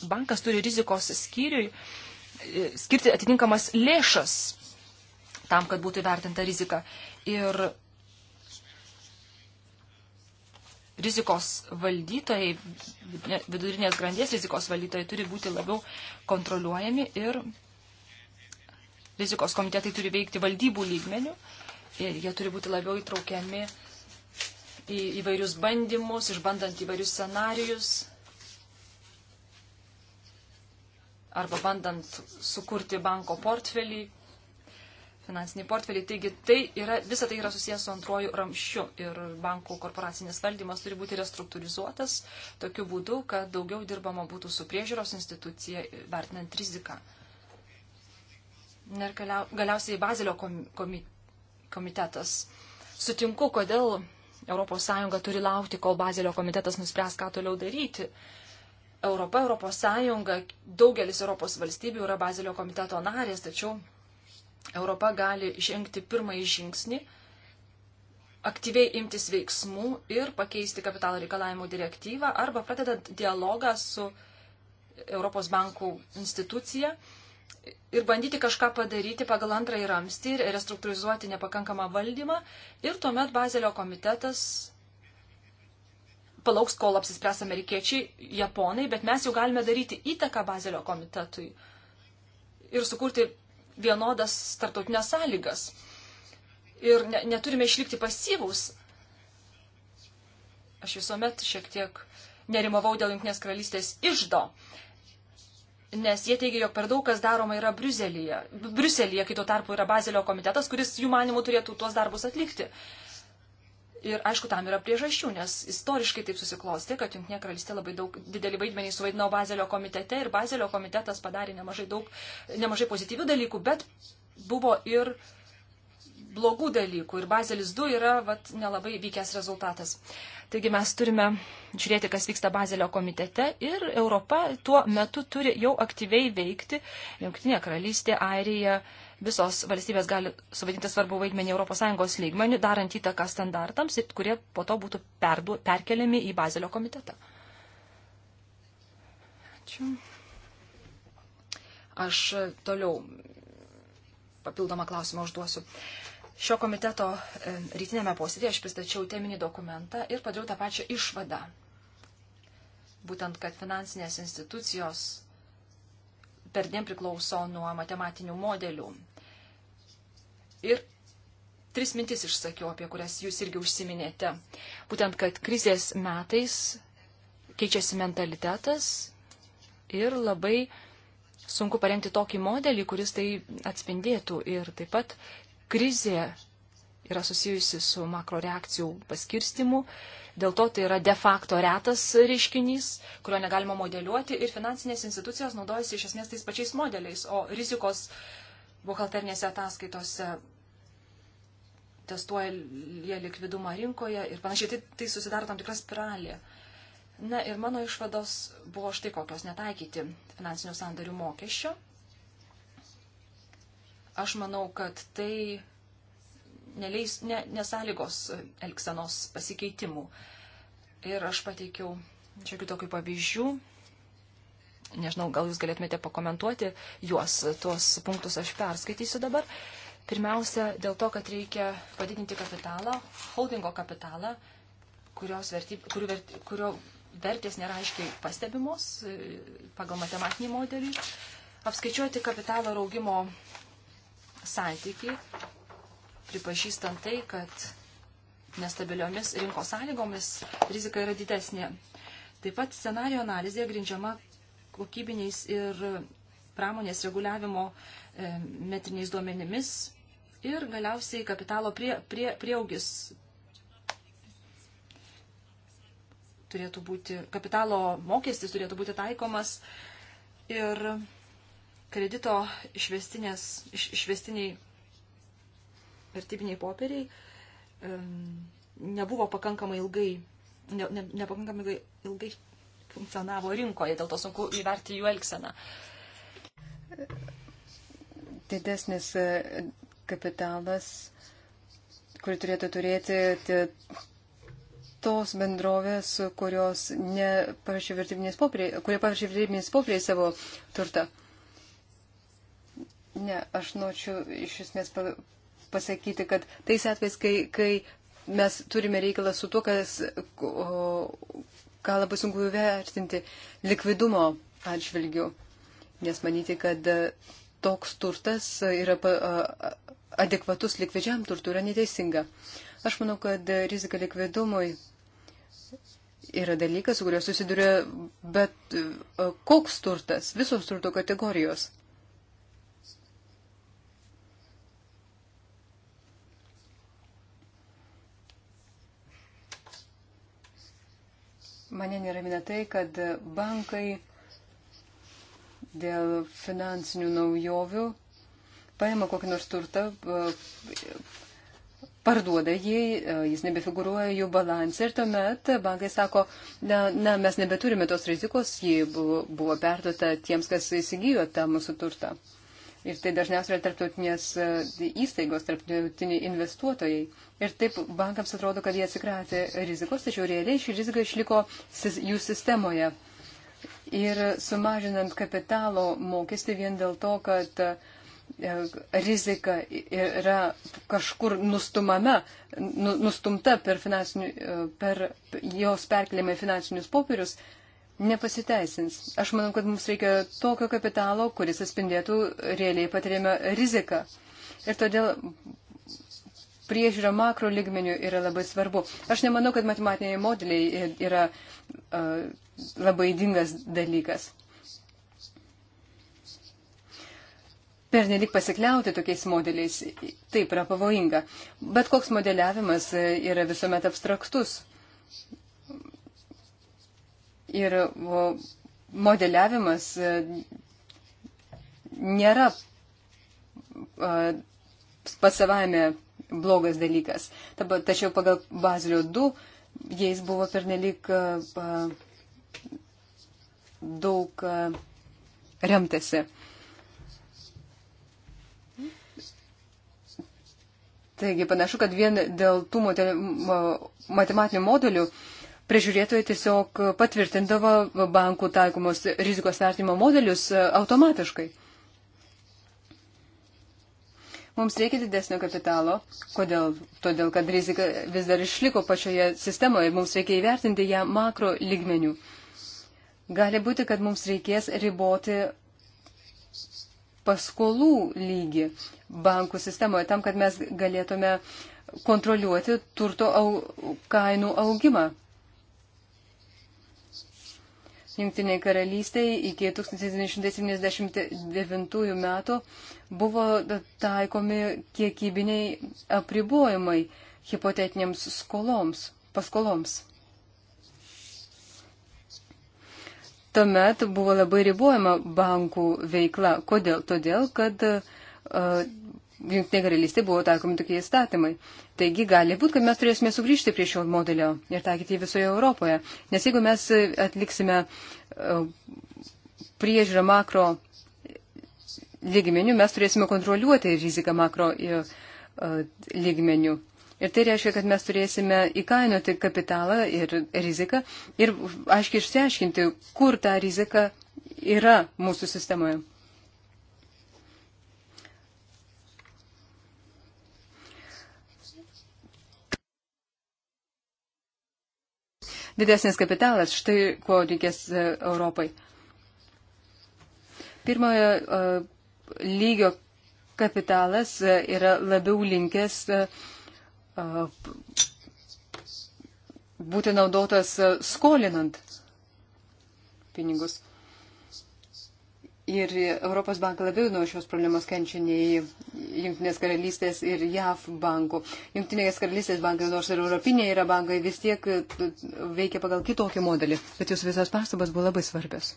bankas turi rizikos skyriui e, skirti atitinkamas lėšas tam, kad būtų vertinta rizika. Ir rizikos valdytojai, vidurinės grandies rizikos valdytojai turi būti labiau kontroliuojami ir rizikos komitetai turi veikti valdybų lygmenių ir jie turi būti labiau įtraukiami į įvairius bandymus, išbandant įvairius scenarius, arba bandant sukurti banko portfelį, finansinį portfelį. Taigi tai yra, visa tai yra susijęs su antruoju ramščiu ir bankų korporacinis valdymas turi būti restruktūrizuotas tokiu būdu, kad daugiau dirbama būtų su priežiūros institucija vertinant riziką. Ir galiausiai Bazilio komitetas. Sutinku, kodėl ES turi laukti, kol Bazilio komitetas nuspręs, ką toliau daryti. Uh, Europa, Europos Sąjunga, daugelis Europos valstybių yra Bazilio komiteto narės, tačiau Europa gali žengti pirmąjį žingsnį, aktyviai imtis veiksmų ir pakeisti kapitalo reikalavimų direktyvą arba pradedant dialogą su Europos bankų institucija ir bandyti kažką padaryti pagal antrąjį ramstį ir restruktūrizuoti nepakankamą valdymą ir tuomet Bazelio komitetas palauks, kol apsispręs amerikiečiai, japonai, bet mes jau galime daryti įtaką Bazelio komitetui ir sukurti vienodas tartautinės sąlygas. Ir ne, neturime išlikti pasyvus. Aš visuomet šiek tiek nerimavau dėl Junktinės karalystės išdo, nes jie teigia, jog per daug kas daroma yra Briuselėje, Briuselėje kai tuo tarpu yra Bazelio komitetas, kuris jų manimų turėtų tuos darbus atlikti. Ir aišku, tam yra priežasčių, nes istoriškai taip susiklosti, kad Junktinė karalystė labai daug didelį vaidmenį suvaidino Bazelio komitete ir Bazelio komitetas padarė nemažai, daug, nemažai pozityvių dalykų, bet buvo ir blogų dalykų ir Bazelis 2 yra vat, nelabai vykęs rezultatas. Taigi mes turime žiūrėti, kas vyksta Bazelio komitete ir Europa tuo metu turi jau aktyviai veikti. Junktinė karalystė, Airija, visos valstybės gali suvaidinti svarbu vaidmenį ES lygmenį, darant įtaką standartams, kurie po to būtų perdu, perkeliami į Bazelio komitetą. Ačiū. Aš toliau papildomą klausimą užduosiu. Šio komiteto e, rytinėme posėdėje aš pristačiau teminį dokumentą ir padariau tą pačią išvadą. Būtent, kad finansinės institucijos perdėm priklauso nuo matematinių modelių. Ir tris mintis išsakiau, apie kurias jūs irgi užsiminėte. Būtent, kad krizės metais keičiasi mentalitetas ir labai sunku parengti tokį modelį, kuris tai atspindėtų. Ir taip pat krizė yra susijusi su makroreakcijų paskirstimu. Dėl to tai yra de facto retas reiškinys, kurio negalima modeliuoti ir finansinės institucijos naudojasi iš esmės tais pačiais modeliais, o rizikos buhalternėse ataskaitose testuoja likvidumą rinkoje ir panašiai. Tai, tai susidaro tam tikra spiralė. Na ir mano išvados buvo štai kokios netaikyti finansinių sandarių mokesčio. Aš manau, kad tai neleis, ne, nesąlygos elgsenos pasikeitimų. Ir aš pateikiau šiokių tokių pavyzdžių. Nežinau, gal jūs galėtumėte pakomentuoti juos, tuos punktus aš perskaitysiu dabar. Uh, Pirmiausia, dėl to, kad reikia padidinti kapitalą, holdingo kapitalą, vertyb, kurio, vert, kurio vertės nėra aiškiai pastebimos e, pagal matematinį modelį, apskaičiuoti kapitalo augimo santyki, pripažįstant tai, kad nestabiliomis rinkos sąlygomis rizika yra didesnė. Taip pat scenario analizė grindžiama kokybiniais ir pramonės reguliavimo e, metriniais duomenimis, ir galiausiai kapitalo prie, prie, prieaugis turėtų būti, kapitalo mokestis turėtų būti taikomas ir kredito išvestinės, iš, išvestiniai vertybiniai popieriai um, nebuvo pakankamai ilgai, ne, ne, nepakankamai ilgai, ilgai funkcionavo rinkoje, dėl to sunku įverti jų elgseną. Didesnis kapitalas, kurį turėtų turėti tos bendrovės, kurios neparašė vertybinės popieriai, kurie parašė vertybinės popieriai savo turtą. Ne, aš norėčiau iš esmės pasakyti, kad tais atvejais, kai, kai mes turime reikalą su tuo, kas, o, ką labai sunku įvertinti likvidumo atžvilgiu, nes manyti, kad toks turtas yra adekvatus likvidžiam turtui yra neteisinga. Aš manau, kad rizika likvidumui yra dalykas, su kuriuo susiduria bet e, koks turtas, visos turto kategorijos. Mane neramina tai, kad bankai dėl finansinių naujovių paima kokį nors turtą, parduoda jį, e, jis nebefiguruoja jų balansė ir tuomet bankai sako, na, na mes nebeturime tos rizikos, ji buvo, buvo perduota tiems, kas įsigijo tą mūsų turtą. Ir tai dažniausiai yra tarptautinės e, įstaigos, tarptautiniai investuotojai. Ir taip bankams atrodo, kad jie atsikratė rizikos, tačiau realiai ši rizika išliko jų sistemoje. Ir sumažinant kapitalo mokestį vien dėl to, kad uh, E, rizika yra kažkur nustumama, nu, nustumta per, e, per jos perkelimą į finansinius popierius, nepasiteisins. Aš manau, kad mums reikia tokio kapitalo, kuris atspindėtų realiai patiriamą riziką. Ir todėl priežiūra makro ligmenių yra labai svarbu. Aš nemanau, kad matematiniai modeliai yra uh, labai dingas dalykas. pernelik pasikliauti tokiais modeliais, taip yra pavojinga. Bet koks modeliavimas e, yra visuomet abstraktus. Ir modeliavimas e, nėra e, pats savame blogas dalykas. Tačiau pagal Bazilio 2 jais buvo pernelik daug remtasi. Taigi panašu, kad vien dėl tų matematinių modelių prižiūrėtojai tiesiog patvirtindavo bankų taikomus rizikos vertinimo modelius e, automatiškai. Mums reikia didesnio kapitalo. Kodėl? Todėl, kad rizika vis dar išliko pačioje sistemoje ir mums reikia įvertinti ją makro lygmenių. Gali būti, kad mums reikės riboti paskolų lygį bankų sistemoje, tam, kad mes galėtume kontroliuoti turto au, kainų augimą. Junktiniai karalystiai iki 1979 metų buvo taikomi kiekybiniai apribojimai hipotetiniams skoloms, paskoloms. tuomet buvo labai ribojama bankų veikla. Kodėl? Todėl, kad uh, Junktinė karalystė buvo taikomi tokie įstatymai. Taigi gali būti, kad mes turėsime sugrįžti prie šio modelio ir taikyti jį visoje Europoje. Nes jeigu mes atliksime uh, priežiūrą makro lygmenių, mes turėsime kontroliuoti riziką makro uh, lygmenių. Ir tai reiškia, kad mes turėsime įkainuoti kapitalą ir riziką ir aiškiai išsiaiškinti, kur ta rizika yra mūsų sistemoje. Didesnis kapitalas, štai ko reikės e, Europai. Pirmojo e, lygio kapitalas e, yra labiau linkęs uh, būti naudotas skolinant pinigus. Ir Europos bankai labiau nuo šios problemos kenčia nei Junktinės karalystės ir JAV bankų. Junktinės karalystės bankai, nors ir europiniai yra bankai, vis tiek veikia pagal kitokį modelį. Bet jūsų visas pastabas buvo labai svarbios.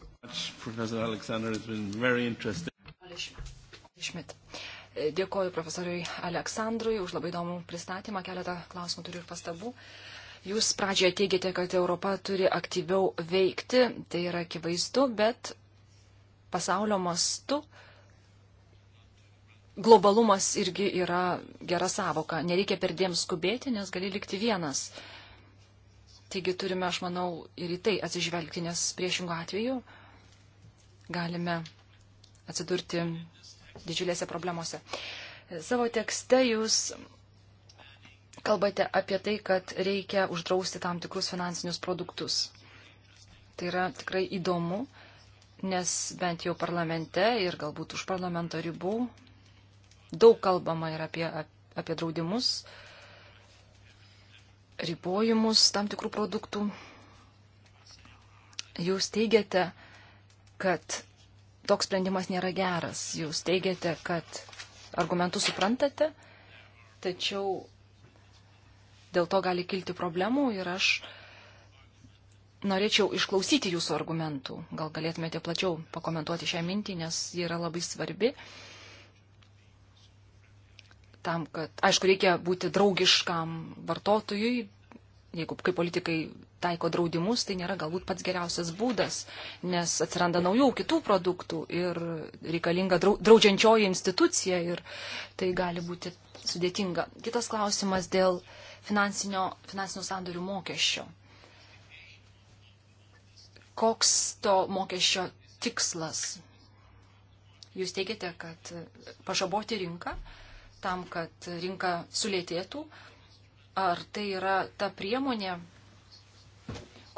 Šmit. Dėkoju profesoriui Aleksandrui už labai įdomų pristatymą. Keletą klausimų turiu ir pastabų. Jūs pradžioje teigiate, kad Europa turi aktyviau veikti, tai yra akivaizdu, bet pasaulio mastu globalumas irgi yra gera savoka. Nereikia per dėm skubėti, nes gali likti vienas. Taigi turime, aš manau, ir į tai atsižvelgti, nes priešingų atveju galime atsidurti didžiulėse problemose. Savo tekste jūs kalbate apie tai, kad reikia uždrausti tam tikrus finansinius produktus. Tai yra tikrai įdomu, nes bent jau parlamente ir galbūt už parlamento ribų daug kalbama ir apie, apie draudimus, ribojimus tam tikrų produktų. Jūs teigiate, kad toks sprendimas nėra geras. Jūs teigiate, kad argumentus suprantate, tačiau dėl to gali kilti problemų ir aš norėčiau išklausyti jūsų argumentų. Gal galėtumėte plačiau pakomentuoti šią mintį, nes ji yra labai svarbi. Tam, kad, aišku, reikia būti draugiškam vartotojui, jeigu kaip politikai taiko draudimus, tai nėra galbūt pats geriausias būdas, nes atsiranda naujų kitų produktų ir reikalinga draudžiančioji institucija ir tai gali būti sudėtinga. Kitas klausimas dėl finansinių sandorių mokesčio. Koks to mokesčio tikslas? Jūs teigiate, kad pažaboti rinką tam, kad rinka sulėtėtų, ar tai yra ta priemonė,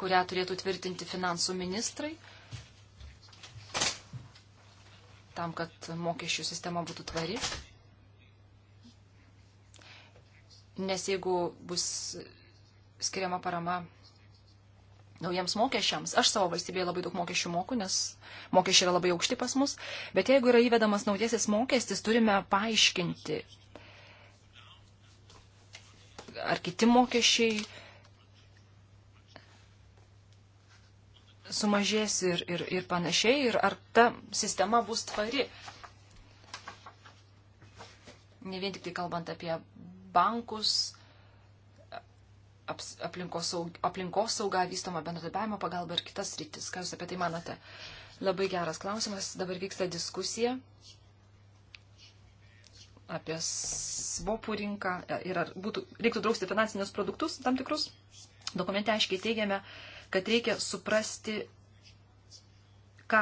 kurią turėtų tvirtinti finansų ministrai, tam, kad mokesčių sistema būtų tvari. Nes jeigu bus skiriama parama naujiems mokesčiams. Aš savo valstybėje labai daug mokesčių moku, nes mokesčiai yra labai aukšti pas mus. Bet jeigu yra įvedamas naujasis mokestis, turime paaiškinti, ar kiti mokesčiai sumažės ir, ir, ir panašiai, ir ar ta sistema bus tvari. Ne vien tik tai kalbant apie bankus, aplinkos, saug, aplinkos saugą, vystomą bendradarbiavimo pagalbą ir kitas rytis. Ką Jūs apie tai manote? Labai geras klausimas. Dabar vyksta diskusija apie svopų rinką ir ar būtų, reiktų drausti finansinius produktus tam tikrus. Dokumente aiškiai teigiame, kad reikia suprasti, ką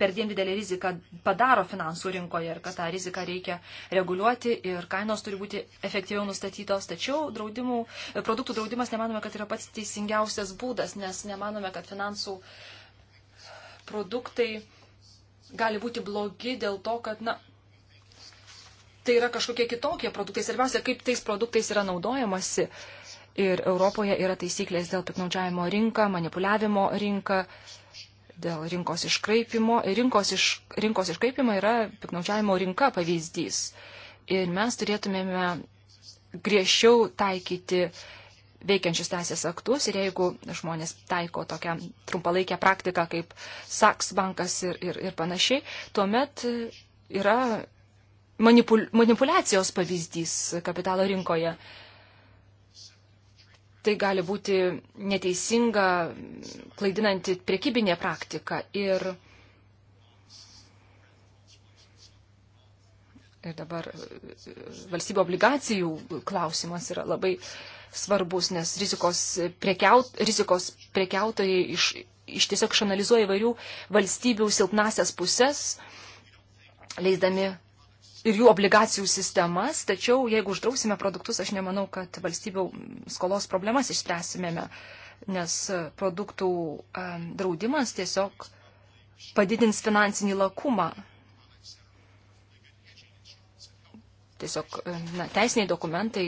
per dėm didelį riziką padaro finansų rinkoje ir kad tą riziką reikia reguliuoti ir kainos turi būti efektyviau nustatytos. Tačiau draudimų, produktų draudimas nemanome, kad yra pats teisingiausias būdas, nes nemanome, kad finansų produktai gali būti blogi dėl to, kad, na, tai yra kažkokie kitokie produktai. Svarbiausia, kaip tais produktais yra naudojamasi. Uh, Ir Europoje yra taisyklės dėl piknaudžiavimo rinką, manipuliavimo rinką, dėl rinkos iškraipimo. Ir rinkos, iš, rinkos iškraipimo yra piknaudžiavimo rinka pavyzdys. Ir mes turėtumėme griežčiau taikyti veikiančius teisės aktus ir jeigu žmonės taiko tokią trumpalaikę praktiką kaip Saks bankas ir, ir, ir panašiai, tuomet yra manipul, manipulacijos pavyzdys kapitalo rinkoje. Uh, tai gali būti neteisinga, klaidinanti priekybinė praktika. Ir, ir dabar valstybių obligacijų klausimas yra labai svarbus, nes rizikos, priekiaut, rizikos priekiautojai iš, iš tiesiog išanalizuoja įvairių valstybių silpnasias puses, leisdami ir jų obligacijų sistemas, tačiau jeigu uždrausime produktus, aš nemanau, kad valstybių skolos problemas išspręsimėme, nes produktų draudimas tiesiog padidins finansinį lakumą. Tiesiog na, teisiniai dokumentai,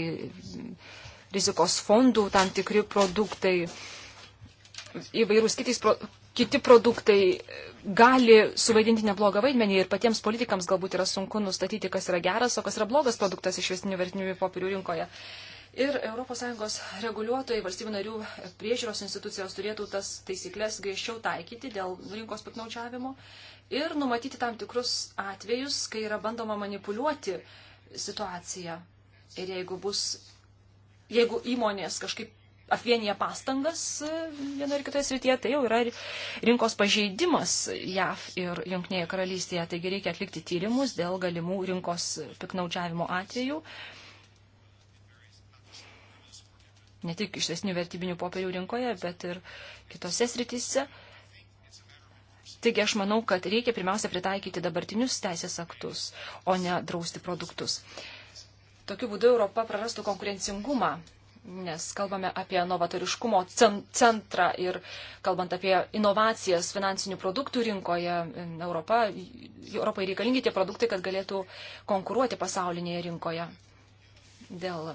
rizikos fondų tam tikri produktai, įvairūs kitais pro, kiti produktai gali suvaidinti neblogą vaidmenį ir patiems politikams galbūt yra sunku nustatyti, kas yra geras, o kas yra blogas produktas išvestinių vertinių popierių rinkoje. Ir ES reguliuotojai, valstybių narių priežiūros institucijos turėtų tas taisyklės griežčiau taikyti dėl rinkos piknaučiavimo ir numatyti tam tikrus atvejus, kai yra bandoma manipuliuoti situaciją. Ir jeigu bus, jeigu įmonės kažkaip apvienyje pastangas e, vienoje ir kitoje srityje, tai jau yra rinkos pažeidimas JAV ir Junktinėje karalystėje. Taigi reikia atlikti tyrimus dėl galimų rinkos piknaudžiavimo atvejų. Ne tik išvesnių vertybinių popierių rinkoje, bet ir kitose srityse. Taigi aš manau, kad reikia pirmiausia pritaikyti dabartinius teisės aktus, o ne drausti produktus. Tokiu būdu Europa prarastų konkurencingumą nes kalbame apie novatoriškumo centrą ir kalbant apie inovacijas finansinių produktų rinkoje, Europa, Europai reikalingi tie produktai, kad galėtų konkuruoti pasaulinėje rinkoje dėl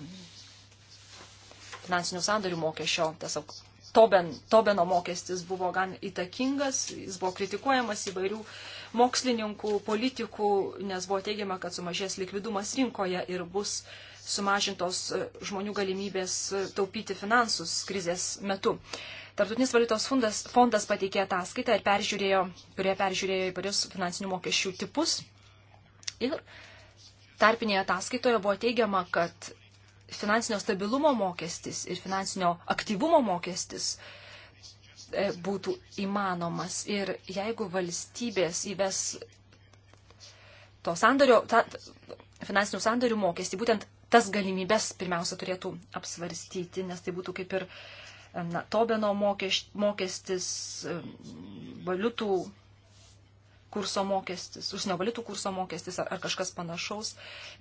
finansinių sandorių mokesčio. Tiesiog Toben, Tobeno mokestis buvo gan įtakingas, jis buvo kritikuojamas įvairių mokslininkų, politikų, nes buvo teigiama, kad sumažės likvidumas rinkoje ir bus uh, sumažintos e, žmonių galimybės e, taupyti finansus krizės metu. Tartutinis valiutos fundas, fondas pateikė ataskaitą ir peržiūrėjo, kurie peržiūrėjo įvairius finansinių mokesčių tipus. Ir tarpinėje ataskaitoje buvo teigiama, kad finansinio stabilumo mokestis ir finansinio aktyvumo mokestis e, būtų įmanomas. Ir jeigu valstybės įves to sandorio, ta, finansinių sandorių mokestį, būtent tas galimybės pirmiausia turėtų apsvarstyti, nes tai būtų kaip ir e, na, Tobeno mokestis, e, valiutų kurso mokestis, užsienio valiutų kurso mokestis ar, ar kažkas panašaus.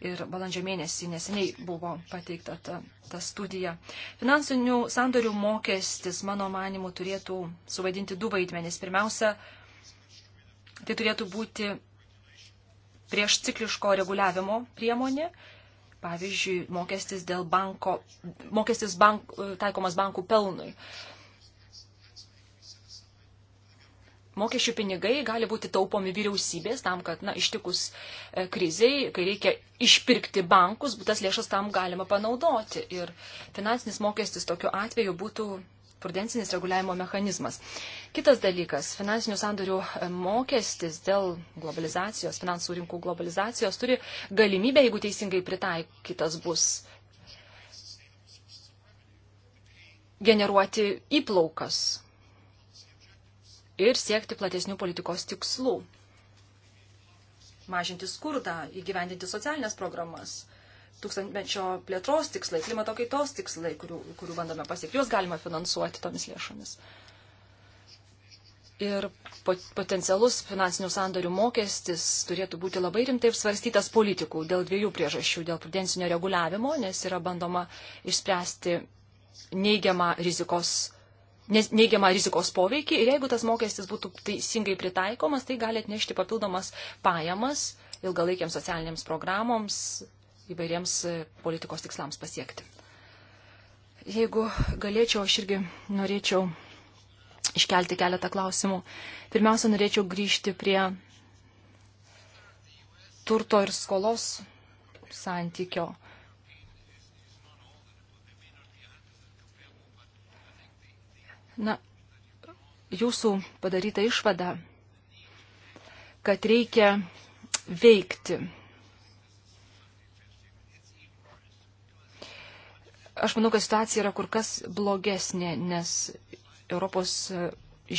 Ir balandžio mėnesį neseniai buvo pateikta ta, ta studija. Finansinių sandorių mokestis, mano manimu, turėtų suvaidinti du vaidmenys. Pirmiausia, tai turėtų būti prieš cikliško reguliavimo priemonė Pavyzdžiui, mokestis, dėl banko, mokestis bank, taikomas bankų pelnui. Mokesčių pinigai gali būti taupomi vyriausybės tam, kad, na, ištikus e, kriziai, kai reikia išpirkti bankus, tas lėšas tam galima panaudoti. Ir finansinis mokestis tokiu atveju būtų prudencinis reguliavimo mechanizmas. Kitas dalykas - finansinių sandorių e, mokestis dėl globalizacijos, finansų rinkų globalizacijos turi galimybę, jeigu teisingai pritaikytas bus, generuoti įplaukas ir siekti platesnių politikos tikslų mažinti skurdą, įgyvendinti socialinės programas tūkstantmečio plėtros tikslai, klimato kaitos tikslai, kurių, kurių bandome pasiekti, juos galima finansuoti tomis lėšomis. Ir potencialus finansinių sandorių mokestis turėtų būti labai rimtai svarstytas politikų dėl dviejų priežasčių - dėl prudensinio reguliavimo, nes yra bandoma išspręsti neigiamą rizikos, neigiamą rizikos poveikį ir jeigu tas mokestis būtų teisingai pritaikomas, tai gali atnešti papildomas pajamas ilgalaikiams socialiniams programoms, įvairiems e, politikos tikslams pasiekti. Jeigu galėčiau, aš irgi norėčiau iškelti keletą klausimų. Pirmiausia, norėčiau grįžti prie turto ir skolos santykio. Na, jūsų padaryta išvada, kad reikia veikti Aš manau, kad situacija yra kur kas blogesnė, nes Europos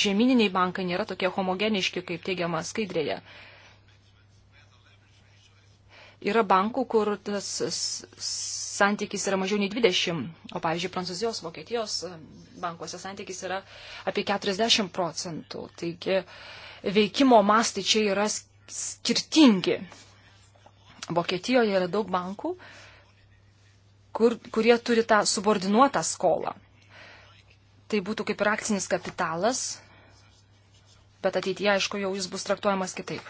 žemyniniai bankai nėra tokie homogeniški, kaip teigiama skaidrėje. Yra bankų, kur tas santykis yra mažiau nei 20, o pavyzdžiui, Prancūzijos, Vokietijos bankuose santykis yra apie 40 procentų. Taigi veikimo mastai čia yra skirtingi. Vokietijoje yra daug bankų, uh, kur, kurie turi tą subordinuotą skolą. Tai būtų kaip ir akcinis kapitalas, bet ateityje, aišku, jau jis bus traktuojamas kitaip.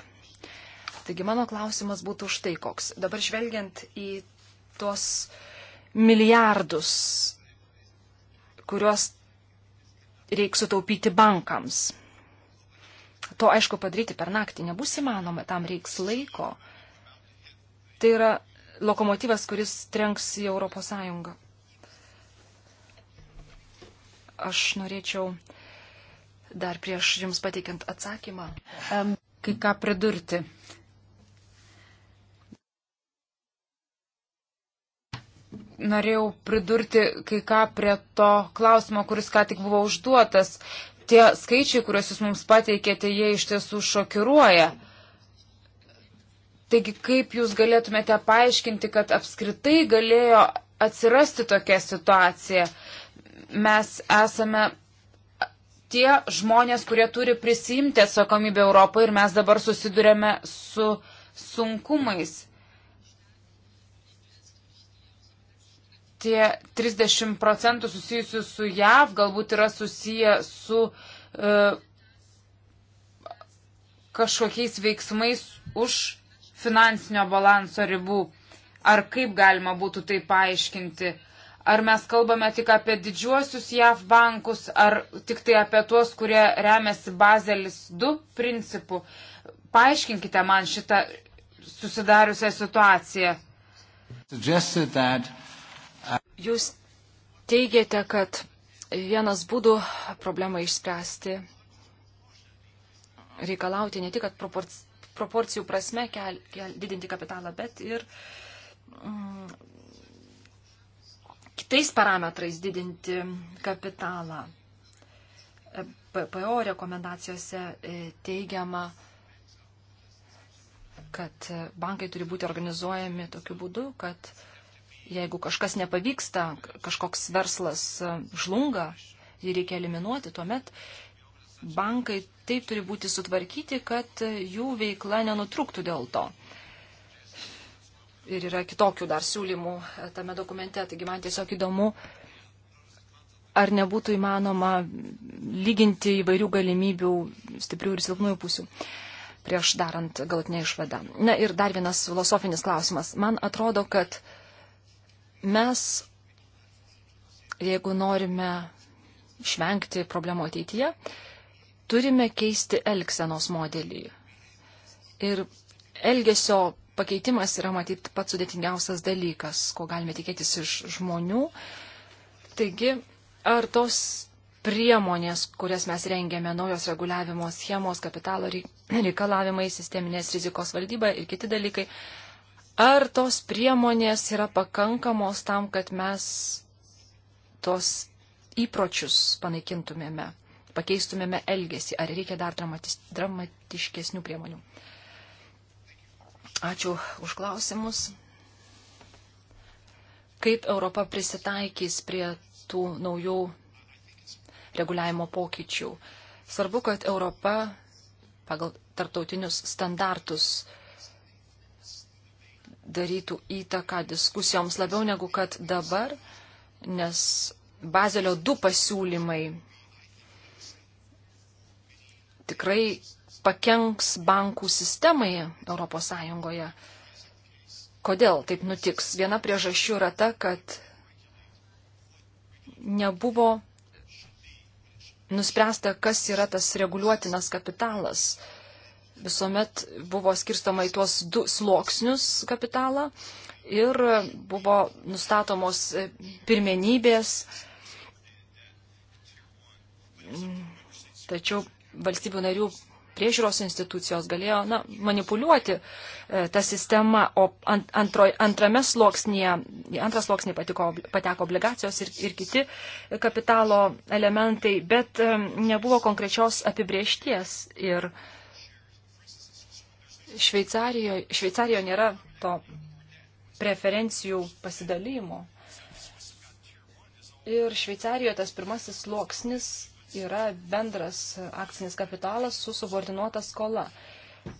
Taigi mano klausimas būtų štai koks. Dabar žvelgiant į tuos milijardus, kuriuos reiks sutaupyti bankams. To, aišku, padaryti per naktį nebus įmanoma, tam reiks laiko. Tai yra lokomotyvas, kuris trenks į Europos Sąjungą. Aš norėčiau dar prieš Jums pateikiant atsakymą. Um, kai ką pridurti. Norėjau pridurti kai ką prie to klausimo, kuris ką tik buvo užduotas. Tie skaičiai, kuriuos Jūs mums pateikėte, jie iš tiesų šokiruoja. Uh, Taigi, kaip jūs galėtumėte paaiškinti, kad apskritai galėjo atsirasti tokia situacija? Mes esame tie žmonės, kurie turi prisimti atsakomybę Europą ir mes dabar susidurėme su sunkumais. Tie 30 procentų susijusių su JAV galbūt yra susiję su e, kažkokiais veiksmais už finansinio balanso ribų. Ar kaip galima būtų tai paaiškinti? Ar mes kalbame tik apie didžiuosius JAV bankus, ar tik tai apie tuos, kurie remiasi Bazelis 2 principu? Paaiškinkite man šitą susidariusią situaciją. Uh, Jūs teigiate, kad vienas būdų problemą išspręsti reikalauti ne tik, kad proporc proporcijų prasme kel, kel, didinti kapitalą, bet ir mm, kitais parametrais didinti kapitalą. PPO rekomendacijose e, teigiama, kad bankai turi būti organizuojami tokiu būdu, kad jeigu kažkas nepavyksta, kažkoks verslas e, žlunga, jį reikia eliminuoti, tuomet bankai taip turi būti sutvarkyti, kad jų veikla nenutrūktų dėl to. Ir yra kitokių dar siūlymų e, tame dokumente, taigi man tiesiog įdomu, ar nebūtų įmanoma lyginti įvairių galimybių stiprių ir silpnųjų pusių prieš darant galutinę išvadą. Na ir dar vienas filosofinis klausimas. Man atrodo, kad mes, jeigu norime išvengti problemų ateityje, turime keisti elgsenos modelį. Ir elgesio pakeitimas yra matyt pats sudėtingiausias dalykas, ko galime tikėtis iš žmonių. Taigi, ar tos priemonės, kurias mes rengėme, naujos reguliavimo schemos, kapitalo [clears throat] reikalavimai, sisteminės rizikos valdyba ir kiti dalykai, ar tos priemonės yra pakankamos tam, kad mes tos įpročius panaikintumėme? pakeistumėme elgesį, ar reikia dar dramatis, dramatiškesnių priemonių. Ačiū už klausimus. Kaip Europa prisitaikys prie tų naujų reguliavimo pokyčių? Svarbu, kad Europa pagal tarptautinius standartus darytų įtaką diskusijoms labiau negu kad dabar, nes Bazelio du pasiūlymai tikrai pakenks bankų sistemai ES. Kodėl taip nutiks? Viena priežasčių yra ta, kad nebuvo nuspręsta, kas yra tas reguliuotinas kapitalas. Visuomet buvo skirstama į tuos du sluoksnius kapitalą ir buvo nustatomos pirmenybės. Tačiau valstybių narių priežiūros institucijos galėjo na, manipuliuoti e, tą sistemą, o ant, antro, antrame sluoksnėje, antras sluoksnė patiko, pateko obligacijos ir, ir kiti kapitalo elementai, bet e, nebuvo konkrečios apibriešties. Ir Šveicarijoje Šveicarijo nėra to preferencijų pasidalymo. Ir Šveicarijoje tas pirmasis sluoksnis yra bendras akcinis kapitalas su subordinuota skola.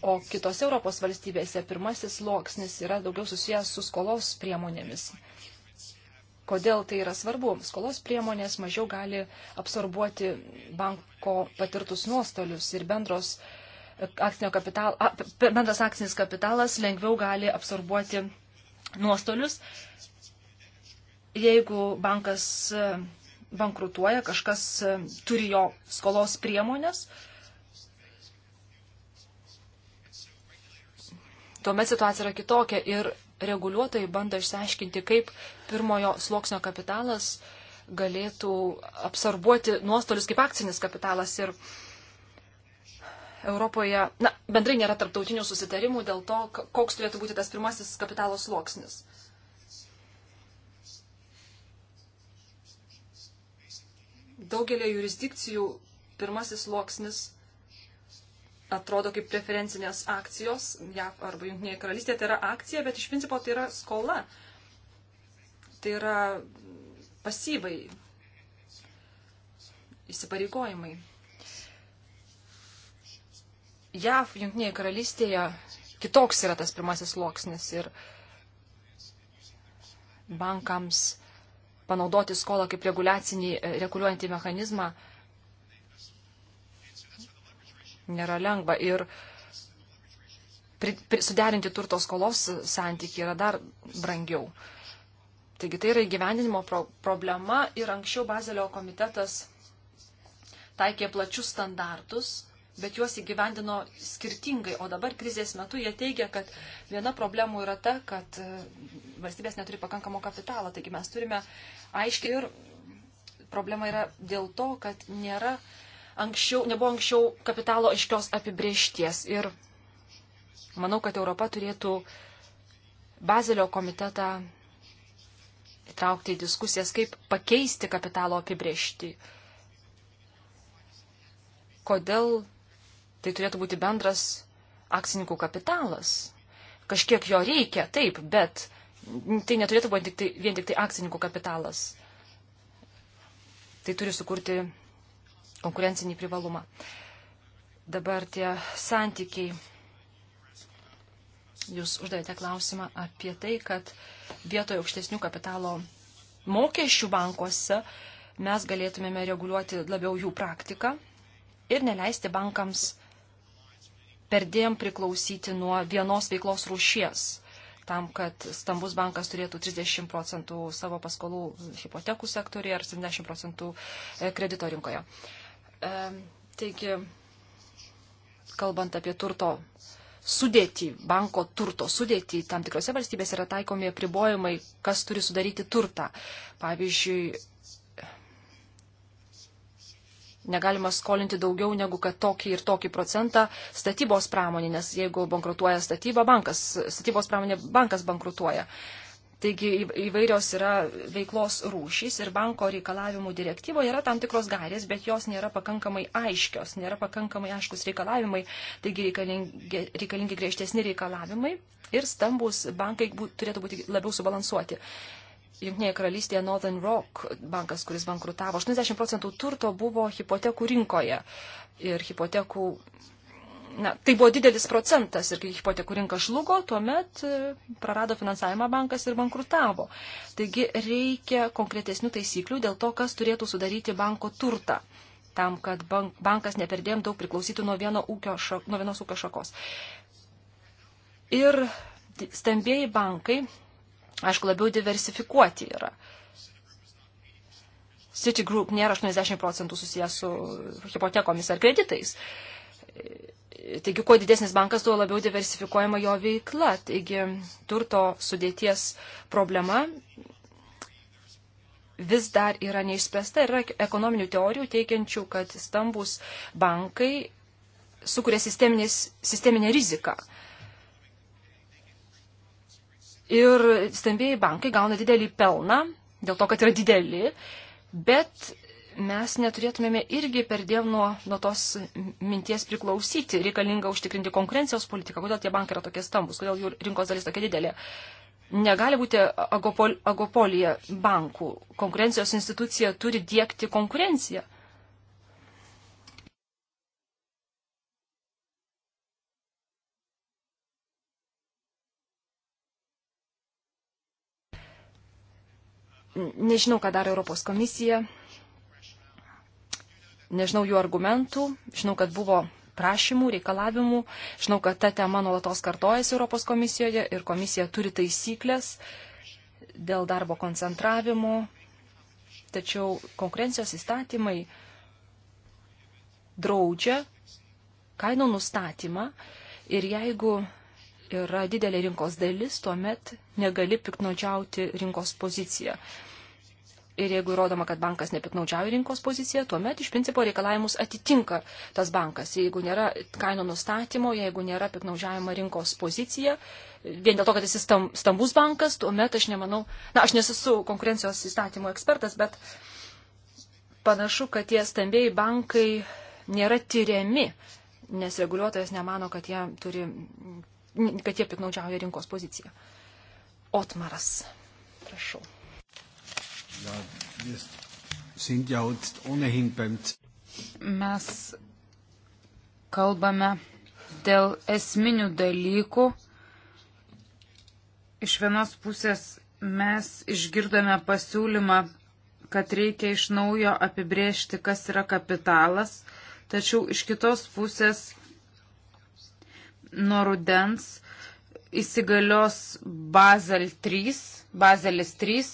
O kitose Europos valstybėse pirmasis sluoksnis yra daugiau susijęs su skolos priemonėmis. Kodėl tai yra svarbu? Skolos priemonės mažiau gali absorbuoti banko patirtus nuostolius ir bendros e, akcinio kapital, a, bendras akcinis kapitalas lengviau gali absorbuoti nuostolius, jeigu bankas e, bankrutuoja, kažkas e, turi jo skolos priemonės, tuomet situacija yra kitokia ir reguliuotojai bando išsiaiškinti, kaip pirmojo sluoksnio kapitalas galėtų absorbuoti nuostolius kaip akcinis kapitalas ir Europoje, na, bendrai nėra tarptautinių susitarimų dėl to, koks turėtų būti tas pirmasis kapitalo sluoksnis. daugelio jurisdikcijų pirmasis sluoksnis atrodo kaip preferencinės akcijos, JAV arba Junktinėje karalystėje tai yra akcija, bet iš principo tai yra skola. Tai yra pasyvai įsipareigojimai. JAV Junktinėje karalystėje kitoks yra tas pirmasis sluoksnis ir bankams panaudoti skolą kaip reguliacinį, e, reguliuojantį mechanizmą nėra lengva. Ir pri, pri, suderinti turto skolos santykiai yra dar brangiau. Taigi tai yra įgyvendinimo pro, problema ir anksčiau Bazelio komitetas taikė plačius standartus bet juos įgyvendino skirtingai. O dabar krizės metu jie teigia, kad viena problemų yra ta, kad e, valstybės neturi pakankamo kapitalo. Taigi mes turime aiškiai ir problema yra dėl to, kad nėra anksčiau, nebuvo anksčiau kapitalo aiškios apibriešties. Ir manau, kad Europa turėtų Bazelio komitetą įtraukti į diskusijas, kaip pakeisti kapitalo apibriešti. Kodėl tai turėtų būti bendras akcininkų kapitalas. Kažkiek jo reikia, taip, bet tai neturėtų būti tik tai, vien tik tai akcininkų kapitalas. Tai turi sukurti konkurencinį privalumą. Dabar tie santykiai. Jūs uždavėte klausimą apie tai, kad vietoje aukštesnių kapitalo mokesčių bankuose mes galėtumėme reguliuoti labiau jų praktiką ir neleisti bankams perdėm priklausyti nuo vienos veiklos rūšies, tam, kad stambus bankas turėtų 30 procentų savo paskolų hipotekų sektorėje ar 70 procentų e, kredito rinkoje. E, taigi, kalbant apie turto sudėtį, banko turto sudėtį, tam tikrose valstybėse yra taikomi apribojimai, kas turi sudaryti turtą. Pavyzdžiui, negalima skolinti daugiau negu kad tokį ir tokį procentą statybos pramonė, nes jeigu bankrutuoja statyba, bankas, statybos pramonė, bankas bankrutuoja. Taigi įvairios yra veiklos rūšys ir banko reikalavimų direktyvoje yra tam tikros gairės, bet jos nėra pakankamai aiškios, nėra pakankamai aiškus reikalavimai, taigi reikalingi, reikalingi griežtesni reikalavimai ir stambus bankai bū, turėtų būti labiau subalansuoti. Junktinėje karalystėje Northern Rock bankas, kuris bankrutavo. 80 procentų turto buvo hipotekų rinkoje. Ir hipotekų, na, tai buvo didelis procentas. Ir kai hipotekų rinka žlugo, tuomet e, prarado finansavimą bankas ir bankrutavo. Taigi reikia konkretesnių taisyklių dėl to, kas turėtų sudaryti banko turtą tam, kad bank, bankas neperdėm daug priklausytų nuo, vieno ūkio šak, nuo vienos ūkio šakos. Ir stambėjai bankai aišku, labiau diversifikuoti yra. Citigroup nėra 80 procentų susijęs su hipotekomis ar kreditais. Taigi, kuo didesnis bankas, tuo labiau diversifikuojama jo veikla. Taigi, turto sudėties problema vis dar yra neišspręsta. Yra ekonominių teorijų teikiančių, kad stambus bankai sukuria sisteminę riziką ir stambėjai bankai gauna didelį pelną dėl to, kad yra dideli, bet mes neturėtumėme irgi per dėl nuo, nuo tos minties priklausyti, reikalinga užtikrinti konkurencijos politiką, kodėl tie bankai yra tokie stambus, kodėl jų rinkos dalis tokia didelė. Negali būti agopol, agopolija bankų. Konkurencijos institucija turi dėkti konkurenciją. Nežinau, ką daro Europos komisija, nežinau jų argumentų, žinau, kad buvo prašymų, reikalavimų, žinau, kad ta tema nuolatos kartojasi Europos komisijoje ir komisija turi taisyklės dėl darbo koncentravimo, tačiau konkurencijos įstatymai draudžia kainų nustatymą ir jeigu yra didelė rinkos dalis, tuomet negali piknaudžiauti rinkos poziciją. Ir jeigu įrodoma, kad bankas nepiknaudžiauja rinkos poziciją, tuomet iš principo reikalavimus atitinka tas bankas. Jeigu nėra kainų nustatymo, jeigu nėra piknaudžiavimo rinkos pozicija, vien dėl to, kad esi stambus bankas, tuomet aš nemanau, na, aš nesu konkurencijos įstatymo ekspertas, bet panašu, kad tie stambiai bankai nėra tyriami, nes reguliuotojas nemano, kad jie turi kad jie piknaudžiauja rinkos poziciją. Otmaras, prašau. Ja, yes. Sind ja jetzt ohnehin beim mes kalbame dėl esminių dalykų. Iš vienos pusės mes išgirdome pasiūlymą, kad reikia iš naujo apibrėžti, kas yra kapitalas, tačiau iš kitos pusės nuo rudens įsigalios Basel 3, Baselis 3.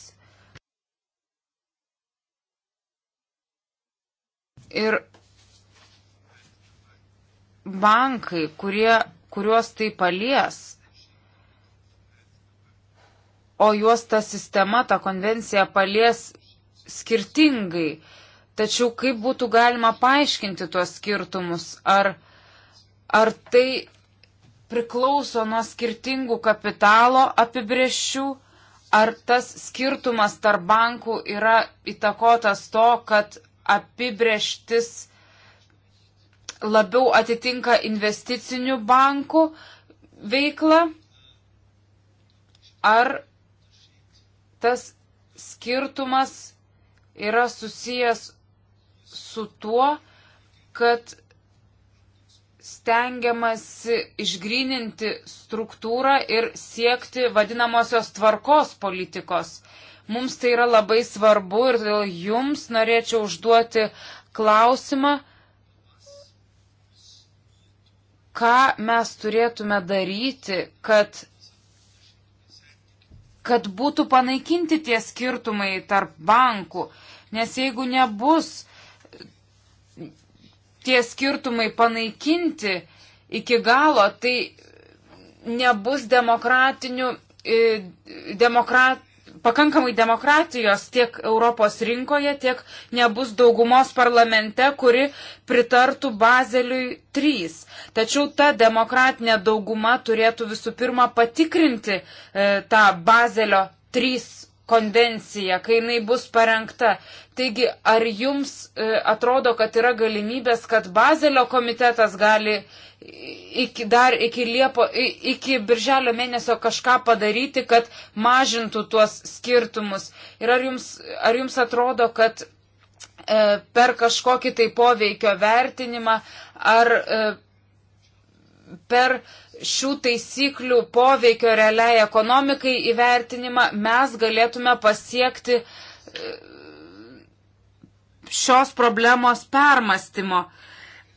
Ir bankai, kurie, kuriuos tai palies, o juos ta sistema, ta konvencija palies skirtingai. Tačiau kaip būtų galima paaiškinti tuos skirtumus? Ar, ar tai priklauso nuo skirtingų kapitalo apibrėžčių, ar tas skirtumas tarp bankų yra įtakotas to, kad apibrėžtis labiau atitinka investicinių bankų veiklą, ar tas skirtumas yra susijęs su tuo, kad stengiamasi išgryninti struktūrą ir siekti vadinamosios tvarkos politikos. Mums tai yra labai svarbu ir todėl jums norėčiau užduoti klausimą, ką mes turėtume daryti, kad, kad būtų panaikinti tie skirtumai tarp bankų. Nes jeigu nebus tie skirtumai panaikinti iki galo, tai nebus demokratinių, e, demokrat, pakankamai demokratijos tiek Europos rinkoje, tiek nebus daugumos parlamente, kuri pritartų Bazeliui 3. Tačiau ta demokratinė dauguma turėtų visų pirma patikrinti e, tą Bazelio 3 konvencija, kai jinai bus parengta. Taigi, ar jums e, atrodo, kad yra galimybės, kad Bazelio komitetas gali iki, dar iki, Liepo, iki birželio mėnesio kažką padaryti, kad mažintų tuos skirtumus? Ir ar jums, ar jums atrodo, kad e, per kažkokį tai poveikio vertinimą ar e, per šių taisyklių poveikio realiai ekonomikai įvertinimą mes galėtume pasiekti e, šios problemos permastymo.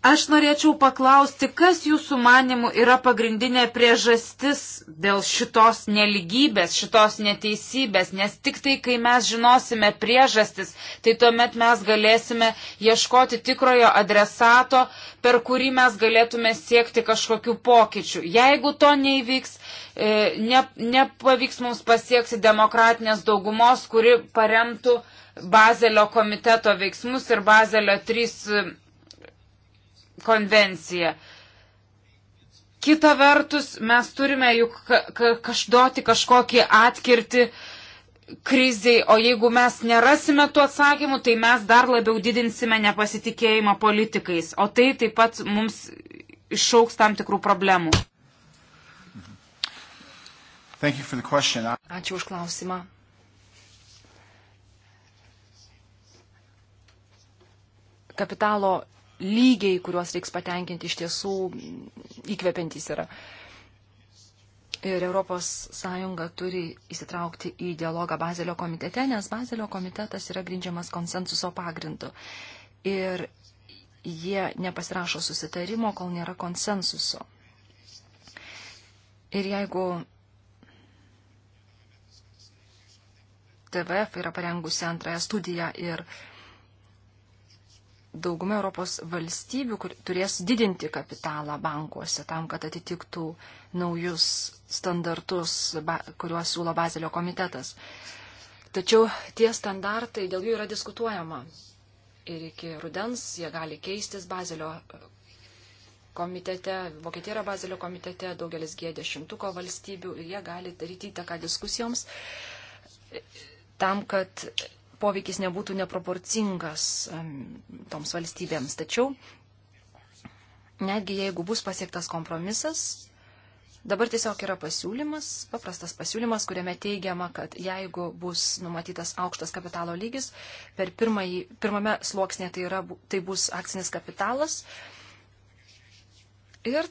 Aš norėčiau paklausti, kas jūsų manimų yra pagrindinė priežastis dėl šitos neligybės, šitos neteisybės, nes tik tai, kai mes žinosime priežastis, tai tuomet mes galėsime ieškoti tikrojo adresato, per kurį mes galėtume siekti kažkokių pokyčių. Jeigu to neįvyks, e, ne, nepavyks mums pasiekti demokratinės daugumos, kuri paremtų Bazelio komiteto veiksmus ir Bazelio 3 konvenciją. Kita vertus, mes turime juk každuoti kažkokį atkirti kriziai, o jeigu mes nerasime tų atsakymų, tai mes dar labiau didinsime nepasitikėjimą politikais, o tai taip pat mums iššauks tam tikrų problemų. Ačiū už klausimą. Kapitalo lygiai, kuriuos reiks patenkinti, iš tiesų įkvepiantys yra. Ir ES turi įsitraukti į dialogą Bazelio komitete, nes Bazelio komitetas yra grindžiamas konsensuso pagrindu. Ir jie nepasirašo susitarimo, kol nėra konsensuso. Ir jeigu TVF yra parengusi antrąją studiją ir uh, dauguma Europos valstybių kur, turės didinti kapitalą bankuose tam, kad atitiktų naujus standartus, ba, kuriuos siūlo Bazelio komitetas. Tačiau tie standartai, dėl jų yra diskutuojama. Ir iki rudens jie gali keistis Bazelio komitete, Vokietija yra Bazelio komitete, daugelis G10 valstybių ir jie gali daryti įtaką diskusijoms tam, kad poveikis nebūtų neproporcingas toms valstybėms. Tačiau netgi jeigu bus pasiektas kompromisas, dabar tiesiog yra pasiūlymas, paprastas pasiūlymas, kuriame teigiama, kad jeigu bus numatytas aukštas kapitalo lygis, per pirmąjį, pirmame sluoksnė tai, yra, tai bus akcinis kapitalas ir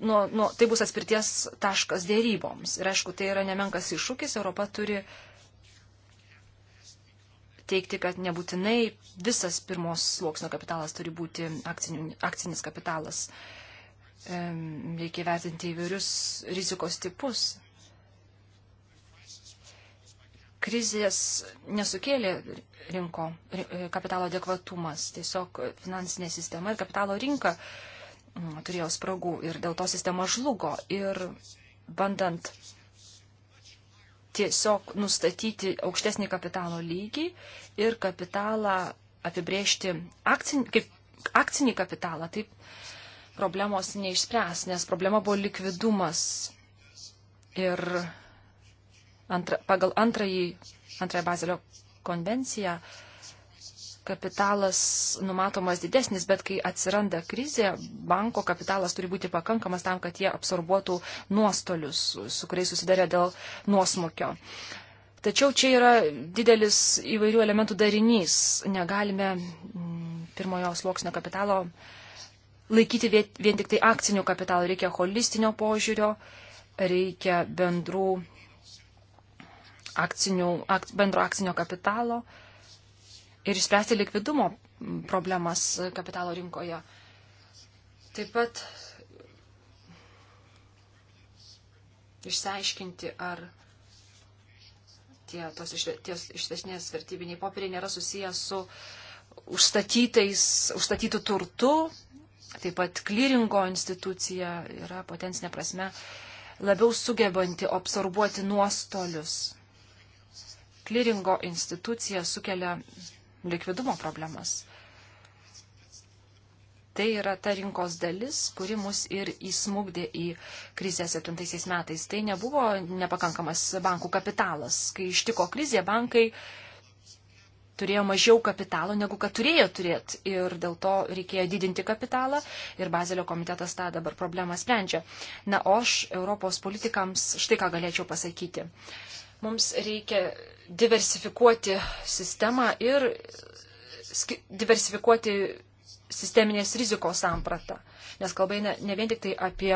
nuo, nuo, tai bus atspirties taškas dėryboms. Ir aišku, tai yra nemenkas iššūkis, Europa turi uh, teikti, kad nebūtinai visas pirmos sluoksnio kapitalas turi būti akcinių, akcinis kapitalas. Reikia vertinti įvairius rizikos tipus. Krizės nesukėlė rinko e, kapitalo adekvatumas, tiesiog finansinė sistema ir kapitalo rinka mm, turėjo spragų ir dėl to sistema žlugo. Ir bandant tiesiog nustatyti aukštesnį kapitalo lygį ir kapitalą apibrėžti akcinį, kaip akcinį kapitalą. Taip problemos neišspręs, nes problema buvo likvidumas. Ir antra, pagal antrąjį, antrąją Bazelio konvenciją kapitalas numatomas didesnis, bet kai atsiranda krizė, banko kapitalas turi būti pakankamas tam, kad jie absorbuotų nuostolius, su kuriais susidarė dėl nuosmukio. Tačiau čia yra didelis įvairių elementų darinys. Negalime mm, pirmojo sluoksnio kapitalo laikyti vien tik tai akcinių kapitalų. Reikia holistinio požiūrio, reikia bendrų akcinių, ak, bendro akcinio kapitalo. Uh, ir išspręsti likvidumo problemas kapitalo rinkoje. Taip pat išsiaiškinti, ar tie, tos išvesnės vertybiniai popieriai nėra susijęs su užstatytų turtų, taip pat klyringo institucija yra potencinė prasme labiau sugebanti absorbuoti nuostolius. Klyringo institucija sukelia likvidumo problemas. Tai yra ta rinkos dalis, kuri mus ir įsmugdė į krizę 7 metais. Tai nebuvo nepakankamas bankų kapitalas. Kai ištiko krizė, bankai turėjo mažiau kapitalo, negu kad turėjo turėti. Ir dėl to reikėjo didinti kapitalą ir Bazelio komitetas tą dabar problemą sprendžia. Na, o aš Europos politikams štai ką galėčiau pasakyti. Uh, Mums reikia diversifikuoti sistemą ir diversifikuoti sisteminės rizikos sampratą, nes kalba ne, ne vien tik tai apie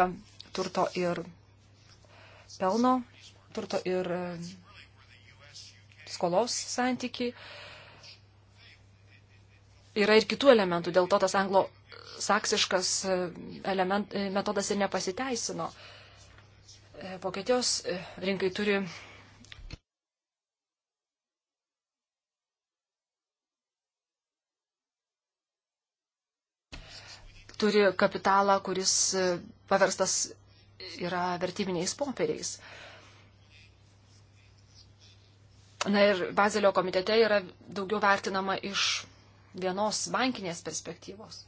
turto ir pelno, turto ir skolos santyki. Yra ir kitų elementų, dėl to tas anglo saksiškas e, element, metodas ir nepasiteisino. E, Vokietijos e, rinkai turi turi kapitalą, kuris e, paverstas yra vertybiniais popieriais. Na ir Bazelio komitete yra daugiau vertinama iš vienos bankinės perspektyvos.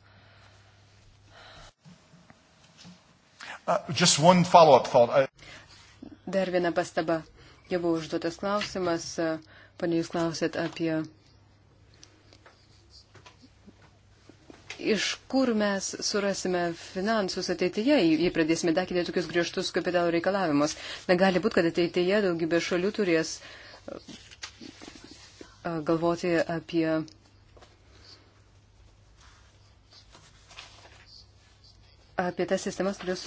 Uh, Dar viena pastaba. Jau buvo užduotas klausimas. Uh, pane, jūs klausėt apie iš kur mes surasime finansus ateityje, jei pradėsime dekinti tokius griežtus kapitalo reikalavimus. Na, gali būti, kad ateityje daugybė šalių turės galvoti apie. apie tas sistemas, kurios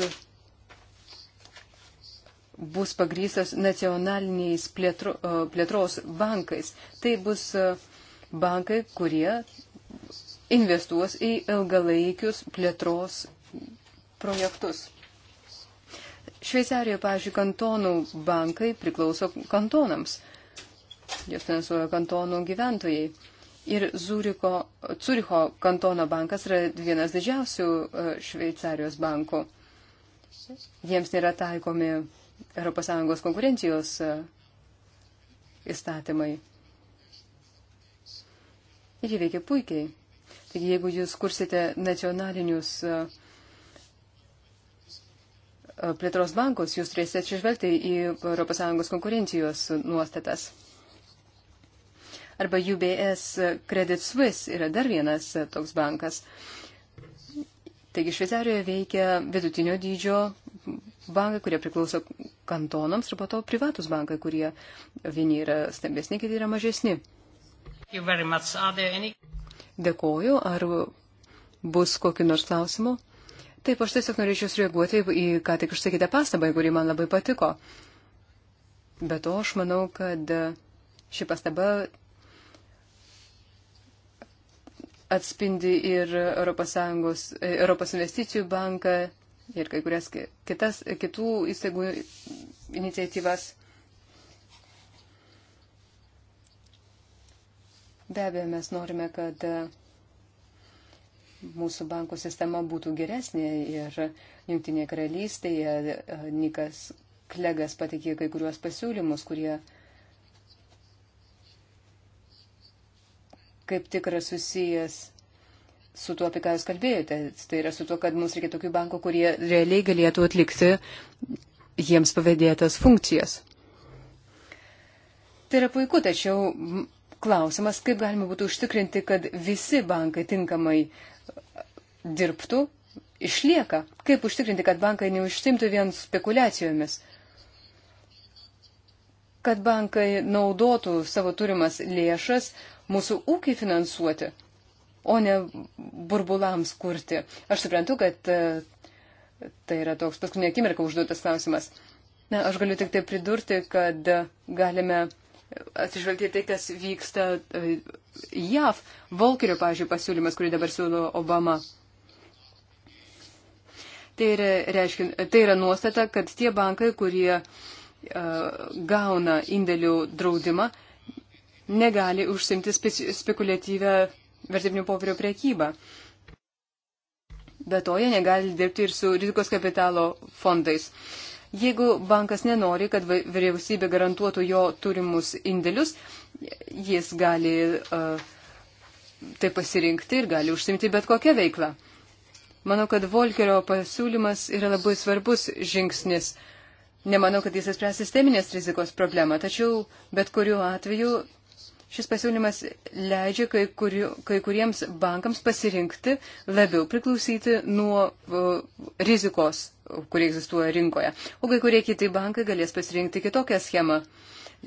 bus pagrystas nacionaliniais plėtro, plėtros bankais. Tai bus bankai, kurie investuos į ilgalaikius plėtros projektus. Šveicarijoje, pažiūrėjau, kantonų bankai priklauso kantonams. Jos finansuoja kantonų gyventojai. Ir Zuriko, Curicho kantono bankas yra vienas didžiausių e, Šveicarijos bankų. Jiems nėra taikomi ES konkurencijos e, įstatymai. Ir jie veikia puikiai. Taigi, jeigu jūs kursite nacionalinius e, e, plėtros bankus, jūs turėsite atsižvelgti į ES konkurencijos nuostatas. Arba UBS Credit Suisse yra dar vienas e, toks bankas. Taigi Šveicarijoje veikia vidutinio dydžio bankai, kurie priklauso kantonams ir po to privatus bankai, kurie vieni yra stambesni, kiti yra mažesni. Any... Dėkoju. Ar bus kokiu nors klausimu? Taip, aš tiesiog norėčiau sureaguoti į ką tik išsakytą pastabą, kuri man labai patiko. Be to, aš manau, kad ši pastaba atspindi ir ES, Europos investicijų banką ir kai kurias kitas, kitų įstaigų iniciatyvas. Be abejo, mes norime, kad e, mūsų bankų sistema būtų geresnė ir Junktinėje karalystėje e, Nikas Klegas patikė kai kuriuos pasiūlymus, kurie kaip tik yra susijęs su tuo, apie ką jūs kalbėjote. Tai yra su tuo, kad mums reikia tokių bankų, kurie realiai galėtų atlikti jiems pavadėtas funkcijas. Tai yra puiku, tačiau klausimas, kaip galima būtų užtikrinti, kad visi bankai tinkamai e, dirbtų, išlieka. Kaip užtikrinti, kad bankai neužsimtų vien spekulacijomis kad bankai naudotų savo turimas lėšas mūsų ūkiai finansuoti, o ne burbulams kurti. Aš suprantu, kad e, tai yra toks paskutinė akimirka užduotas klausimas. Na, aš galiu tik tai pridurti, kad e, galime atsižvelgti tai, kas vyksta e, JAV. Volkerio, pažiūrėjau, pasiūlymas, kurį dabar siūlo Obama. Tai yra, reiškia, tai yra nuostata, kad tie bankai, kurie e, gauna indėlių draudimą, negali užsimti spekuliatyvę vertybinių popierių priekybą. Be to, jie negali dirbti ir su rizikos kapitalo fondais. Uh, Jeigu bankas nenori, kad vyriausybė garantuotų jo turimus indėlius, jis gali uh, tai pasirinkti ir gali užsimti bet kokią veiklą. Manau, kad Volkerio pasiūlymas yra labai svarbus žingsnis. Nemanau, kad jis spręs sisteminės rizikos problemą, tačiau bet kuriuo atveju Šis pasiūlymas leidžia kai, kuri, kai kuriems bankams pasirinkti labiau priklausyti nuo uh, rizikos, kuri egzistuoja rinkoje. O kai kurie kiti bankai galės pasirinkti kitokią schemą.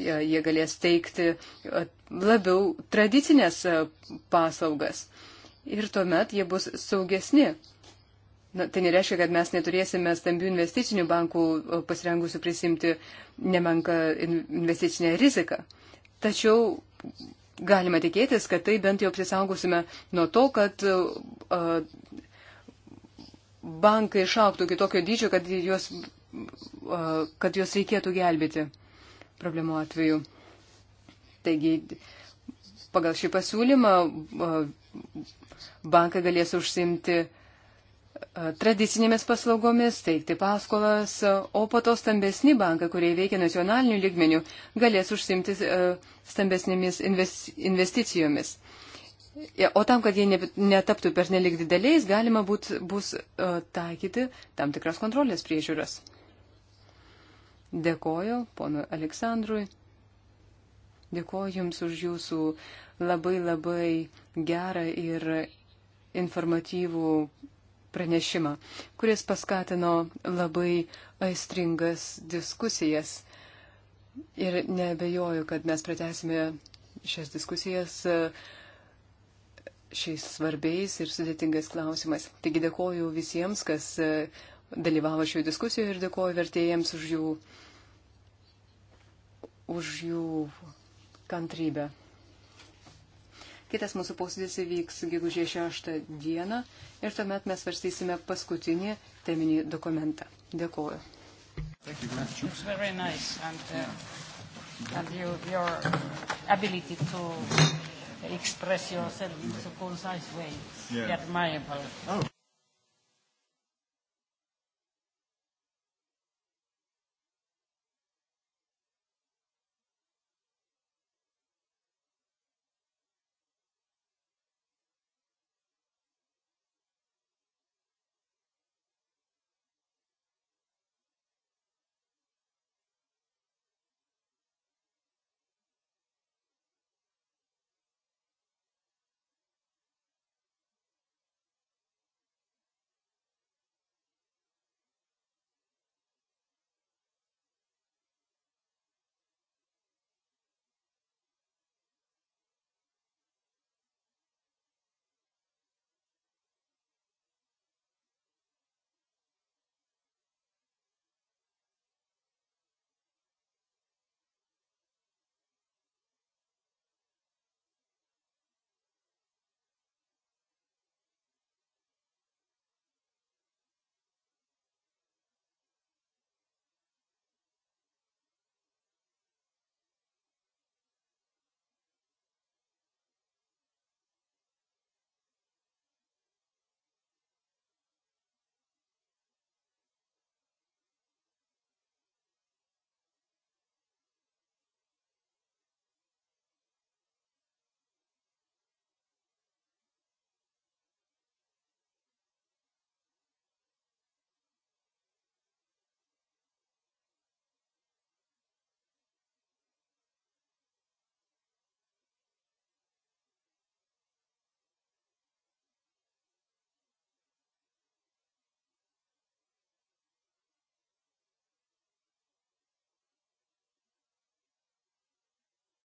Jie galės teikti labiau tradicinės e, paslaugas. Ir tuomet jie bus saugesni. Na, tai nereiškia, kad mes neturėsime stambių investicinių bankų pasirengusių prisimti nemenką investicinę riziką. Tačiau galima tikėtis, kad tai bent jau apsisaugosime nuo to, kad bankai išauktų iki tokio dydžio, kad juos, kad juos reikėtų gelbėti problemų atveju. Taigi, pagal šį pasiūlymą bankai galės užsimti uh, tradicinėmis paslaugomis, teikti tai paskolas, o po to stambesni bankai, kurie veikia nacionaliniu lygmeniu, galės užsimti stambesnėmis investicijomis. O tam, kad jie netaptų per nelik dideliais, galima būt, bus taikyti tam tikras kontrolės priežiūras. Dėkoju ponui Aleksandrui. Dėkoju Jums už Jūsų labai labai gerą ir informatyvų pranešimą, kuris paskatino labai aistringas diskusijas. Ir nebejoju, kad mes pratesime šias diskusijas e, šiais svarbiais ir sudėtingais klausimais. Taigi dėkoju visiems, kas e, dalyvavo šioje diskusijoje ir dėkoju vertėjams už jų, už jų kantrybę. Kitas mūsų posėdis įvyks gegužė 6 dieną ir tuomet mes varstysime paskutinį teminį dokumentą. Dėkuoju. Nice and, uh, and you, your ability to express yourself in so concise way is yeah. admirable. Oh.